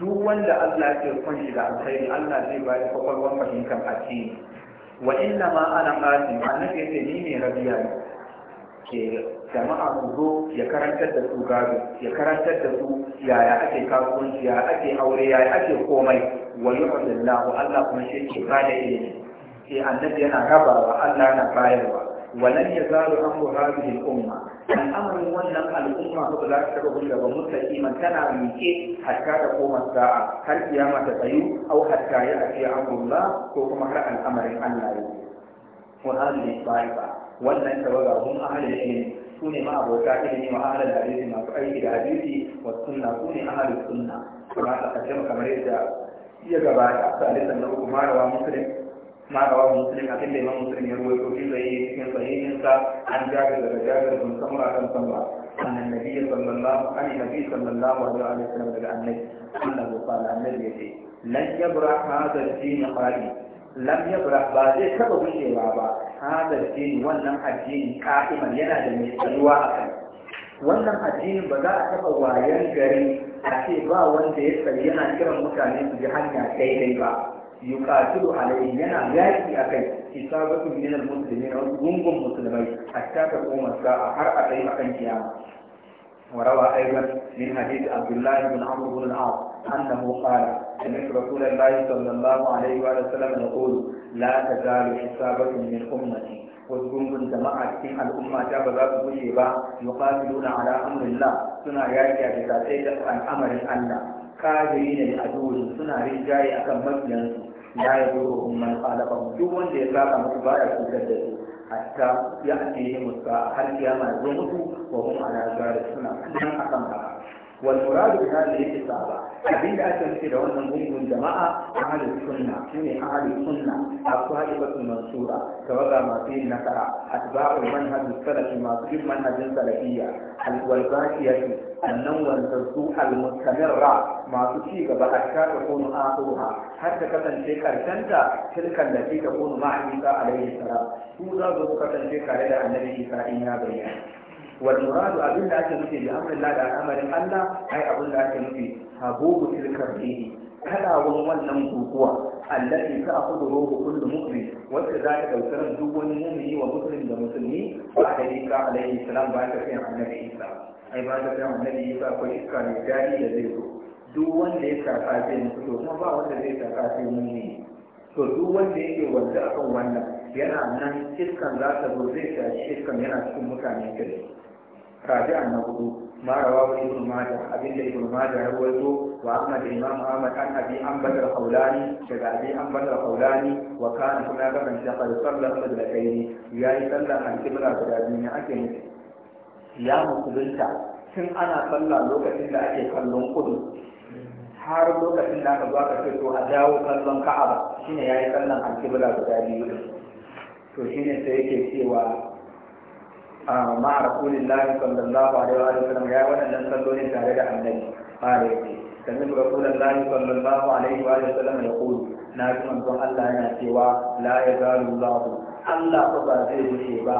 duk wanda Allah ya kunshi da alkhairi Allah zai ba shi kwakwalwar fahimtar a cikin wa inna ma ana qasim annabi yace ni ne rabiya ke jama'a ku zo ya karantar da su gado ya karantar da su yaya ake kasuwanci ya ake aure yaya ake komai wa yi wadannan Allah kuma shi ke ba da ilimi ke annabi yana rabawa Allah na bayarwa wannan ya zaro an gura bihin umma an amurin wannan al'umma ko za ta rubuta daga mutsa tana miƙe hatta da koma sa'a har kiyama ta tsayu au hatta ya ake amurla ko kuma har al'amarin Allah ya yi wa hadin ba. wannan tawaga hun ahalin ilimi su ne ma abota ilimi wa ahalin hadisi ma kai da hadisi wa sunna sune ne sunna kuma ta kace maka kamar yadda ya gabata salisan na uku marawa muslim marawa muslim a cikin imam muslim ya ruwaito shi da yi cikin sahihin sa an da daga da bin samura kan samura أن النبي صلى الله عن النبي صلى الله عليه وسلم قال النبي أنه قال النبي لن يبرأ هذا الدين خالي lam yabra ba zai taba gushewa ba hada addini wannan addini ka'iman yana da mai tsayuwa a kai, wannan addinin ba za a taba wayan gari a ce ba wanda ya tsayi yana kiran mutane su ji hanya daidai ba yuqatilu alayhi yana yaki akai isabatu min al-muslimin wa gungun musulmai hatta ta koma sa'a har a kai akan kiyama وروى أيضا من حديث عبد الله بن عمرو بن العاص أنه قال سمعت رسول الله صلى الله عليه وسلم يقول لا تزال حسابة من أمتي وزبون جماعة cikin al'umma ta ba za su gushe ba yuqatiluna ala amrillah suna yaki a bisa sai da al'amarin Allah kafiri ne a duwun suna rinjaye akan mabiyansu la yaduruhum duk wanda ya saba musu baya cutar da su hatta ya ake yi musa har kiyama ya mutu ko kuma ana gari suna kan akan ba والمراد بهذه الإصابة أبين أتم في دون نمهم جماعة أهل السنة من أهل السنة الصحابة المنصورة كوضع ما فيه النكرة أتباع المنهج السلفي ما فيه منهج سلفية والباقية النوى التسوء المستمرة ما تشيك بأشكال تكون آخرها حتى كتن شيك أرشنت تلك التي تكون مع عيسى عليه السلام سوزا ذو كتن شيك هذا النبي إسرائيل بيان والمراد muradu abin da ake الله bi amrillah da al'amarin Allah ai abin da ake nufi habubu tilkar dini kalawan wannan guguwa allati ta akudu ruhu kullu mu'min wacce za ta dauki ran duk wani mu'mini wa muslim da musulmi ba da isa alaihi salam ba ta kai annabi isa ai ba ta kai annabi isa ko iska ne gari da zai zo to duk wanda yake wanda akan wannan yana nan cikin za ta zo zai shi iskan yana cikin mutane kare rabi'a na hudu ma rawahu ibn majah abinda ibn majah ya rawaito wa amma da imam ahmad an abi an badar qaulani daga abi an badar qaulani wa kana kuma ga kan da sallar ya yi sallar an qibla guda biyu ne ake ne ya musulunta tun ana sallah lokacin da ake kallon kudu har lokacin da aka zo aka ce to a dawo kallon ka'aba shine yayi sallan al-qibla guda biyu to shine sai yake cewa مع رسول الله صلى الله عليه وسلم يا ولد أن tare da عن النبي قال سمعت رسول الله صلى الله عليه وسلم يقول ناجم أن الله ya سوى لا يزال الله Allah ba ba zai wuce ba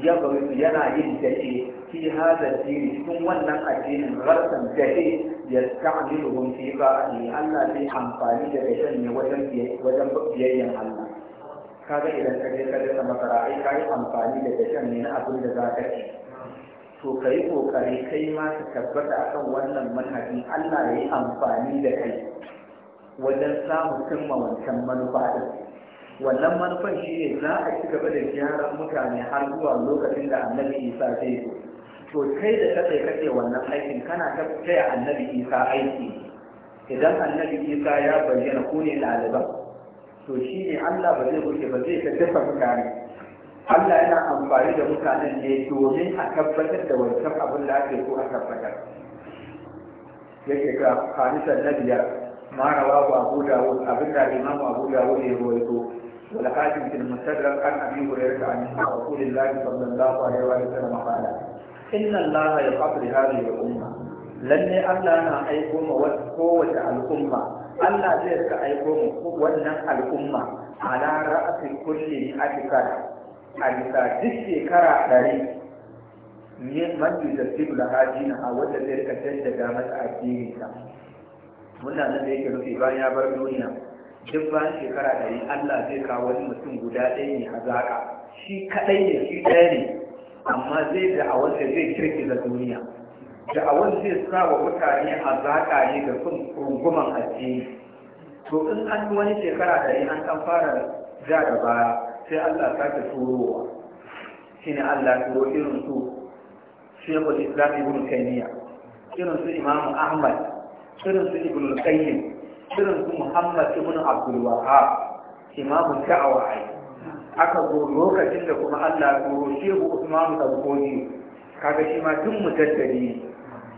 ya yana yin dace fi hada jiri cikin wannan addinin rasan dace ya ta'amilu hum fi ba'i Allah zai amfani da dace ne wajen wajen biyayyan Allah kaga idan ka je ka dasa masara ai ka yi amfani da dashen ne na abin da za ka ci to ka yi ƙoƙari kai ma ka tabbata a kan wannan manhajin Allah ya yi amfani da kai wajen samun cimma wancan manufa wannan manufan shi ne za a ci gaba da gyaran mutane har zuwa lokacin da annabi isa zai zo to kai da kaɗai kace wannan aikin kana ta taya annabi isa aiki idan annabi isa ya bayyana ku ne ɗaliban to shi ne Allah ba zai wuce ba zai ta dafa mutane Allah yana amfani da mutanen ne domin a tabbatar da wancan abin da ake so a tabbatar yake ka hadisan na biyar ma rawahu Abu Dawud abin da Imam Abu Dawud ya rawaito wal hakim fil mustadrak an Abi Hurairah an Rasulullah sallallahu alaihi wa sallam qala inna Allah yaqdir hadhihi al-umma lalle Allah na aiko ma kowace al'umma Allah zai ka aiko mu wannan al'umma ala ra'asin kulli ne a bisa duk shekara ɗari ne mafi da sibu da a wanda zai rika canza damar ta. muna nan da yake nufi bayan ya bar duniya duk bayan shekara ɗari Allah zai kawo wani mutum guda ɗaya ne zaka shi kaɗai ne shi ɗaya ne amma zai da a wanda zai kirkiza duniya da'awar zai sa wa mutane hazaƙa ne ga kun rungumar addini to in an yi wani shekara da an kan fara ja da baya sai Allah sake turowa ne Allah turo irin su Shehu Islam Ibn Taymiyyah irin su Imam Ahmad irin su Ibn Qayyim irin su Muhammad Ibn Abdul Wahhab Imam Da'awa ai aka zo lokacin da kuma Allah turo Shehu Usman Al-Qodi kaga shi ma duk mutaddadi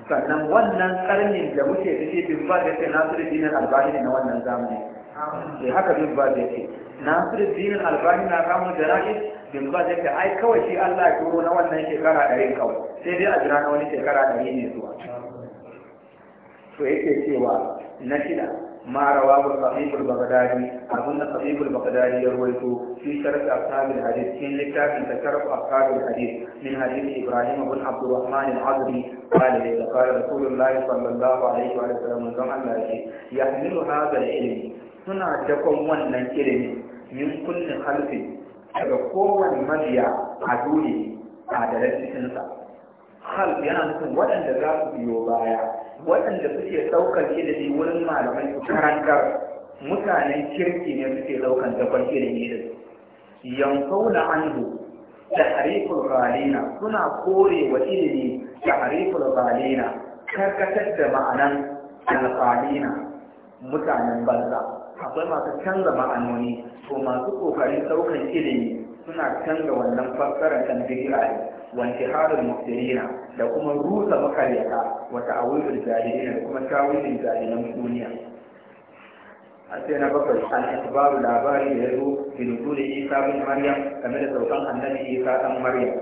sannan wannan karnin da muke da shi bin ba da yake nasiru dinar albani na wannan zamani sai eh, haka bin ba da yake nasiru dinar albani na da rai bin ba da yake ai kawai shi allah ya turo na wannan shekara ɗari kawai sai dai a jira na wani shekara ɗari ne zuwa to yake cewa na shida ما رواه صحيح البغدادي أظن صحيح البغدادي يرويته في شرح أصحاب الحديث إن لكتاب تشرف أصحاب الحديث من حديث إبراهيم بن عبد الرحمن العبدي قال قال رسول الله صلى الله عليه وسلم كما الله يحمل هذا العلم هنا جكم من العلم من كل خلف daga kowane mabiya عدولي duniya a hal yana nufin waɗanda za su biyo baya waɗanda suke ɗaukar ilimi wurin malamai su karantar mutanen kirki ne suke ɗaukar dabar ilimi da su yankauna anhu da hariful galina suna kore wa ilimi da hariful galina karkatar da ma'anan alƙalina mutanen banza akwai masu canza ma'anoni to masu ƙoƙarin ɗaukar ilimi suna canza wannan fassarar kan bid'a وانتحار المفترين لكم الروس مخليقا وتعويض الجاهلين لكم التعويض الجاهلين مدنيا أتينا بقر عن إخبار العبار يهدو في نزول إيسا بن مريم كما لسوطان أن نبي إيسا بن مريم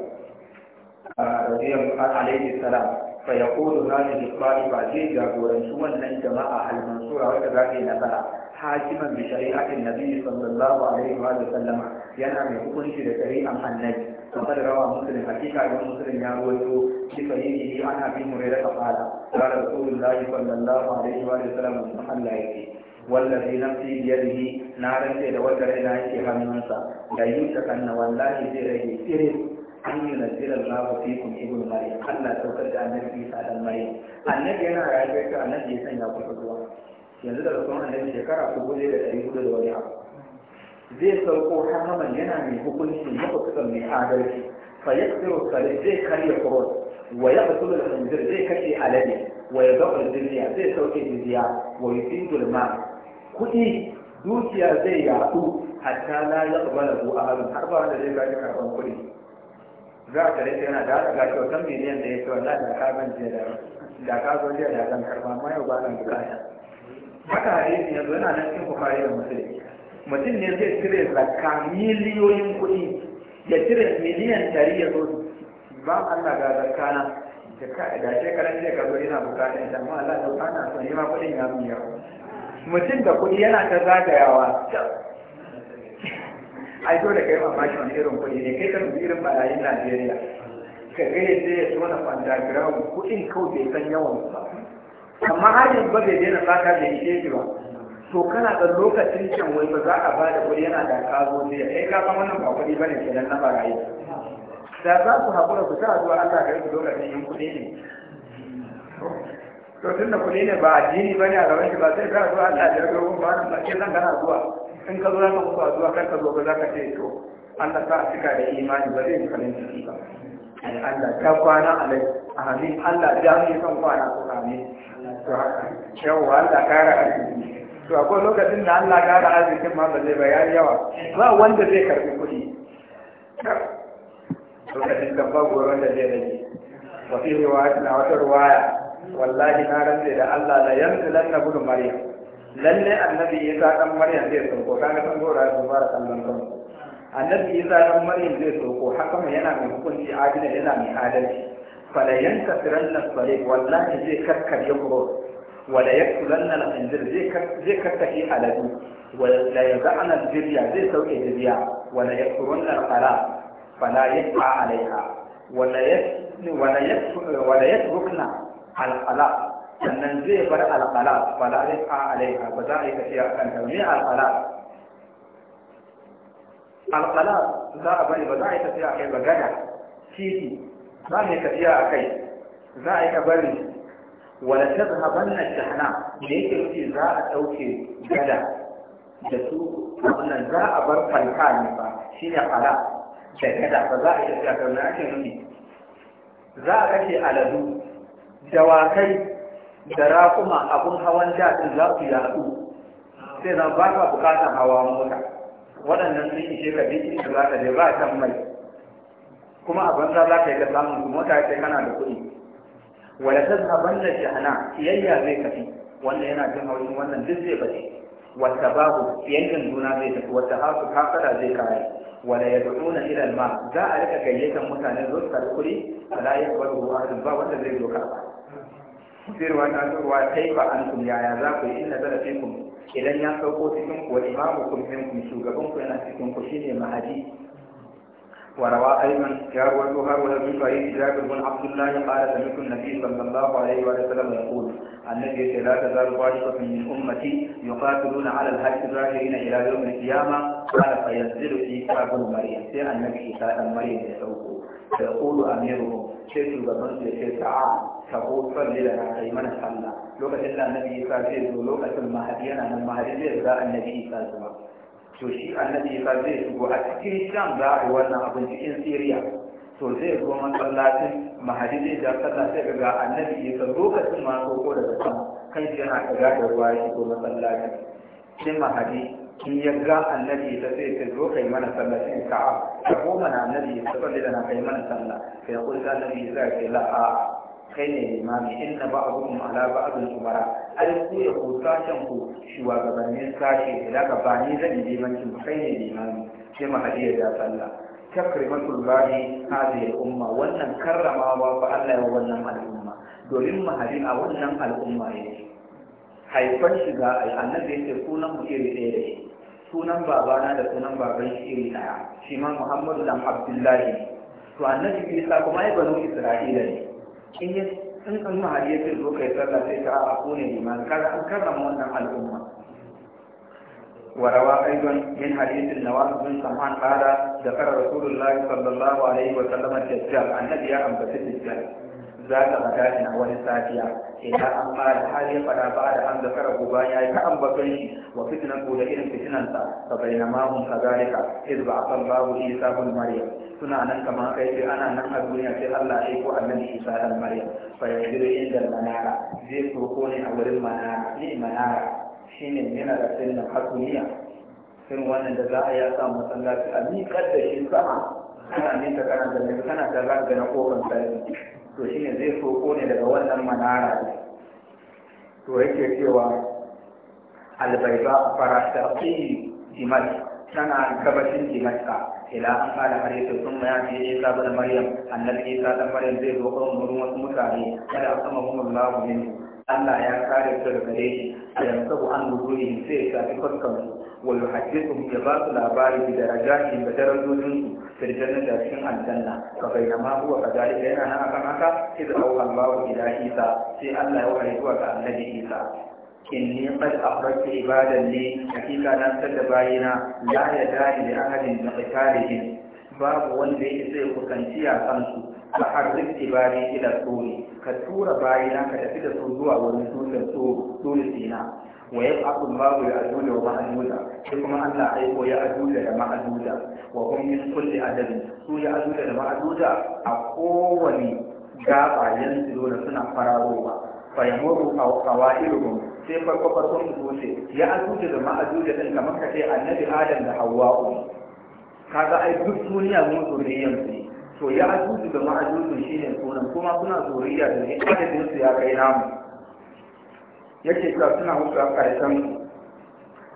رضي الله عليه السلام فيقول هذا الإخبار بعدين جابورا شوما لن جماعة المنصورة وكذلك نبرا حاكما بشريعة النبي صلى الله عليه وسلم ينعم يكون في ذكري أم النجم kamar rawa musulun hakika ga musulun ya rawaito shi fa yin yi ana bin tsohon ka fara qala rasulullahi sallallahu alaihi wa sallam mun Allah yake wallazi nafsi biyadihi na rance da wata rai na yake hannunsa da yin takanna wallahi zai rage irin an yi na nazirar lafa fi kun ibn maryam allah saukar da annabi isa dan maryam annabi yana rayuwar ka annabi ya sanya ku zuwa yanzu da rasuwan annabi shekara ku gode da ɗari hudu da wani abu zai sauko haman yana mai hukunci mafukutan mai adalci fa ya tsiro kare zai karya kuros wa ya fi da hanzir zai kashe alade wa ya zaɓar jirya zai sauke jirya wa ya fi dulma kuɗi dukiya zai yaɗu hatta na ya tsubala zuwa ahadun har ba wanda zai gaji karɓar kuɗi za ka rike yana da gashi kyautan miliyan da ya ce wannan da ka ban jiya da ka zo jiya da kan karɓa ma yau ba nan bukata haka hadisi yanzu yana nan cikin bukari da musulmi mutum ne zai cire zakka miliyoyin kuɗi ya cire miliyan tari ya zo ba Allah ga zakka na da shekaran zai ka zo yana bukata ita ma Allah da ana so ma kuɗin ya miya mutum da kuɗi yana ta zagayawa ai dole kai shi wani irin kuɗi ne kai ka dubi irin barayin Najeriya ka ga yadda ya tona fantagram kuɗin kawai bai san yawan ba amma har yanzu ba bai daina saka da yi shi ba to kana da lokacin can wai ba za a ba da kuɗi yana da kazo sai kai ka san wannan ba kuɗi bane nan na barayi da za ku haƙura ku sa zuwa Allah ka yi lokacin yin kuɗi ne to tun da kuɗi ne ba addini bane a gaban shi ba sai ka zuwa Allah da ga ruwan ba nan ke nan kana zuwa in ka zo za ka zuwa zuwa kar ka zo ba za ka ce to Allah ka cika da imani ba zai nan ciki ba Allah ta kwana a amin Allah ya mu kan kwana ko amin to haka yawa Allah ka ra'ayi to akwai lokacin da Allah gara arzikin ma balle ba yayi yawa ba wanda zai karbi kuɗi lokacin da ba goron da zai rage wa fi riwaya na wata riwaya wallahi na ran da Allah la lan na gudu maryam lalle annabi Isa dan maryam zai sauko kaga san gora su fara kallon kan annabi Isa dan maryam zai sauko haka yana mai hukunci adina, yana mai adalci fala tiranna nasfari wallahi zai karkar goro wala yaqtulanna al-khinzir zai kakkashe aladu wala yaz'ana al-jirya zai sauke jirya wala yaqturunna na qala fala yas'a alaiha wala wala yatrukna al-qala sannan zai bar al-qala fala yas'a alaiha ba za a yi tafiya kan ta ne al-qala al za a bari ba za a yi tafiya kai ba gada titi za a yi tafiya a kai za a yi ka bari wala tazhabanna jahana ne yake nufi za a dauke gada da su wannan za a bar falka ne ba shi ne ala da gada ba za a yi tafiya na ake nufi za a kashe aladu dawakai da raƙuma abun hawan jaɗin za su yaɗu sai zan ba ka bukatar hawa mota waɗannan sun ishe ka duk inda za ka je ba can mai kuma a banza za ka yi da samun mota sai kana da kuɗi wala na jahana kiyayya zai kafi wannan yana jin haushin wannan duk zai bace wata babu yankin juna zai tafi wata hasu kafara zai kare wala yad'una ila ilal ma za a rika gayyatar mutane zo su A ala ruwa ahadun ba wanda zai zo karba sir ruwa ta ruwa kai ba an kun yaya za ku yi inna zarafikum idan ya sauko cikin ku wa imamukum minkum shugaban ku yana cikin ku shine mahadi وروى أيمن يروى هرول من أي جابر بن عبد الله قال سمعت النبي صلى الله عليه وسلم يقول النبي لا تزال طائفة من أمتي يقاتلون على الحج الظاهرين إلى يوم القيامة قال فينزل في كتاب مريم سي النبي عيسى بن مريم يسوقه فيقول أميره شيخ بطن شيء تعال تقول صلي لنا أيمن صلى لو إلا النبي لو لوكة المهدي أنا المهدي لا النبي عيسى to shi annabi fa zai shigo a cikin sham za a yi wannan abin cikin siriya to zai zo masallacin mahadi zai ja sallah sai ga annabi isa lokacin ma ko daga sama kan shi yana kaga da ruwa shi ko masallacin sai mahadi in ya ga annabi ta sai ta zo kai mana sallacin ka'a. ka a ko mana annabi ya tsalle da na kai mana sallah sai ya annabi isa ya ce la'a kai ne limami inna ba'dukum ala ba'din umara ai ku da ku sashen ku shugabannin sashe da ka ba ni zan yi limancin kai ne limami sai ma hadiya da sallah takrimatul bani hadhihi umma wannan karramawa ba Allah ya wannan al'umma domin mahadin a wannan al'umma ne haifar shiga annabi yake sunan mu iri ɗaya da shi sunan babana da sunan baban shi iri ɗaya shi ma Muhammadu dan Abdullahi to annabi Isa kuma ya banu Isra'ila ne in yi sun kan mahari ya zirgo kai tsalla sai ka a kone neman karan wannan al'umma warawa aibon min hadisin na wasu sun saman ƙara da ƙara rasulullahi sallallahu alaihi wa sallam da jajjal annabi ya ambaci jajjal za ka faɗa a wani safiya idan an ma da hali faɗa ba da an zakara ko ba ya yi ka'an ambaton shi wa fitinan ko da irin fitinansa ka bayyana mahun ka zalika iz ba a kan babu isa bin maryam suna nan kamar kai sai ana nan a duniya sai Allah ya ko annabi isa dan maryam fa yanzu inda manara zai kurko ne a wurin manara ni manara shine yana da sirrin hasumiya sirrin wannan da za a yi a sa masallaci a miƙar da shi sama kana ninta kana da kana da za ka ga na kofar sarki to shine zai soko ne daga wannan manara ne to yake cewa albaiba farasaqi jimal tana gabashin jimalka ila an kala har yake sun maya fi isa bin maryam annabi isa dan maryam zai zo kan wurin wasu mutane kada mun mahumullahu ne. Allah ya kare su daga gare shi a yanzu an nuzuri sai ya shafi fuskan su wa yuhaddithu ya ba su labari bi darajati da darajojin su fil da cikin aljanna fa bainama huwa kadalika yana nan akan haka da auha bawa gida, Isa sai Allah ya wahayi zuwa ga annabi Isa inni qad akhrajtu ibadan li hakika na da bayina la yadani li ahadin min qitalihim babu wanda yake sai ku kanciya kansu a harzik ibari ila tsoni ka tura bayina ka tafi da su zuwa wani dutsen tsoro sina wa ya akun babu ya ajuda wa ma'ajuda sai kuma Allah aiko ya ajuda da ma'ajuda wa kun min kulli adabin su ya ajuda da ma'ajuda a kowane gaba yan dole suna fararowa fa yamuru qawairuhum sai farko farkon su wuce ya ajuda da ma'ajuda din kamar ka ce annabi Adam da hawa'u kaga ai duk duniya mun zo ne yanzu to ya ajuju da ma'ajuju shi ne sunan kuma suna zuriya da ne ya kai namu yake ka suna mutu a ƙarshen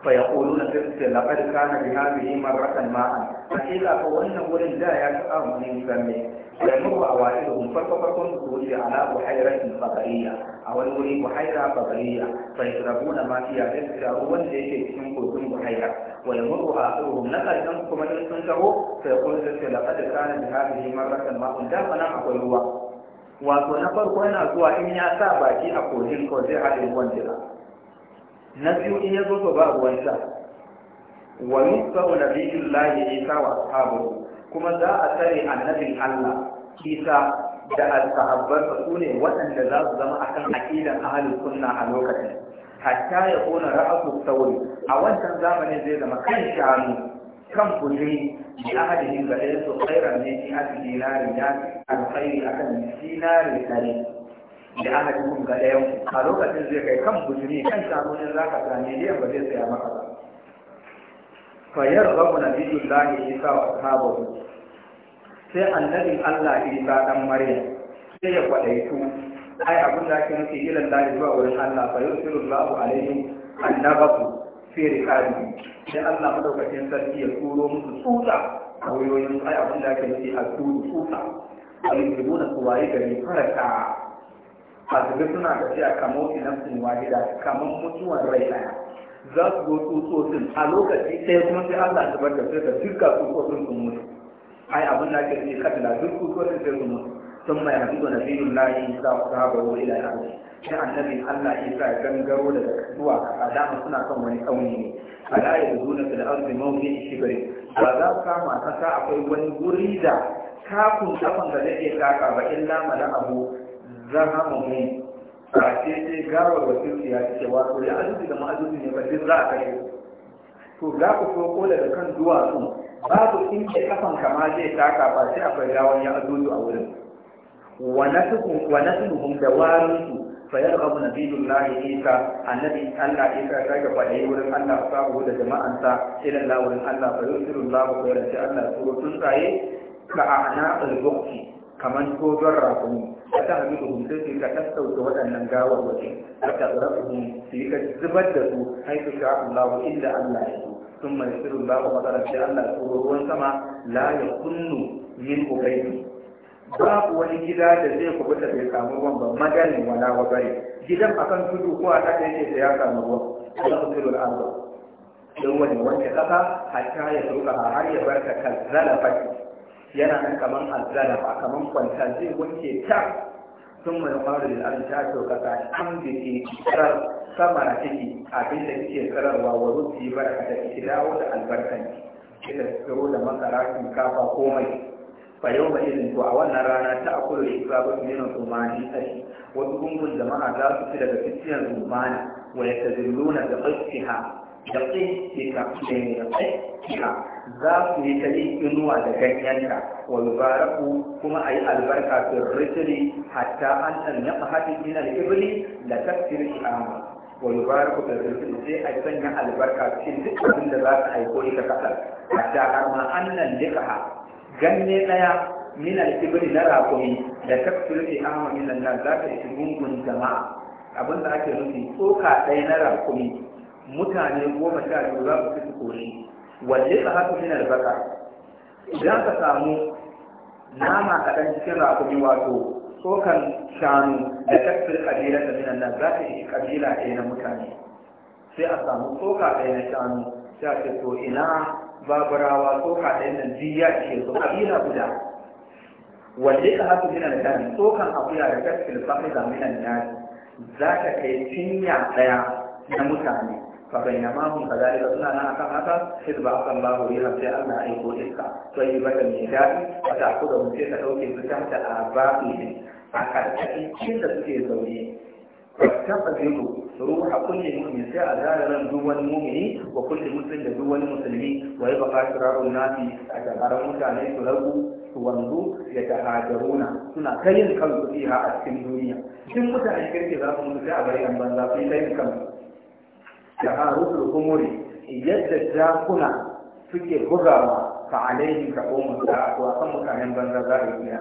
fayakuluna sai su ce laƙar kana bi hafi yi marrakan ma'an a kila ko wannan wurin da ya fi samu ne musan ne bai muku a wani da kun su kuri a na buhaira in fagariya a wani wuri buhaira fagariya bai su rabu na ma fiya sai su taru wanda yake cikin kogin buhaira wani muku a tsohon na ƙarshen kuma in sun taho sai kuma su ce laƙar kana bi hafi yi marrakan ma'an da fana akwai ruwa wato na farko yana zuwa in ya sa baki a kogin kawai zai haɗe ruwan jira na biyu in ya zo to ba ruwansa wa yusau nabiyullahi isa wa ashabu kuma za a tare annabin Allah isa da ashabansa su ne waɗanda za su zama akan aqidan ahalin sunna a lokacin hatta ya kona ra'asu sauri a wancan zamanin zai zama kan shanu kan bujiri da ahadihim ga ɗaya su khairan min mi'ati dinarin ya alkhairi akan dinarin ɗari da aka ji kun ga ɗayan a lokacin zai kai kan bujumi kan shanunin za ka sami ne ba zai saya maka ba fayar rabu na bidun lahi isa wa sahabu sai annabin allah isa dan maryam sai ya kwadaitu ai abin da ake nufi ilan lahi zuwa wurin allah fa yusiru lahu alaihi annabaku fi riqabi sai allah madaukakin sarki ya turo musu tsutsa a wuyoyin ai abin da ake nufi a turu tsutsa a yi tribuna su waye gari farata hasbi suna tafiya kamar sinafsin wahida kamar mutuwar rai daya za su zo tsotsotsin a lokaci ɗaya kuma sai Allah ta bar da sai da duka tsotsotsin sun mutu ai abin da ake ce katila duk tsotsotsin sai sun mutu sun mai hadisu na biyun layi za ku saba wa ila ya hadu shi annabi, Allah isa ya gangaro daga zuwa adama suna kan wani tsauni ne a layi da zuwa fil arzi mawdi shigari ba za su kama a kasa akwai wani guri da kafin kafin da zai iya kaka ba illa mala abu zahamu a ce ce gawar wasu ya ce ya da ma'azuzi ne za a to za ku so ko da kan duwatsu babu inda kafan kama zai taka ba sai akwai ya a wurin wa nasuhum da warinsu فيرغب نبي الله عيسى النبي الله عيسى كاي فدي ورن الله صاحبه da jama'ansa ila Allah ورن الله فيرسل الله خيرا Allah ka a kamar rakumi ka ta hannu da sai ka tattauta waɗannan gawar waje ka ta zarafi su yi ka zubar da su haifu sha'afin lawa inda Allah ya so sun mai shirin lawa matsalar sai Allah ko ruwan sama la ya kunnu yin ubaidi babu wani gida da zai kubuta bai samu ruwan ba maganin wala wa bari gidan akan tudu ko a kasa yake da ya samu ruwan Allah ya turo al'adar don wani wanke kasa hatta ya tsoka har ya barka kazzala fati yana nan kaman azzala ba kaman kwanta zai wanke ta sun mai faru da an ta to kasa an da ke tsirar sama na ciki abin da kike tsirarwa wa rufi barka da ki dawo da albarkan ki da tsiro da masara shinkafa komai fa yau ba irin to a wannan rana ta akulu da isabu min rumani tashi wasu gungun jama'a za su ci daga fitiyar rumani wa yatazilluna da qasfiha yaqin bi kafin yaqin za su yi tare inuwa da ganyenka, wa kuma a yi albarka fi rijli hatta an an ina da al da la takfir shi'ama wa yubaraku fi rijli sai a sanya albarka cikin duk abin da za su aiko ita kasar hatta har ma annan likaha ganye daya min al-ibli na raƙumi. da takfir shi'ama min nan za ta yi gungun jama'a abin da ake nufi tsoka ɗaya na raƙumi? mutane goma sha biyu za ku fi su koshi walle ka haka min albaka idan ka samu nama a ɗan cikin rakumi wato tsokan shanu da tafsir kabila da minan nan za ta yi kabila ɗaya na mutane sai a samu tsoka ɗaya na shanu sai a ce to ina baburawa tsoka ɗaya na jiya ce su kabila guda walle ka haka min albaka tsokan akuya da tafsir kabila minan nan za ta kai cinya ɗaya na mutane kafin yamma hun ka suna nan akan kan haka shirya ba a kan ba wuri a cikin Allah a iko iska to yi ba da mai a ta ku da wuce ka ɗauke su kan a ba su a kan ta yi cin da suke sauri ba ta fasi ku sai a zaɓi ran duwani mu ne ba sun da duwani musulmi wa yi ba ka shirya a tsakarar mutane su ragu su wanzu ya ta hajaru na suna kayan kan su iya a cikin duniya. Kin mutane kirki za su mutu sai a bari a banza ku yi laifin da harusul umuri yadda jakuna suke bugawa ka alaihim ka umma ko a kan mutanen banza za a yi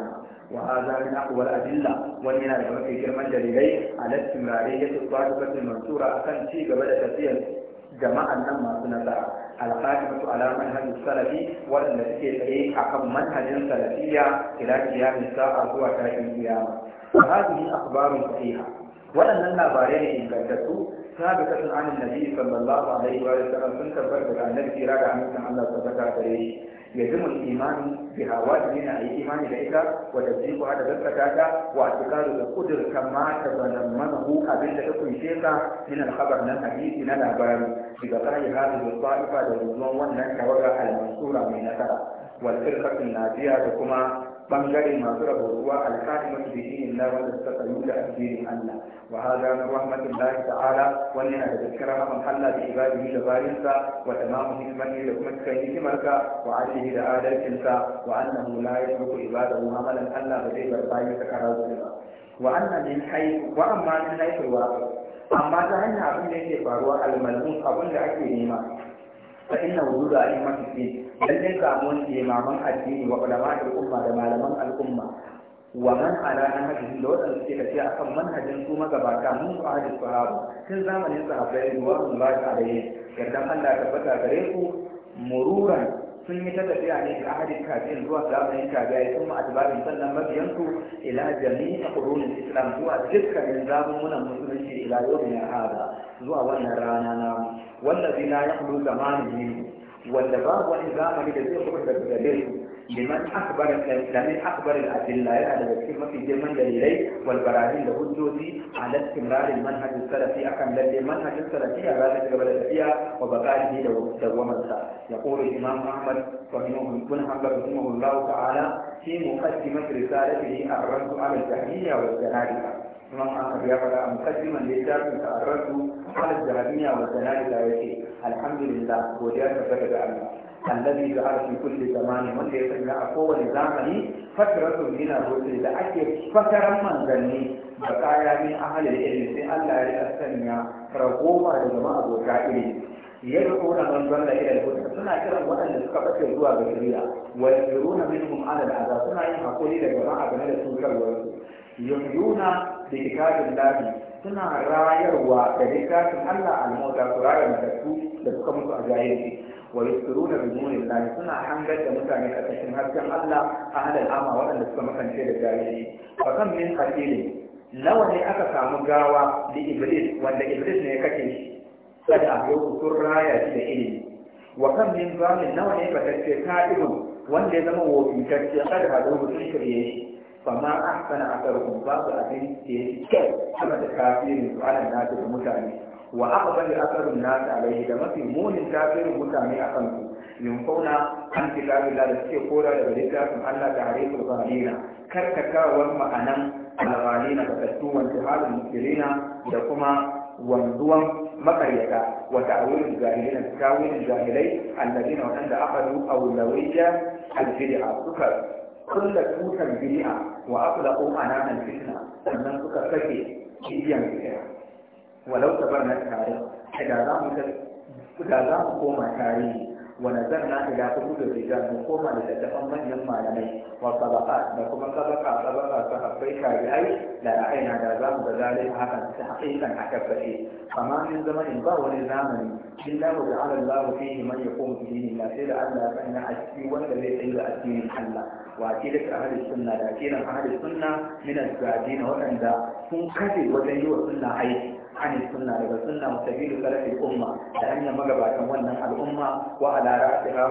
wa hadha na kuwar adilla wani yana da mafi girman dalilai a ala istimrari ya tsaya mansura kan ci gaba da tafiyar jama'an nan masu nasara alqaimatu alamar hannu salafi waɗanda suke tsaye akan manhajin salafiyya ila qiyamis sa'a zuwa tashin kiyama wa hadhihi akhbarun sahiha waɗannan labarai ne ingantattu sabita sun an nabi sallallahu alaihi wa sallam sun tabbar da annabi kira ga hannun Allah ta zaka gare shi ya zama imani bi hawaji ne ai imani da ita wa da jiko hada zaka ta ta wa tikaru da kudur kama ta banan manahu abin da kuke sheka Ina al khabar nan hadisi na labari bi da kai hadu da ta'ifa da ruwan wannan tawaga al mansura mai nasara wal firqatu nadiya da kuma bangare masu rabo ruwa alƙa'imatu bi dinillah wanda suka tsayu da addinin Allah wa hada min rahmatillahi ta'ala wannan yana da cikin rahman Allah da ibadihi da barinsa wa tamamu hikmatihi da kuma cikin hikimarsa wa alihi da adalcinsa wa annahu la yatruku ibadahu amalan Allah ba zai bar bayi ta karazu ba wa anna min haythu wa amma min haythu amma ta hanyar abin da yake faruwa al-mal'un abin da ake nema fa Hududa wudu da ayyuka fi lallai samuwan limaman addini wa ulama al'umma da malaman al'umma wa man ala manhajin da wadanda suke tafiya akan manhajin su magabata mun ku ahli sahaba tun zamanin sahabbai ruwa mun ba ta alayhi Allah tabbata gare ku mururan sun yi ta tafiya ne ga ahadin kafin zuwa zamanin kagaye kuma atbabin sannan mabiyansu ila jami'a kurorin islam zuwa dukkanin zamunan musulunci ila yawmin hada zuwa wannan rana na ya la yaqulu zamanu wanda babu wani zamani da zai kuma daga gare su لمن أكبر لمن أكبر الأدلة على ذلك ما في زمن دليلي والبراهين له لوجودي على استمرار المنهج السلفي أكم لدي المنهج السلفي على ذلك قبل الأدلة وبقائه لو دومتها يقول الإمام أحمد رحمه من رحمه الله تعالى في مقدمة رسالته الرد على الجهمية والجنائية إمام أحمد يقرا مقدما لرسالته الرد على الجهمية والجنائية الحمد لله وجاءت بركة الله الذي جعل في ya sanya a kowane zamani, زمني فترة من الرسل da ake fakaran manzanni da kaya min ahalil ilmi sai Allah ya rika sanya ragoma da jama'a abota iri yad'una man dalla ila al suna kiran waɗanda suka bace zuwa ga Wani wa yad'una minhum ala suna yin hakuri da jama'a game da sunkarwar su da bi lafi suna rayarwa da littafin Allah al-mauta su rayar da su da suka mutu a jahilci wa yusiruna bi lahi suna hangar da mutane a cikin hasken Allah a halal ama waɗanda suka makance da jahili fa kan min qatilin nawa ne aka samu gawa da iblis wanda iblis ne ya kace shi sun raya shi da ilimi wa kan min zamin nawa ne batacce ka'idun wanda ya zama wofitacce kada a yau sun shirye shi fama ahsana asarukum babu abin da ya kyau sama da kafirin su ana mutane wa aqbali akarun nas alaihi da mafi munin tasirin mutane a kansu yunfauna an kitabillah da suke kora daga littafin Allah da harifin zalina karkatawar ma'anan na da tattuwan jihalin musulina da kuma wanzuwan makaryata wa ta'awilin jahilina da tawilin jahilai alladina waɗanda aka du aulawiyya albid'a suka kulla tutan bid'a wa aqlaqu ananan fitna sannan suka sake kiyan bid'a ولو تبرنا التاريخ da za mu da za ونزلنا إلى قلوب الرجال مقوما لتتفهم من يمالني وطبقات لكم طبقة طبقة تحقيقا بأي لا أعين على ذنب ذلك حقا تحقيقا فيه فما من زمن ضاء لزامن إلا وجعل الله فيه من يقوم به لا سير ألا فإن أشكي والذي سير أشكي من حلا وأكيدك أهل السنة لكن أهل السنة من الزاجين وأن ذا منكسر وزن يوصلنا عيش an yi suna daga suna musabilu karfi umma da hanyar magabatan wannan al'umma ko alara a tsira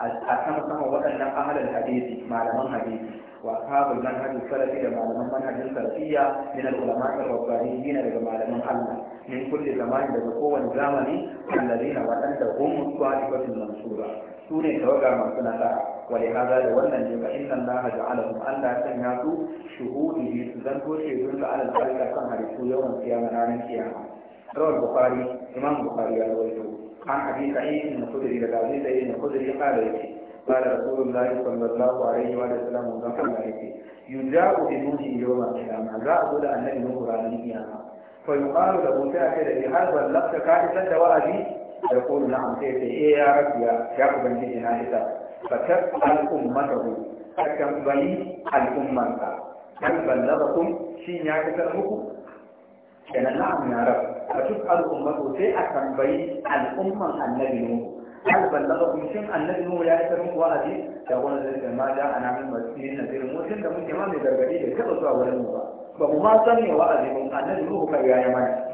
a sama waɗannan amalan hadisi malaman hadisi wa kabul nan hadu da malaman manhajin sarafiya min al'ulama da rabbani yana daga malaman allah min kulle zamani daga kowane zamani allazina waɗanda umma su a ikotin mansura سوني توقع ما ولهذا لولا جمع إن الله جعلهم أن لا تنياتوا شهودي في سزنك وشيدون على الخلق كان هرسو يوم القيامة نار القيامة روى البخاري إمام البخاري قال ويتو عن حديث عين من خدري لقابل إن خدري قال ويتي قال رسول الله صلى الله عليه وآله وسلم وزنفر مالكي إيه؟ يجاء بنوه يوم القيامة لا أقول أن نوه رأني قيامة فيقال له تأكد بهذا اللقص كائسا دواء da kuma na'am sai ce eh ya rabiya ya ubangiji na isa fa tasal ummatahu ka tambayi al'ummanka hal ballagakum shin ya kasar muku kenan na'am ya rab a duk al'ummatu sai a tambayi al'umman annabi nuhu hal ballagakum shin annabi nuhu ya kasar muku wa'azi da wani zai ce a da ana min masjidin nazirin mutum da muke ma mai gargadi da taba zuwa wurin mu ba ba mu ma san me wa'azi mun annabi nuhu kai ya yi mana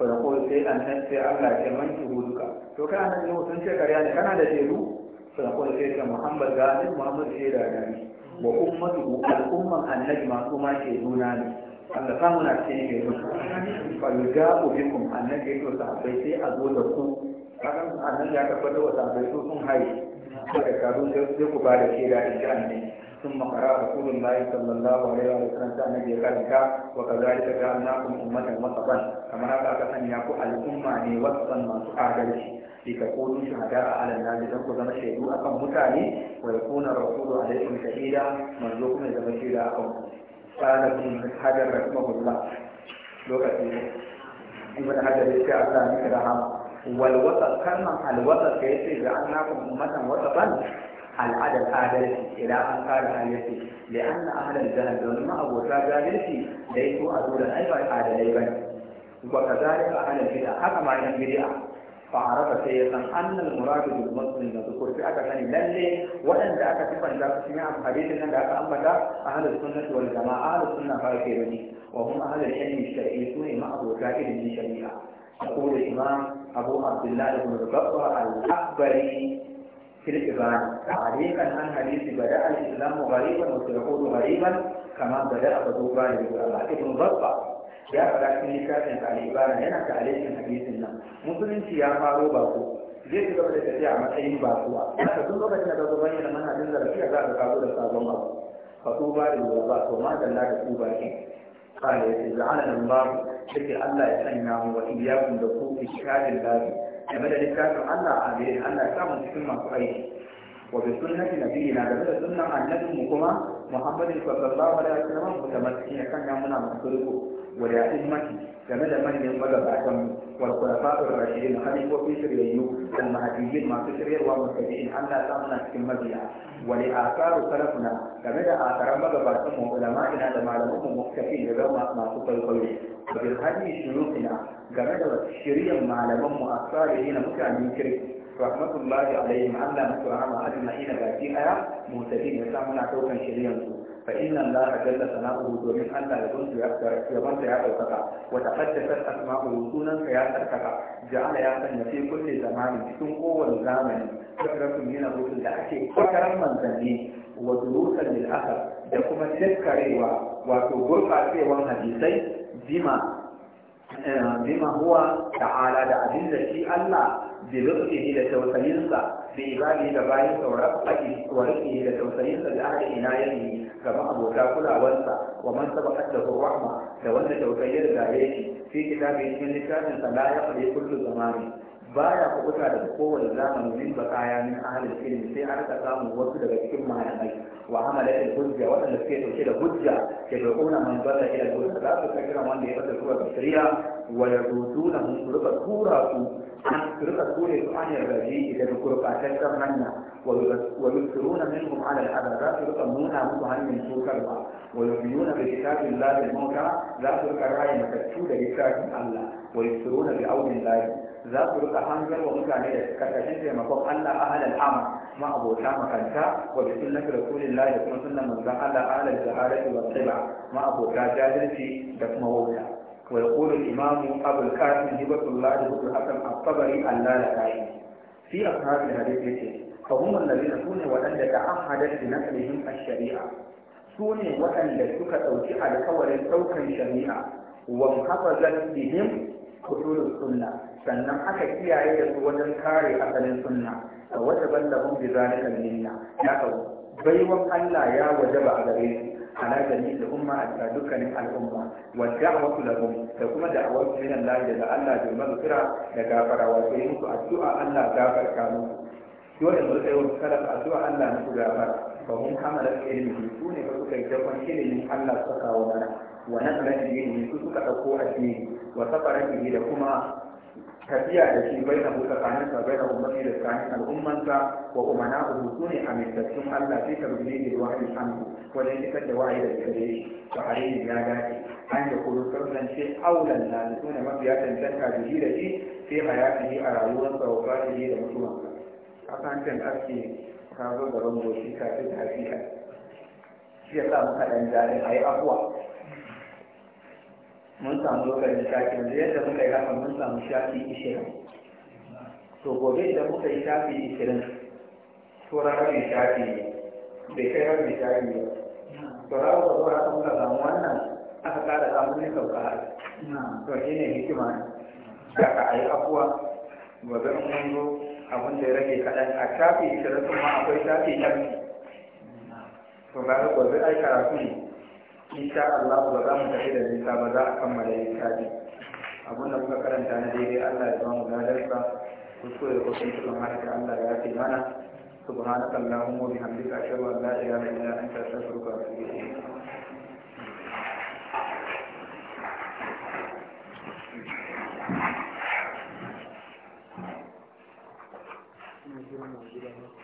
fa sai annan sai Allah ya manki huduka to kana nan ne sun ce kariya ne kana da shedu fa yaqul sai ka Muhammad ga annabi Muhammad sai da gani wa ummatu al-umman annabi ma kuma ke nuna ne Allah samu na cikin ke nuna fa yujabu bikum annabi to sahabbai sai a zo da ku kaga annabi ya tabbatar wa sahabbai su sun haye daga karu sai ku ba da shaida in ji annabi ثم قرأ رسول الله صلى الله عليه وسلم سأنا بيكارك وكذلك جعلناكم أمة وسطا كما قال كأن يكون الأمة هي يعني وسطا ما تعادلش لتكونوا شهداء على الناس تنقل ما شهدوا أقم متعني ويكون الرسول عليكم شهيدا مرزوكم إذا شهيدا أقم قال ابن حجر رحمه الله لغة ابن حجر يشاء الله مثل والوسط كما الوسط كيف جعلناكم أمة وسطا al'adar adalci idan an kare hanyarci da an na ahalar da domin ma'abota jahilci da ya so a zo da haifar adalai ba wa ka zari a hannun bida haka ma yan a fa'arafa sai ya san annal muradu bil muslim da zukur sai aka sani lalle waɗanda aka fanta su cikin hadisin nan da aka ambata ahlus sunnah wal jama'a da sunnah fa ke bane wa hum ahlul ilmi shar'i su ne ma'abota ilimin shari'a يقول الإمام أبو عبد الله بن البطر الأكبري كريبان تعريبا عن حديث بدا الاسلام غريبا وسيقول غريبا كما بدا بدوبا يقول الله كيف يا فلكني بان تعريبان هنا تعريب حديثنا مسلم في ما هو باكو جيت قبل تتيع ما تعين باكو هذا دون ما كان دوبا بين من هذا الذي هذا بكابو الصابون باكو فتوبا يقول الله فما جل تتوبا قال يا الله شكر الله يسلمنا وإياكم دخول إشكال الباب game da littafin Allah a gare Allah samun cikin masu aiki وبسنة نبينا لبدا سنة عن نبي مكما محمد صلى الله عليه وسلم متمسكين كان يومنا مصرفه ولأئمته كمدى من ينبغى بعدهم والخلفاء الراشدين خليفة في شريعيو المهديين ما في شريع ومتبعين أن لا تأمنا تكن مبيعا ولآثار سلفنا كمدى آثار مبغى بعدهم وعلمائنا لما لهم مختفين لبما ما تطلقوا وبالهدي شيوخنا كمدى شريع معلمهم أصالحين متعمين كريم rahmatullahi alaihi Allah musu rahama ajma'ina baki aya mutadin ya samu saukan shiryansu. shiryan su fa inna Allah jalla sana'uhu domin Allah ya bunta ya yabanta ya daukaka wa taqaddasat asma'uhu sunan ka ya tsarkaka ja'ala ya sanya fi kulli zamanin cikin kowane zamani karatun yana rusul da ake kwakaran manzanni wa durusan lil da kuma taskarewa wato gurfasewan hadisai bima eh, bima huwa ta'ala da abin da shi Allah da rufe ne da tausayinsa da ibadi da bayan sauran fadi da tausayinsa da ina ya ne gama abota kulawarsa wa man saba kadda rahma da wanda tausayi da gare shi sai kitabin cikin littafin sa la ya fare zamani baya kubuta daga kowane zamanin min bakaya min ahalin ilmi sai an ka samu wasu daga cikin malamai wa hamala da hujja waɗanda suke ɗauke da hujja ke da ƙona man bala ila hujja za su ka kiran wanda ya bada zuwa ga shari'a wa ya rutu na mun su rika tura su an su rika ture su an yarda ji daga gurɓataccen hanya wa min minhum ala al'ada za su rika nuna musu hanyar cutarwa wa yubiyuna bi kitabin lahi mauta za su rika raya matattu da littafin Allah wa yusiruna bi audin lahi za su rika hangar wa mutane da karkashin taimakon Allah ahalal amal ma abota makanta wa bi sunnati rasulillahi da kuma sunnan manzon Allah ahalal zaharati wa tiba ma abota jahilci da kuma wauta wa yaqulu al-imam Abu al-Qasim hibatullah ibn Hasan at-Tabari da lalakai fi ashab al-hadith yace fa hum sune waɗanda wa an ta'ahhadat bi naqlihim a sharia sune waɗanda suka ɗauki alkawarin ɗaukar shari'a wa muhafazat bihim usulus sunna sannan aka kiyaye da su wajen kare asalin sunna a wata ballahun bi zalika minna ya ka baiwan Allah ya waje ba a gare su ala da umma a dukkanin al'umma wa da'watu lahum da kuma da'awar min Allah da Allah bil kira da gafara wa sai musu addu'a Allah gafarta musu dole mu rika yawan salaf addu'a Allah musu gafara fa hum hamalat ilmi su ne ba suka yi dakon ilimin Allah suka kawo mana wa nakala ne su suka dauko addini wa safara da kuma tafiya da shi bai na buta kanin sa bai na umarni da kanin al'ummansa wa umana uhu su ne amintattun Allah sai ka rubuce da wahayi hannu wajen cikar da wahayi da gare shi to a ya dace an da kudu kasance aulan na su ne ya tantanta da shi da shi sai hayatihi a rayuwarsa wa fatihi da mutuwansa kasancin aski ka zo da goshi kafin hakika shi ya sa muka dan jari a yi abuwa mun samu lokacin shafi yanzu yadda muka yi haka mun samu shafi ishirin to gobe idan muka yi shafi ishirin to rabin shafi ne bai kai rabin shafi ne to rawa ga zuwa haka muka samu wannan aka kara samun ne sauka har to shi ne hikima da ka ayi yi afuwa gobe mun zo abin da ya rage kaɗan a shafi ishirin kuma akwai shafi ɗan. to ba gobe ai karatu ne insha Allah ba za mu tafi da nisa ba za a kammala yin littafi abinda kuka karanta na daidai Allah ya ba mu gadarsa kuskure da kusan tukan harka Allah ya fi mana subhanaka allahumma wa bihamdika a an la ilaha illa anta astaghfiruka wa atubu ilayk Thank you.